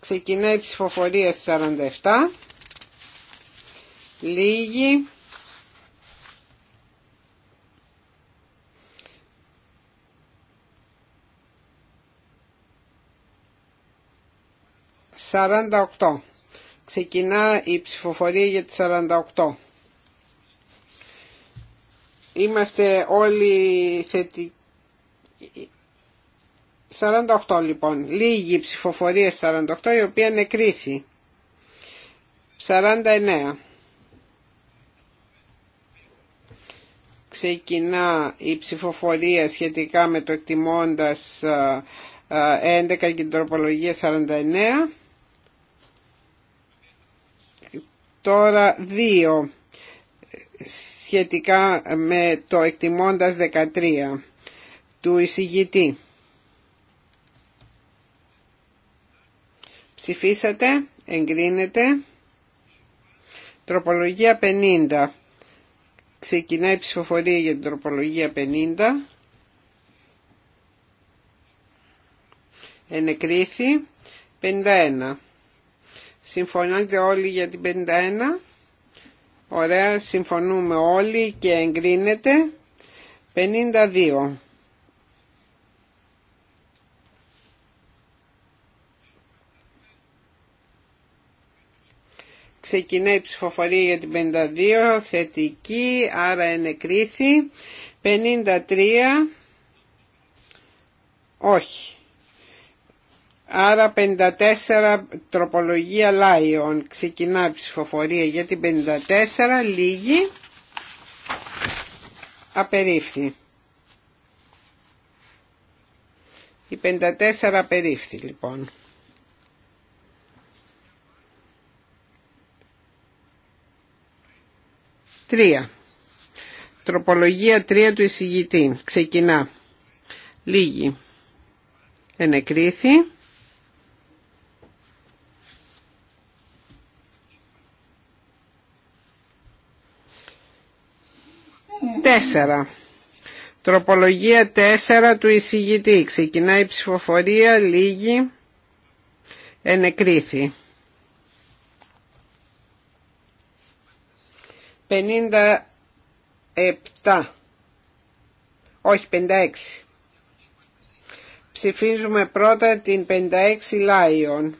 Ξεκινάει η ψηφοφορία στις 47. Λίγη. Σαράντα οκτώ. Ξεκινά η ψηφοφορία για τις 48. Είμαστε όλοι θετικοί. 48 λοιπόν. Λίγη ψηφοφορία 48 η οποία νεκρήθη. 49. Ξεκινά η ψηφοφορία σχετικά με το εκτιμώντας 11 και την τροπολογία 49. Τώρα 2 σχετικά με το εκτιμώντας 13 του εισηγητή. Ψηφίσατε, εγκρίνετε. Τροπολογία 50. Ξεκινάει η ψηφοφορία για την τροπολογία 50. Ενεκρίθη. 51. Συμφωνείτε όλοι για την 51. Ωραία, συμφωνούμε όλοι και εγκρίνεται. 52. Ξεκινάει η ψηφοφορία για την 52, θετική, άρα ενεκρίθη. 53, όχι. Άρα 54 τροπολογία Λάιον Ξεκινά ψηφοφορία για την 54. Λίγη. Απερίφθη. Η 54 απερίφθη λοιπόν. Τρία. Τροπολογία 3 του εισηγητή. Ξεκινά. Λίγη. Ενεκρίθη. 4. Τροπολογία 4 του εισηγητή. Ξεκινάει η ψηφοφορία, λίγη, ενεκρίθη. 57. Όχι, 56. Ψηφίζουμε πρώτα την 56 Λάιον.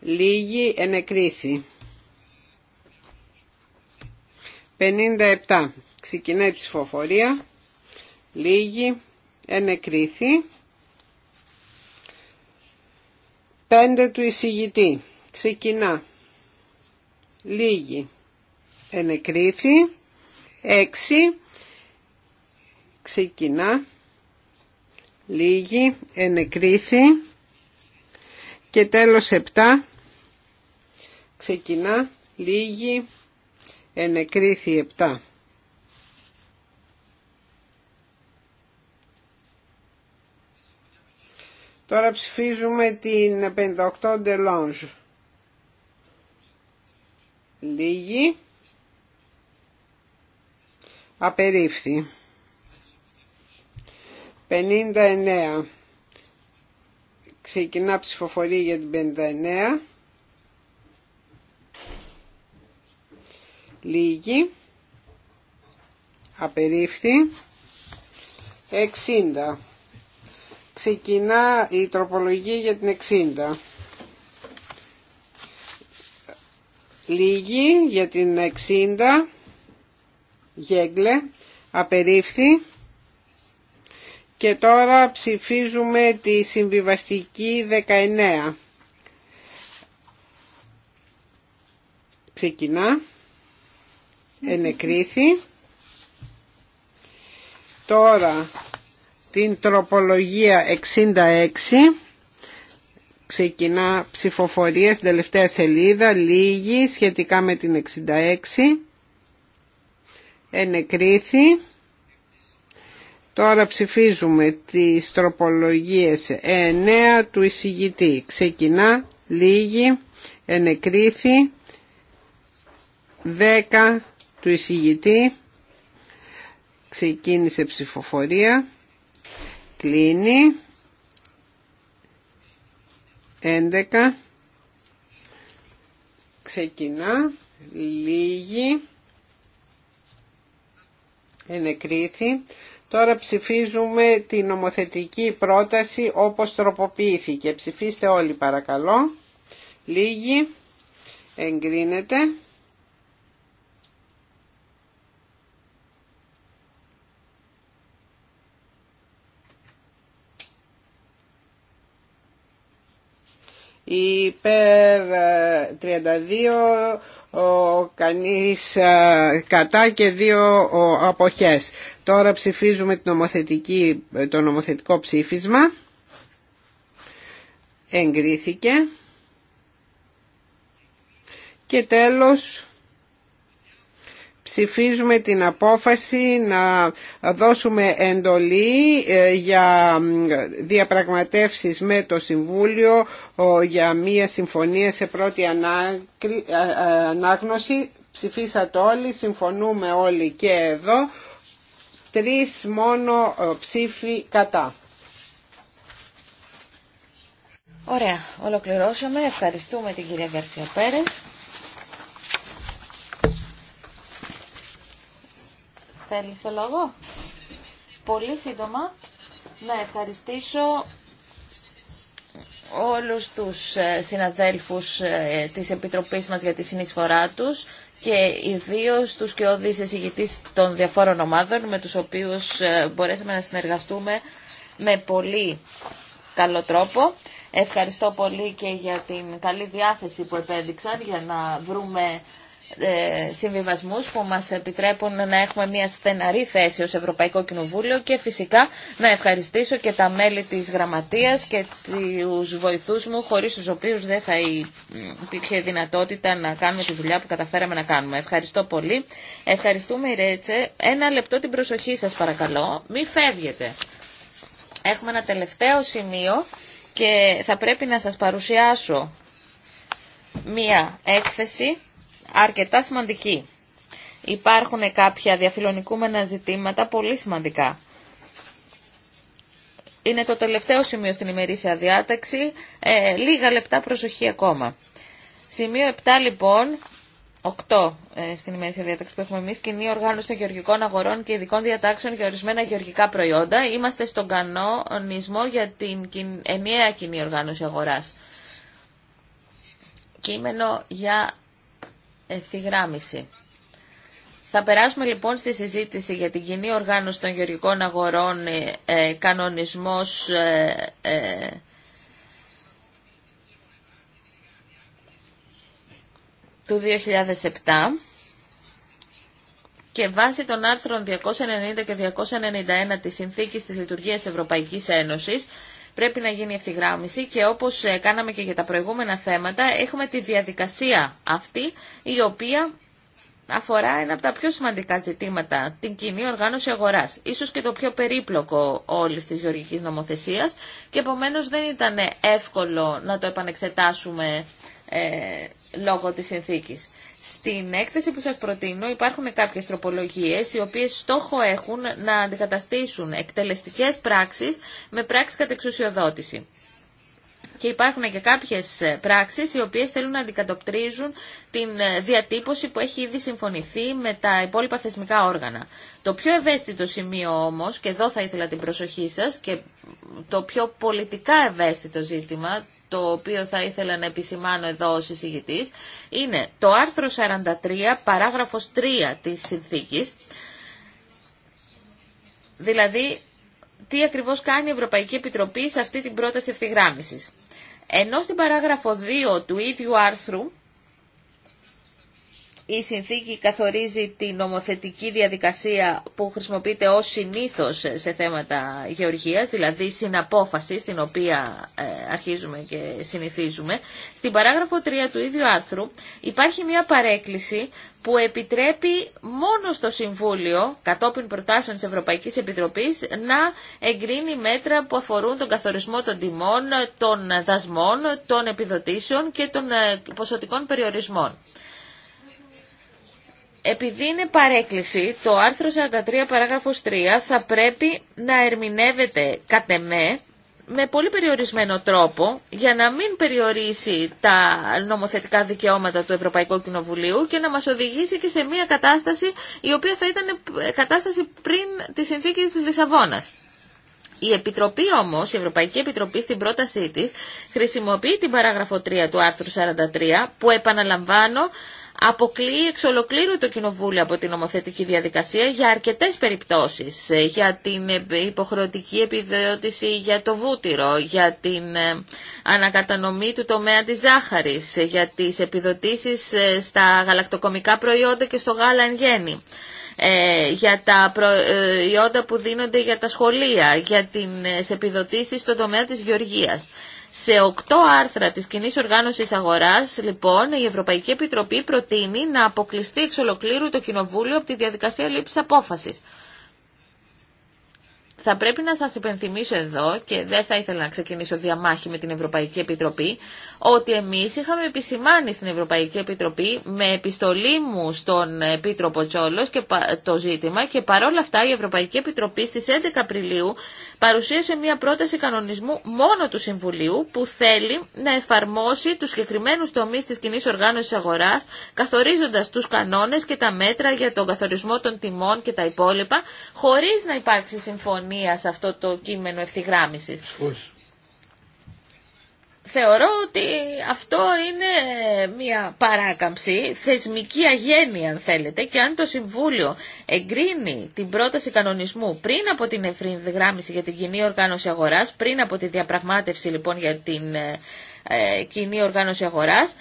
Λίγη ενεκρίθη. 57. Ξεκινάει η ψηφοφορία. Λίγη. Ενεκρίθη. Πέντε του εισηγητή. Ξεκινά. Λίγη. Ενεκρίθη. Έξι, Ξεκινά. Λίγη. Ενεκρίθη. Και τέλος επτά, Ξεκινά. Λίγη. Ενεκρίθη επτά. Τώρα ψηφίζουμε την 58 ντελόνζ. Λίγη. Απερίφθη. 59. Ξεκινά ψηφοφορία για την 59. Λίγη. Απερίφθη. 60 ξεκινά η τροπολογία για την 60. Λίγη για την 60. Γέγκλε. Απερίφθη. Και τώρα ψηφίζουμε τη συμβιβαστική 19. Ξεκινά. Ενεκρίθη. Τώρα την τροπολογία 66 ξεκινά ψηφοφορία στην τελευταία σελίδα, λίγη σχετικά με την 66, ενεκρίθη. Τώρα ψηφίζουμε τις τροπολογίες 9 του εισηγητή. Ξεκινά, λίγη, ενεκρίθη, 10 του εισηγητή, ξεκίνησε ψηφοφορία. Κλείνει. 11. Ξεκινά. Λίγη. Ενεκρίθη. Τώρα ψηφίζουμε την νομοθετική πρόταση όπως τροποποιήθηκε. Ψηφίστε όλοι παρακαλώ. Λίγη. Εγκρίνεται. υπέρ 32 ε, ο κανείς ε, κατά και δύο αποχές. Τώρα ψηφίζουμε την ε, το νομοθετικό ψήφισμα. Εγκρίθηκε. Και τέλος ψηφίζουμε την απόφαση να δώσουμε εντολή ε, για διαπραγματεύσεις με το Συμβούλιο για μία συμφωνία σε πρώτη ε, ε, ανάγνωση. Ψηφίσατε όλοι, συμφωνούμε όλοι και εδώ. Τρεις μόνο ψήφοι κατά. Ωραία, ολοκληρώσαμε. Ευχαριστούμε την κυρία Γκαρσία Πέρες. θέλει το Πολύ σύντομα να ευχαριστήσω όλους τους ε, συναδέλφους ε, της Επιτροπής μας για τη συνεισφορά τους και ιδίω τους και εισηγητής των διαφόρων ομάδων με τους οποίους ε, μπορέσαμε να συνεργαστούμε με πολύ καλό τρόπο. Ευχαριστώ πολύ και για την καλή διάθεση που επέδειξαν για να βρούμε ε, συμβιβασμούς που μας επιτρέπουν να έχουμε μια στεναρή θέση ως Ευρωπαϊκό Κοινοβούλιο και φυσικά να ευχαριστήσω και τα μέλη της Γραμματείας και τους βοηθούς μου χωρίς τους οποίους δεν θα υπήρχε δυνατότητα να κάνουμε τη δουλειά που καταφέραμε να κάνουμε. Ευχαριστώ πολύ. Ευχαριστούμε η Ρέτσε. Ένα λεπτό την προσοχή σας παρακαλώ. Μη φεύγετε. Έχουμε ένα τελευταίο σημείο και θα πρέπει να σας παρουσιάσω μία έκθεση αρκετά σημαντική. Υπάρχουν κάποια διαφιλονικούμενα ζητήματα πολύ σημαντικά. Είναι το τελευταίο σημείο στην ημερήσια διάταξη. Ε, λίγα λεπτά προσοχή ακόμα. Σημείο 7 λοιπόν, 8 ε, στην ημερήσια διάταξη που έχουμε εμεί, κοινή οργάνωση των γεωργικών αγορών και ειδικών διατάξεων για ορισμένα γεωργικά προϊόντα. Είμαστε στον κανονισμό για την ενιαία κοινή οργάνωση αγορά. Κείμενο για ευθυγράμμιση. Θα περάσουμε λοιπόν στη συζήτηση για την κοινή οργάνωση των γεωργικών αγορών ε, ε κανονισμός ε, ε του 2007 και βάσει των άρθρων 290 και 291 της Συνθήκης της Λειτουργίας Ευρωπαϊκής Ένωσης Πρέπει να γίνει ευθυγράμμιση και όπως ε, κάναμε και για τα προηγούμενα θέματα έχουμε τη διαδικασία αυτή η οποία αφορά ένα από τα πιο σημαντικά ζητήματα, την κοινή οργάνωση αγοράς. Ίσως και το πιο περίπλοκο όλης της γεωργικής νομοθεσίας και επομένως δεν ήταν εύκολο να το επανεξετάσουμε ε, λόγω της συνθήκης. Στην έκθεση που σας προτείνω υπάρχουν κάποιες τροπολογίες οι οποίες στόχο έχουν να αντικαταστήσουν εκτελεστικές πράξεις με πράξεις κατεξουσιοδότηση. Και υπάρχουν και κάποιες πράξεις οι οποίες θέλουν να αντικατοπτρίζουν την διατύπωση που έχει ήδη συμφωνηθεί με τα υπόλοιπα θεσμικά όργανα. Το πιο ευαίσθητο σημείο όμως, και εδώ θα ήθελα την προσοχή σας, και το πιο πολιτικά ευαίσθητο ζήτημα, το οποίο θα ήθελα να επισημάνω εδώ ως εισηγητής είναι το άρθρο 43 παράγραφος 3 της συνθήκης δηλαδή τι ακριβώς κάνει η Ευρωπαϊκή Επιτροπή σε αυτή την πρόταση ευθυγράμμισης. Ενώ στην παράγραφο 2 του ίδιου άρθρου η συνθήκη καθορίζει την νομοθετική διαδικασία που χρησιμοποιείται ως συνήθως σε θέματα γεωργίας, δηλαδή συναπόφαση στην οποία ε, αρχίζουμε και συνηθίζουμε. Στην παράγραφο 3 του ίδιου άρθρου υπάρχει μια παρέκκληση που επιτρέπει μόνο στο Συμβούλιο, κατόπιν προτάσεων της Ευρωπαϊκής Επιτροπής, να εγκρίνει μέτρα που αφορούν τον καθορισμό των τιμών, των δασμών, των επιδοτήσεων και των ε, ποσοτικών περιορισμών επειδή είναι παρέκκληση, το άρθρο 43 παράγραφος 3 θα πρέπει να ερμηνεύεται κατ' εμέ με πολύ περιορισμένο τρόπο για να μην περιορίσει τα νομοθετικά δικαιώματα του Ευρωπαϊκού Κοινοβουλίου και να μας οδηγήσει και σε μια κατάσταση η οποία θα ήταν κατάσταση πριν τη συνθήκη της Λισαβόνας. Η Επιτροπή όμως, η Ευρωπαϊκή Επιτροπή στην πρότασή της, χρησιμοποιεί την παράγραφο 3 του άρθρου 43 που επαναλαμβάνω αποκλείει εξ ολοκλήρου το Κοινοβούλιο από την νομοθετική διαδικασία για αρκετές περιπτώσεις, ε, για την υποχρεωτική επιδότηση για το βούτυρο, για την ε, ανακατανομή του τομέα της ζάχαρης, ε, για τις επιδοτήσεις στα γαλακτοκομικά προϊόντα και στο γάλα εν γέννη. για τα προϊόντα που δίνονται για τα σχολεία, για τις επιδοτήσεις στον τομέα της γεωργίας. Σε οκτώ άρθρα της κοινή οργάνωσης αγοράς, λοιπόν, η Ευρωπαϊκή Επιτροπή προτείνει να αποκλειστεί εξ ολοκλήρου το Κοινοβούλιο από τη διαδικασία λήψης απόφασης. Θα πρέπει να σας υπενθυμίσω εδώ και δεν θα ήθελα να ξεκινήσω διαμάχη με την Ευρωπαϊκή Επιτροπή ότι εμείς είχαμε επισημάνει στην Ευρωπαϊκή Επιτροπή με επιστολή μου στον Επίτροπο Τσόλος και το ζήτημα και παρόλα αυτά η Ευρωπαϊκή Επιτροπή στις 11 Απριλίου παρουσίασε μια πρόταση κανονισμού μόνο του Συμβουλίου που θέλει να εφαρμόσει τους συγκεκριμένους τομείς της κοινή οργάνωσης αγοράς καθορίζοντας τους κανόνες και τα μέτρα για τον καθορισμό των τιμών και τα υπόλοιπα χωρίς να υπάρξει συμφωνία σε αυτό το κείμενο ευθυγράμμισης. Θεωρώ ότι αυτό είναι μια παράκαμψη, θεσμική αγένεια αν θέλετε και αν το Συμβούλιο εγκρίνει την πρόταση κανονισμού πριν από την ευθυγράμμιση για την κοινή οργάνωση αγοράς, πριν από τη διαπραγμάτευση λοιπόν για την ε, ε, κοινή οργάνωση αγοράς,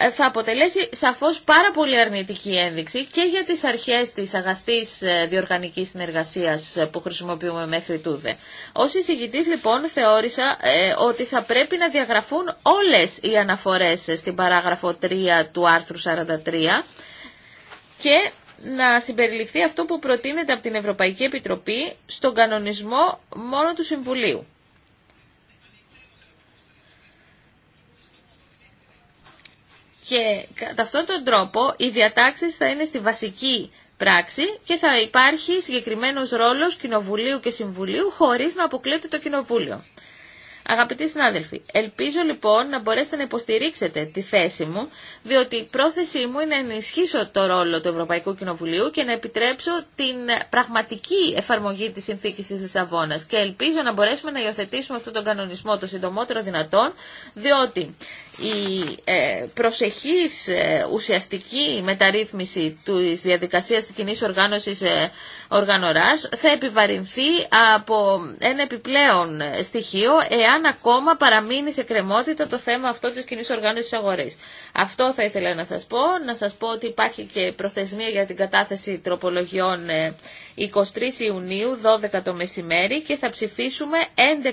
ε, θα αποτελέσει σαφώς πάρα πολύ αρνητική ένδειξη και για τις αρχές της αγαστής ε, διοργανικής συνεργασίας ε, που χρησιμοποιούμε μέχρι τούδε. Ως εισηγητής λοιπόν θεώρησα ότι θα πρέπει να διαγραφούν όλες οι αναφορές στην παράγραφο 3 του άρθρου 43 και να συμπεριληφθεί αυτό που προτείνεται από την Ευρωπαϊκή Επιτροπή στον κανονισμό μόνο του Συμβουλίου. Και κατά αυτόν τον τρόπο οι διατάξεις θα είναι στη βασική πράξη και θα υπάρχει συγκεκριμένος ρόλος Κοινοβουλίου και Συμβουλίου χωρίς να αποκλείεται το Κοινοβούλιο. Αγαπητοί συνάδελφοι, ελπίζω λοιπόν να μπορέσετε να υποστηρίξετε τη θέση μου, διότι η πρόθεσή μου είναι να ενισχύσω το ρόλο του Ευρωπαϊκού Κοινοβουλίου και να επιτρέψω την πραγματική εφαρμογή της συνθήκης της Λισαβόνα. Και ελπίζω να μπορέσουμε να υιοθετήσουμε αυτόν τον κανονισμό το συντομότερο δυνατόν, διότι η ε, προσεχής ε, ουσιαστική μεταρρύθμιση της διαδικασίας της κοινής οργάνωσης ε, οργανωράς θα επιβαρυνθεί από ένα επιπλέον στοιχείο εάν ακόμα παραμείνει σε κρεμότητα το θέμα αυτό της κοινής οργάνωσης αγορής. Αυτό θα ήθελα να σας πω. Να σας πω ότι υπάρχει και προθεσμία για την κατάθεση τροπολογιών 23 Ιουνίου 12 το μεσημέρι και θα ψηφίσουμε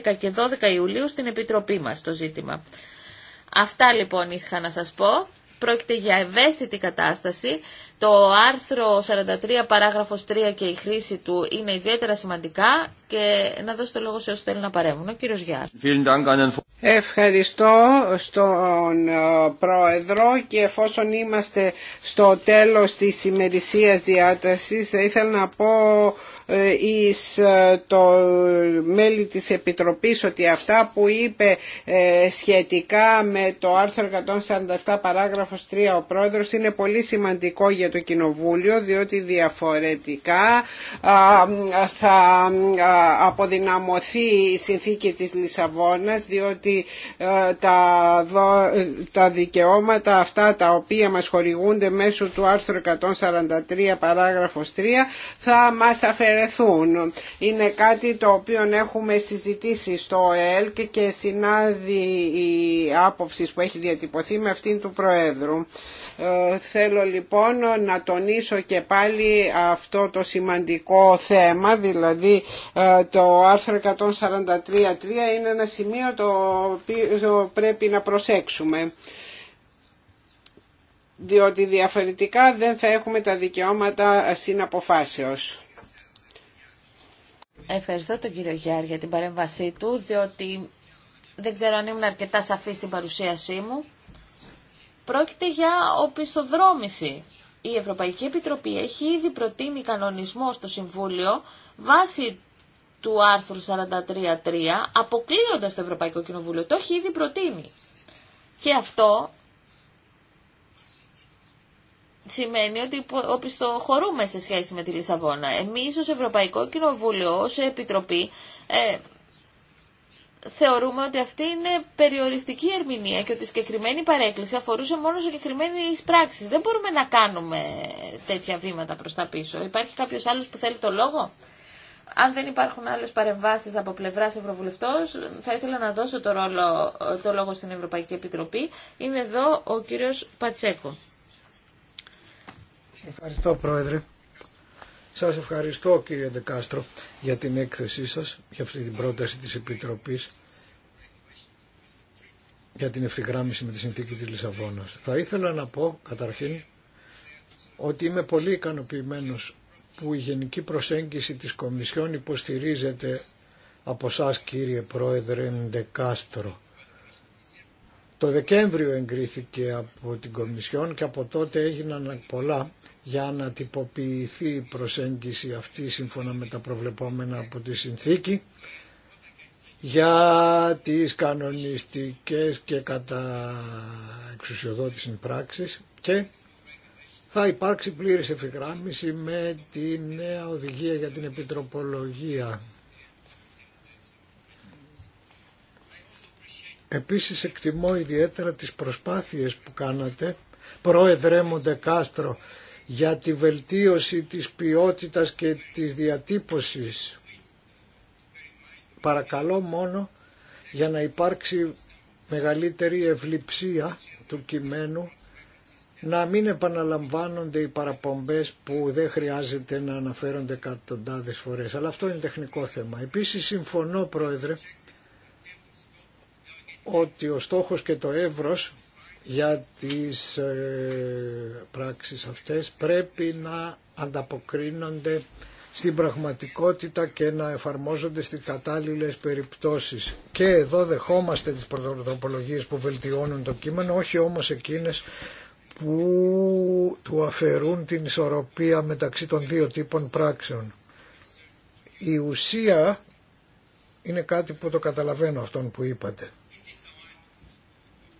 11 και 12 Ιουλίου στην Επιτροπή μας το ζήτημα. Αυτά λοιπόν είχα να σας πω. Πρόκειται για ευαίσθητη κατάσταση. Το άρθρο 43 παράγραφος 3 και η χρήση του είναι ιδιαίτερα σημαντικά και να δώσω το λόγο σε όσους θέλουν να παρέμβουν. Ο κύριος Γιάρ. Ευχαριστώ στον ε, Πρόεδρο και εφόσον είμαστε στο τέλος της ημερησίας διάτασης θα ήθελα να πω ε, εις ε, το μέλη της Επιτροπής ότι αυτά που είπε ε, σχετικά με το άρθρο 147 παράγραφος 3 ο πρόεδρος είναι πολύ σημαντικό για το Κοινοβούλιο διότι διαφορετικά θα αποδυναμωθεί η συνθήκη της Λισαβόνας διότι τα δικαιώματα αυτά τα οποία μας χορηγούνται μέσω του άρθρου 143 παράγραφος 3 θα μας αφαιρεθούν είναι κάτι το οποίο έχουμε συζητήσει στο ΕΛΚ και συνάδει η άποψη που έχει διατυπωθεί με αυτήν του Προέδρου. Ε, θέλω λοιπόν να τονίσω και πάλι αυτό το σημαντικό θέμα, δηλαδή ε, το άρθρο 143.3 είναι ένα σημείο το οποίο πρέπει να προσέξουμε διότι διαφορετικά δεν θα έχουμε τα δικαιώματα συναποφάσεως. Ευχαριστώ τον κύριο Γιάρ για την παρέμβασή του, διότι δεν ξέρω αν ήμουν αρκετά σαφή στην παρουσίασή μου. Πρόκειται για οπισθοδρόμηση. Η Ευρωπαϊκή Επιτροπή έχει ήδη προτείνει κανονισμό στο Συμβούλιο βάσει του άρθρου 43.3 αποκλείοντας το Ευρωπαϊκό Κοινοβούλιο. Το έχει ήδη προτείνει. Και αυτό σημαίνει ότι οπισθοχωρούμε σε σχέση με τη Λισαβόνα. Εμείς ως Ευρωπαϊκό Κοινοβούλιο, ως Επιτροπή, ε, θεωρούμε ότι αυτή είναι περιοριστική ερμηνεία και ότι η συγκεκριμένη παρέκκληση αφορούσε μόνο συγκεκριμένες πράξεις. Δεν μπορούμε να κάνουμε τέτοια βήματα προ τα πίσω. Υπάρχει κάποιο άλλο που θέλει το λόγο. Αν δεν υπάρχουν άλλε παρεμβάσει από πλευρά Ευρωβουλευτό, θα ήθελα να δώσω το, ρόλο, το λόγο στην Ευρωπαϊκή Επιτροπή. Είναι εδώ ο κύριο Πατσέκο. Ευχαριστώ Πρόεδρε. Σας ευχαριστώ κύριε Δεκάστρο για την έκθεσή σας, για αυτή την πρόταση της Επιτροπής για την ευθυγράμμιση με τη συνθήκη της Λισαβόνας. Θα ήθελα να πω καταρχήν ότι είμαι πολύ ικανοποιημένο που η γενική προσέγγιση της Κομισιόν υποστηρίζεται από εσά κύριε Πρόεδρε Ντεκάστρο. Το Δεκέμβριο εγκρίθηκε από την Κομισιόν και από τότε έγιναν πολλά για να τυποποιηθεί η προσέγγιση αυτή σύμφωνα με τα προβλεπόμενα από τη συνθήκη για τις κανονιστικές και κατά εξουσιοδότηση πράξεις και θα υπάρξει πλήρης ευθυγράμμιση με τη νέα οδηγία για την επιτροπολογία. Επίσης εκτιμώ ιδιαίτερα τις προσπάθειες που κάνατε, πρόεδρε Μοντεκάστρο, για τη βελτίωση της ποιότητας και της διατύπωσης. Παρακαλώ μόνο για να υπάρξει μεγαλύτερη ευληψία του κειμένου να μην επαναλαμβάνονται οι παραπομπές που δεν χρειάζεται να αναφέρονται εκατοντάδες φορές. Αλλά αυτό είναι τεχνικό θέμα. Επίσης συμφωνώ, Πρόεδρε, ότι ο στόχος και το εύρος για τις ε, πράξεις αυτές πρέπει να ανταποκρίνονται στην πραγματικότητα και να εφαρμόζονται στις κατάλληλες περιπτώσεις. Και εδώ δεχόμαστε τις πρωτοπολογίες που βελτιώνουν το κείμενο, όχι όμως εκείνες που του αφαιρούν την ισορροπία μεταξύ των δύο τύπων πράξεων. Η ουσία είναι κάτι που το καταλαβαίνω αυτόν που είπατε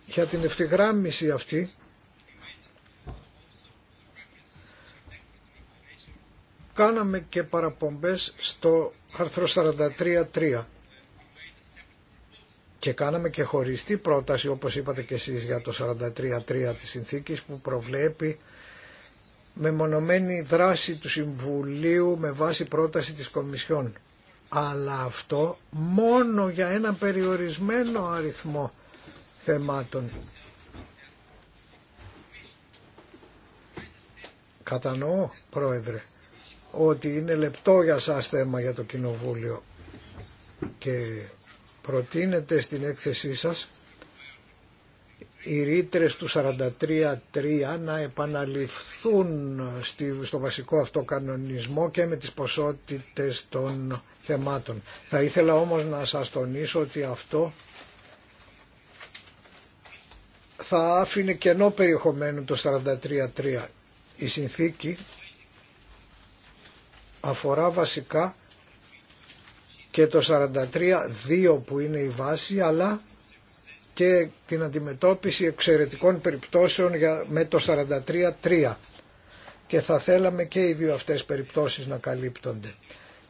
για την ευθυγράμμιση αυτή κάναμε και παραπομπές στο άρθρο 43.3 και κάναμε και χωριστή πρόταση όπως είπατε και εσείς για το 43.3 της συνθήκης που προβλέπει με μονομένη δράση του Συμβουλίου με βάση πρόταση της Κομισιόν. Αλλά αυτό μόνο για ένα περιορισμένο αριθμό θεμάτων. Κατανοώ, Πρόεδρε, ότι είναι λεπτό για σας θέμα για το Κοινοβούλιο και προτείνετε στην έκθεσή σας οι ρήτρες του 43-3 να επαναληφθούν στο βασικό αυτό κανονισμό και με τις ποσότητες των θεμάτων. Θα ήθελα όμως να σας τονίσω ότι αυτό θα άφηνε κενό περιεχομένου το 43.3. Η συνθήκη αφορά βασικά και το 43.2 που είναι η βάση αλλά και την αντιμετώπιση εξαιρετικών περιπτώσεων για, με το 43.3 και θα θέλαμε και οι δύο αυτές περιπτώσεις να καλύπτονται.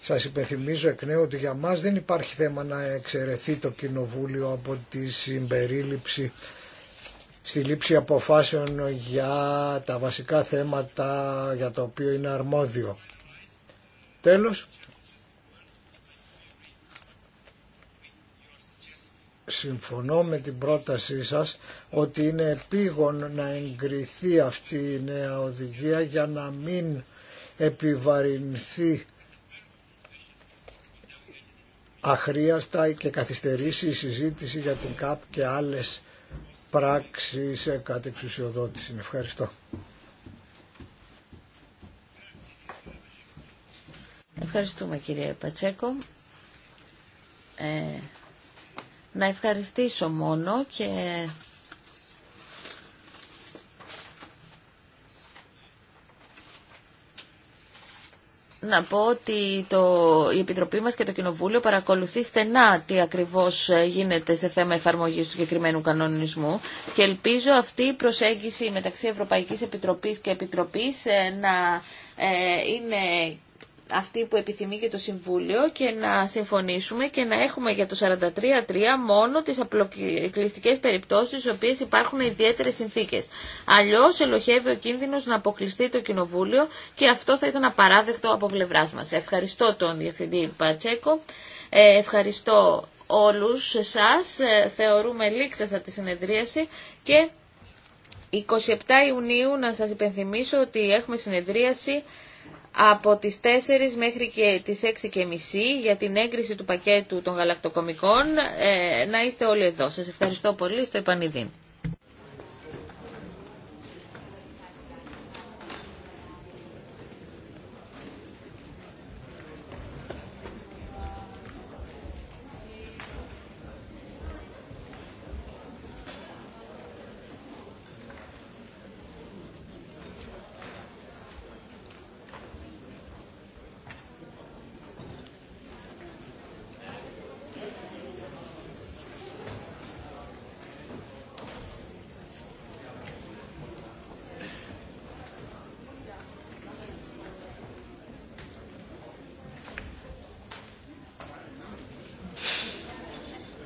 Σας υπενθυμίζω εκ νέου ότι για μας δεν υπάρχει θέμα να εξαιρεθεί το Κοινοβούλιο από τη συμπερίληψη στη λήψη αποφάσεων για τα βασικά θέματα για το οποίο είναι αρμόδιο. Τέλος, συμφωνώ με την πρότασή σας ότι είναι επίγον να εγκριθεί αυτή η νέα οδηγία για να μην επιβαρυνθεί αχρίαστα και καθυστερήσει η συζήτηση για την ΚΑΠ και άλλες πράξη σε κάτι εξουσιοδότηση. Ευχαριστώ. Ευχαριστούμε κύριε Πατσέκο. Ε, να ευχαριστήσω μόνο και να πω ότι το, η Επιτροπή μας και το Κοινοβούλιο παρακολουθεί στενά τι ακριβώς ε, γίνεται σε θέμα εφαρμογής του συγκεκριμένου κανονισμού και ελπίζω αυτή η προσέγγιση μεταξύ Ευρωπαϊκής Επιτροπής και Επιτροπής ε, να ε, είναι αυτή που επιθυμεί και το Συμβούλιο και να συμφωνήσουμε και να έχουμε για το 43-3 μόνο τις απλοκλειστικές περιπτώσεις στις οποίες υπάρχουν ιδιαίτερες συνθήκες. Αλλιώς ελοχεύει ο κίνδυνος να αποκλειστεί το Κοινοβούλιο και αυτό θα ήταν απαράδεκτο από πλευρά μας. Ευχαριστώ τον Διευθυντή Πατσέκο. Ε, ευχαριστώ όλους εσάς. Ε, θεωρούμε λήξασα τη συνεδρίαση και 27 Ιουνίου να σας υπενθυμίσω ότι έχουμε συνεδρίαση από τις 4 μέχρι και τις 6 και μισή για την έγκριση του πακέτου των γαλακτοκομικών. Ε, να είστε όλοι εδώ. Σας ευχαριστώ πολύ. Στο επανειδήν.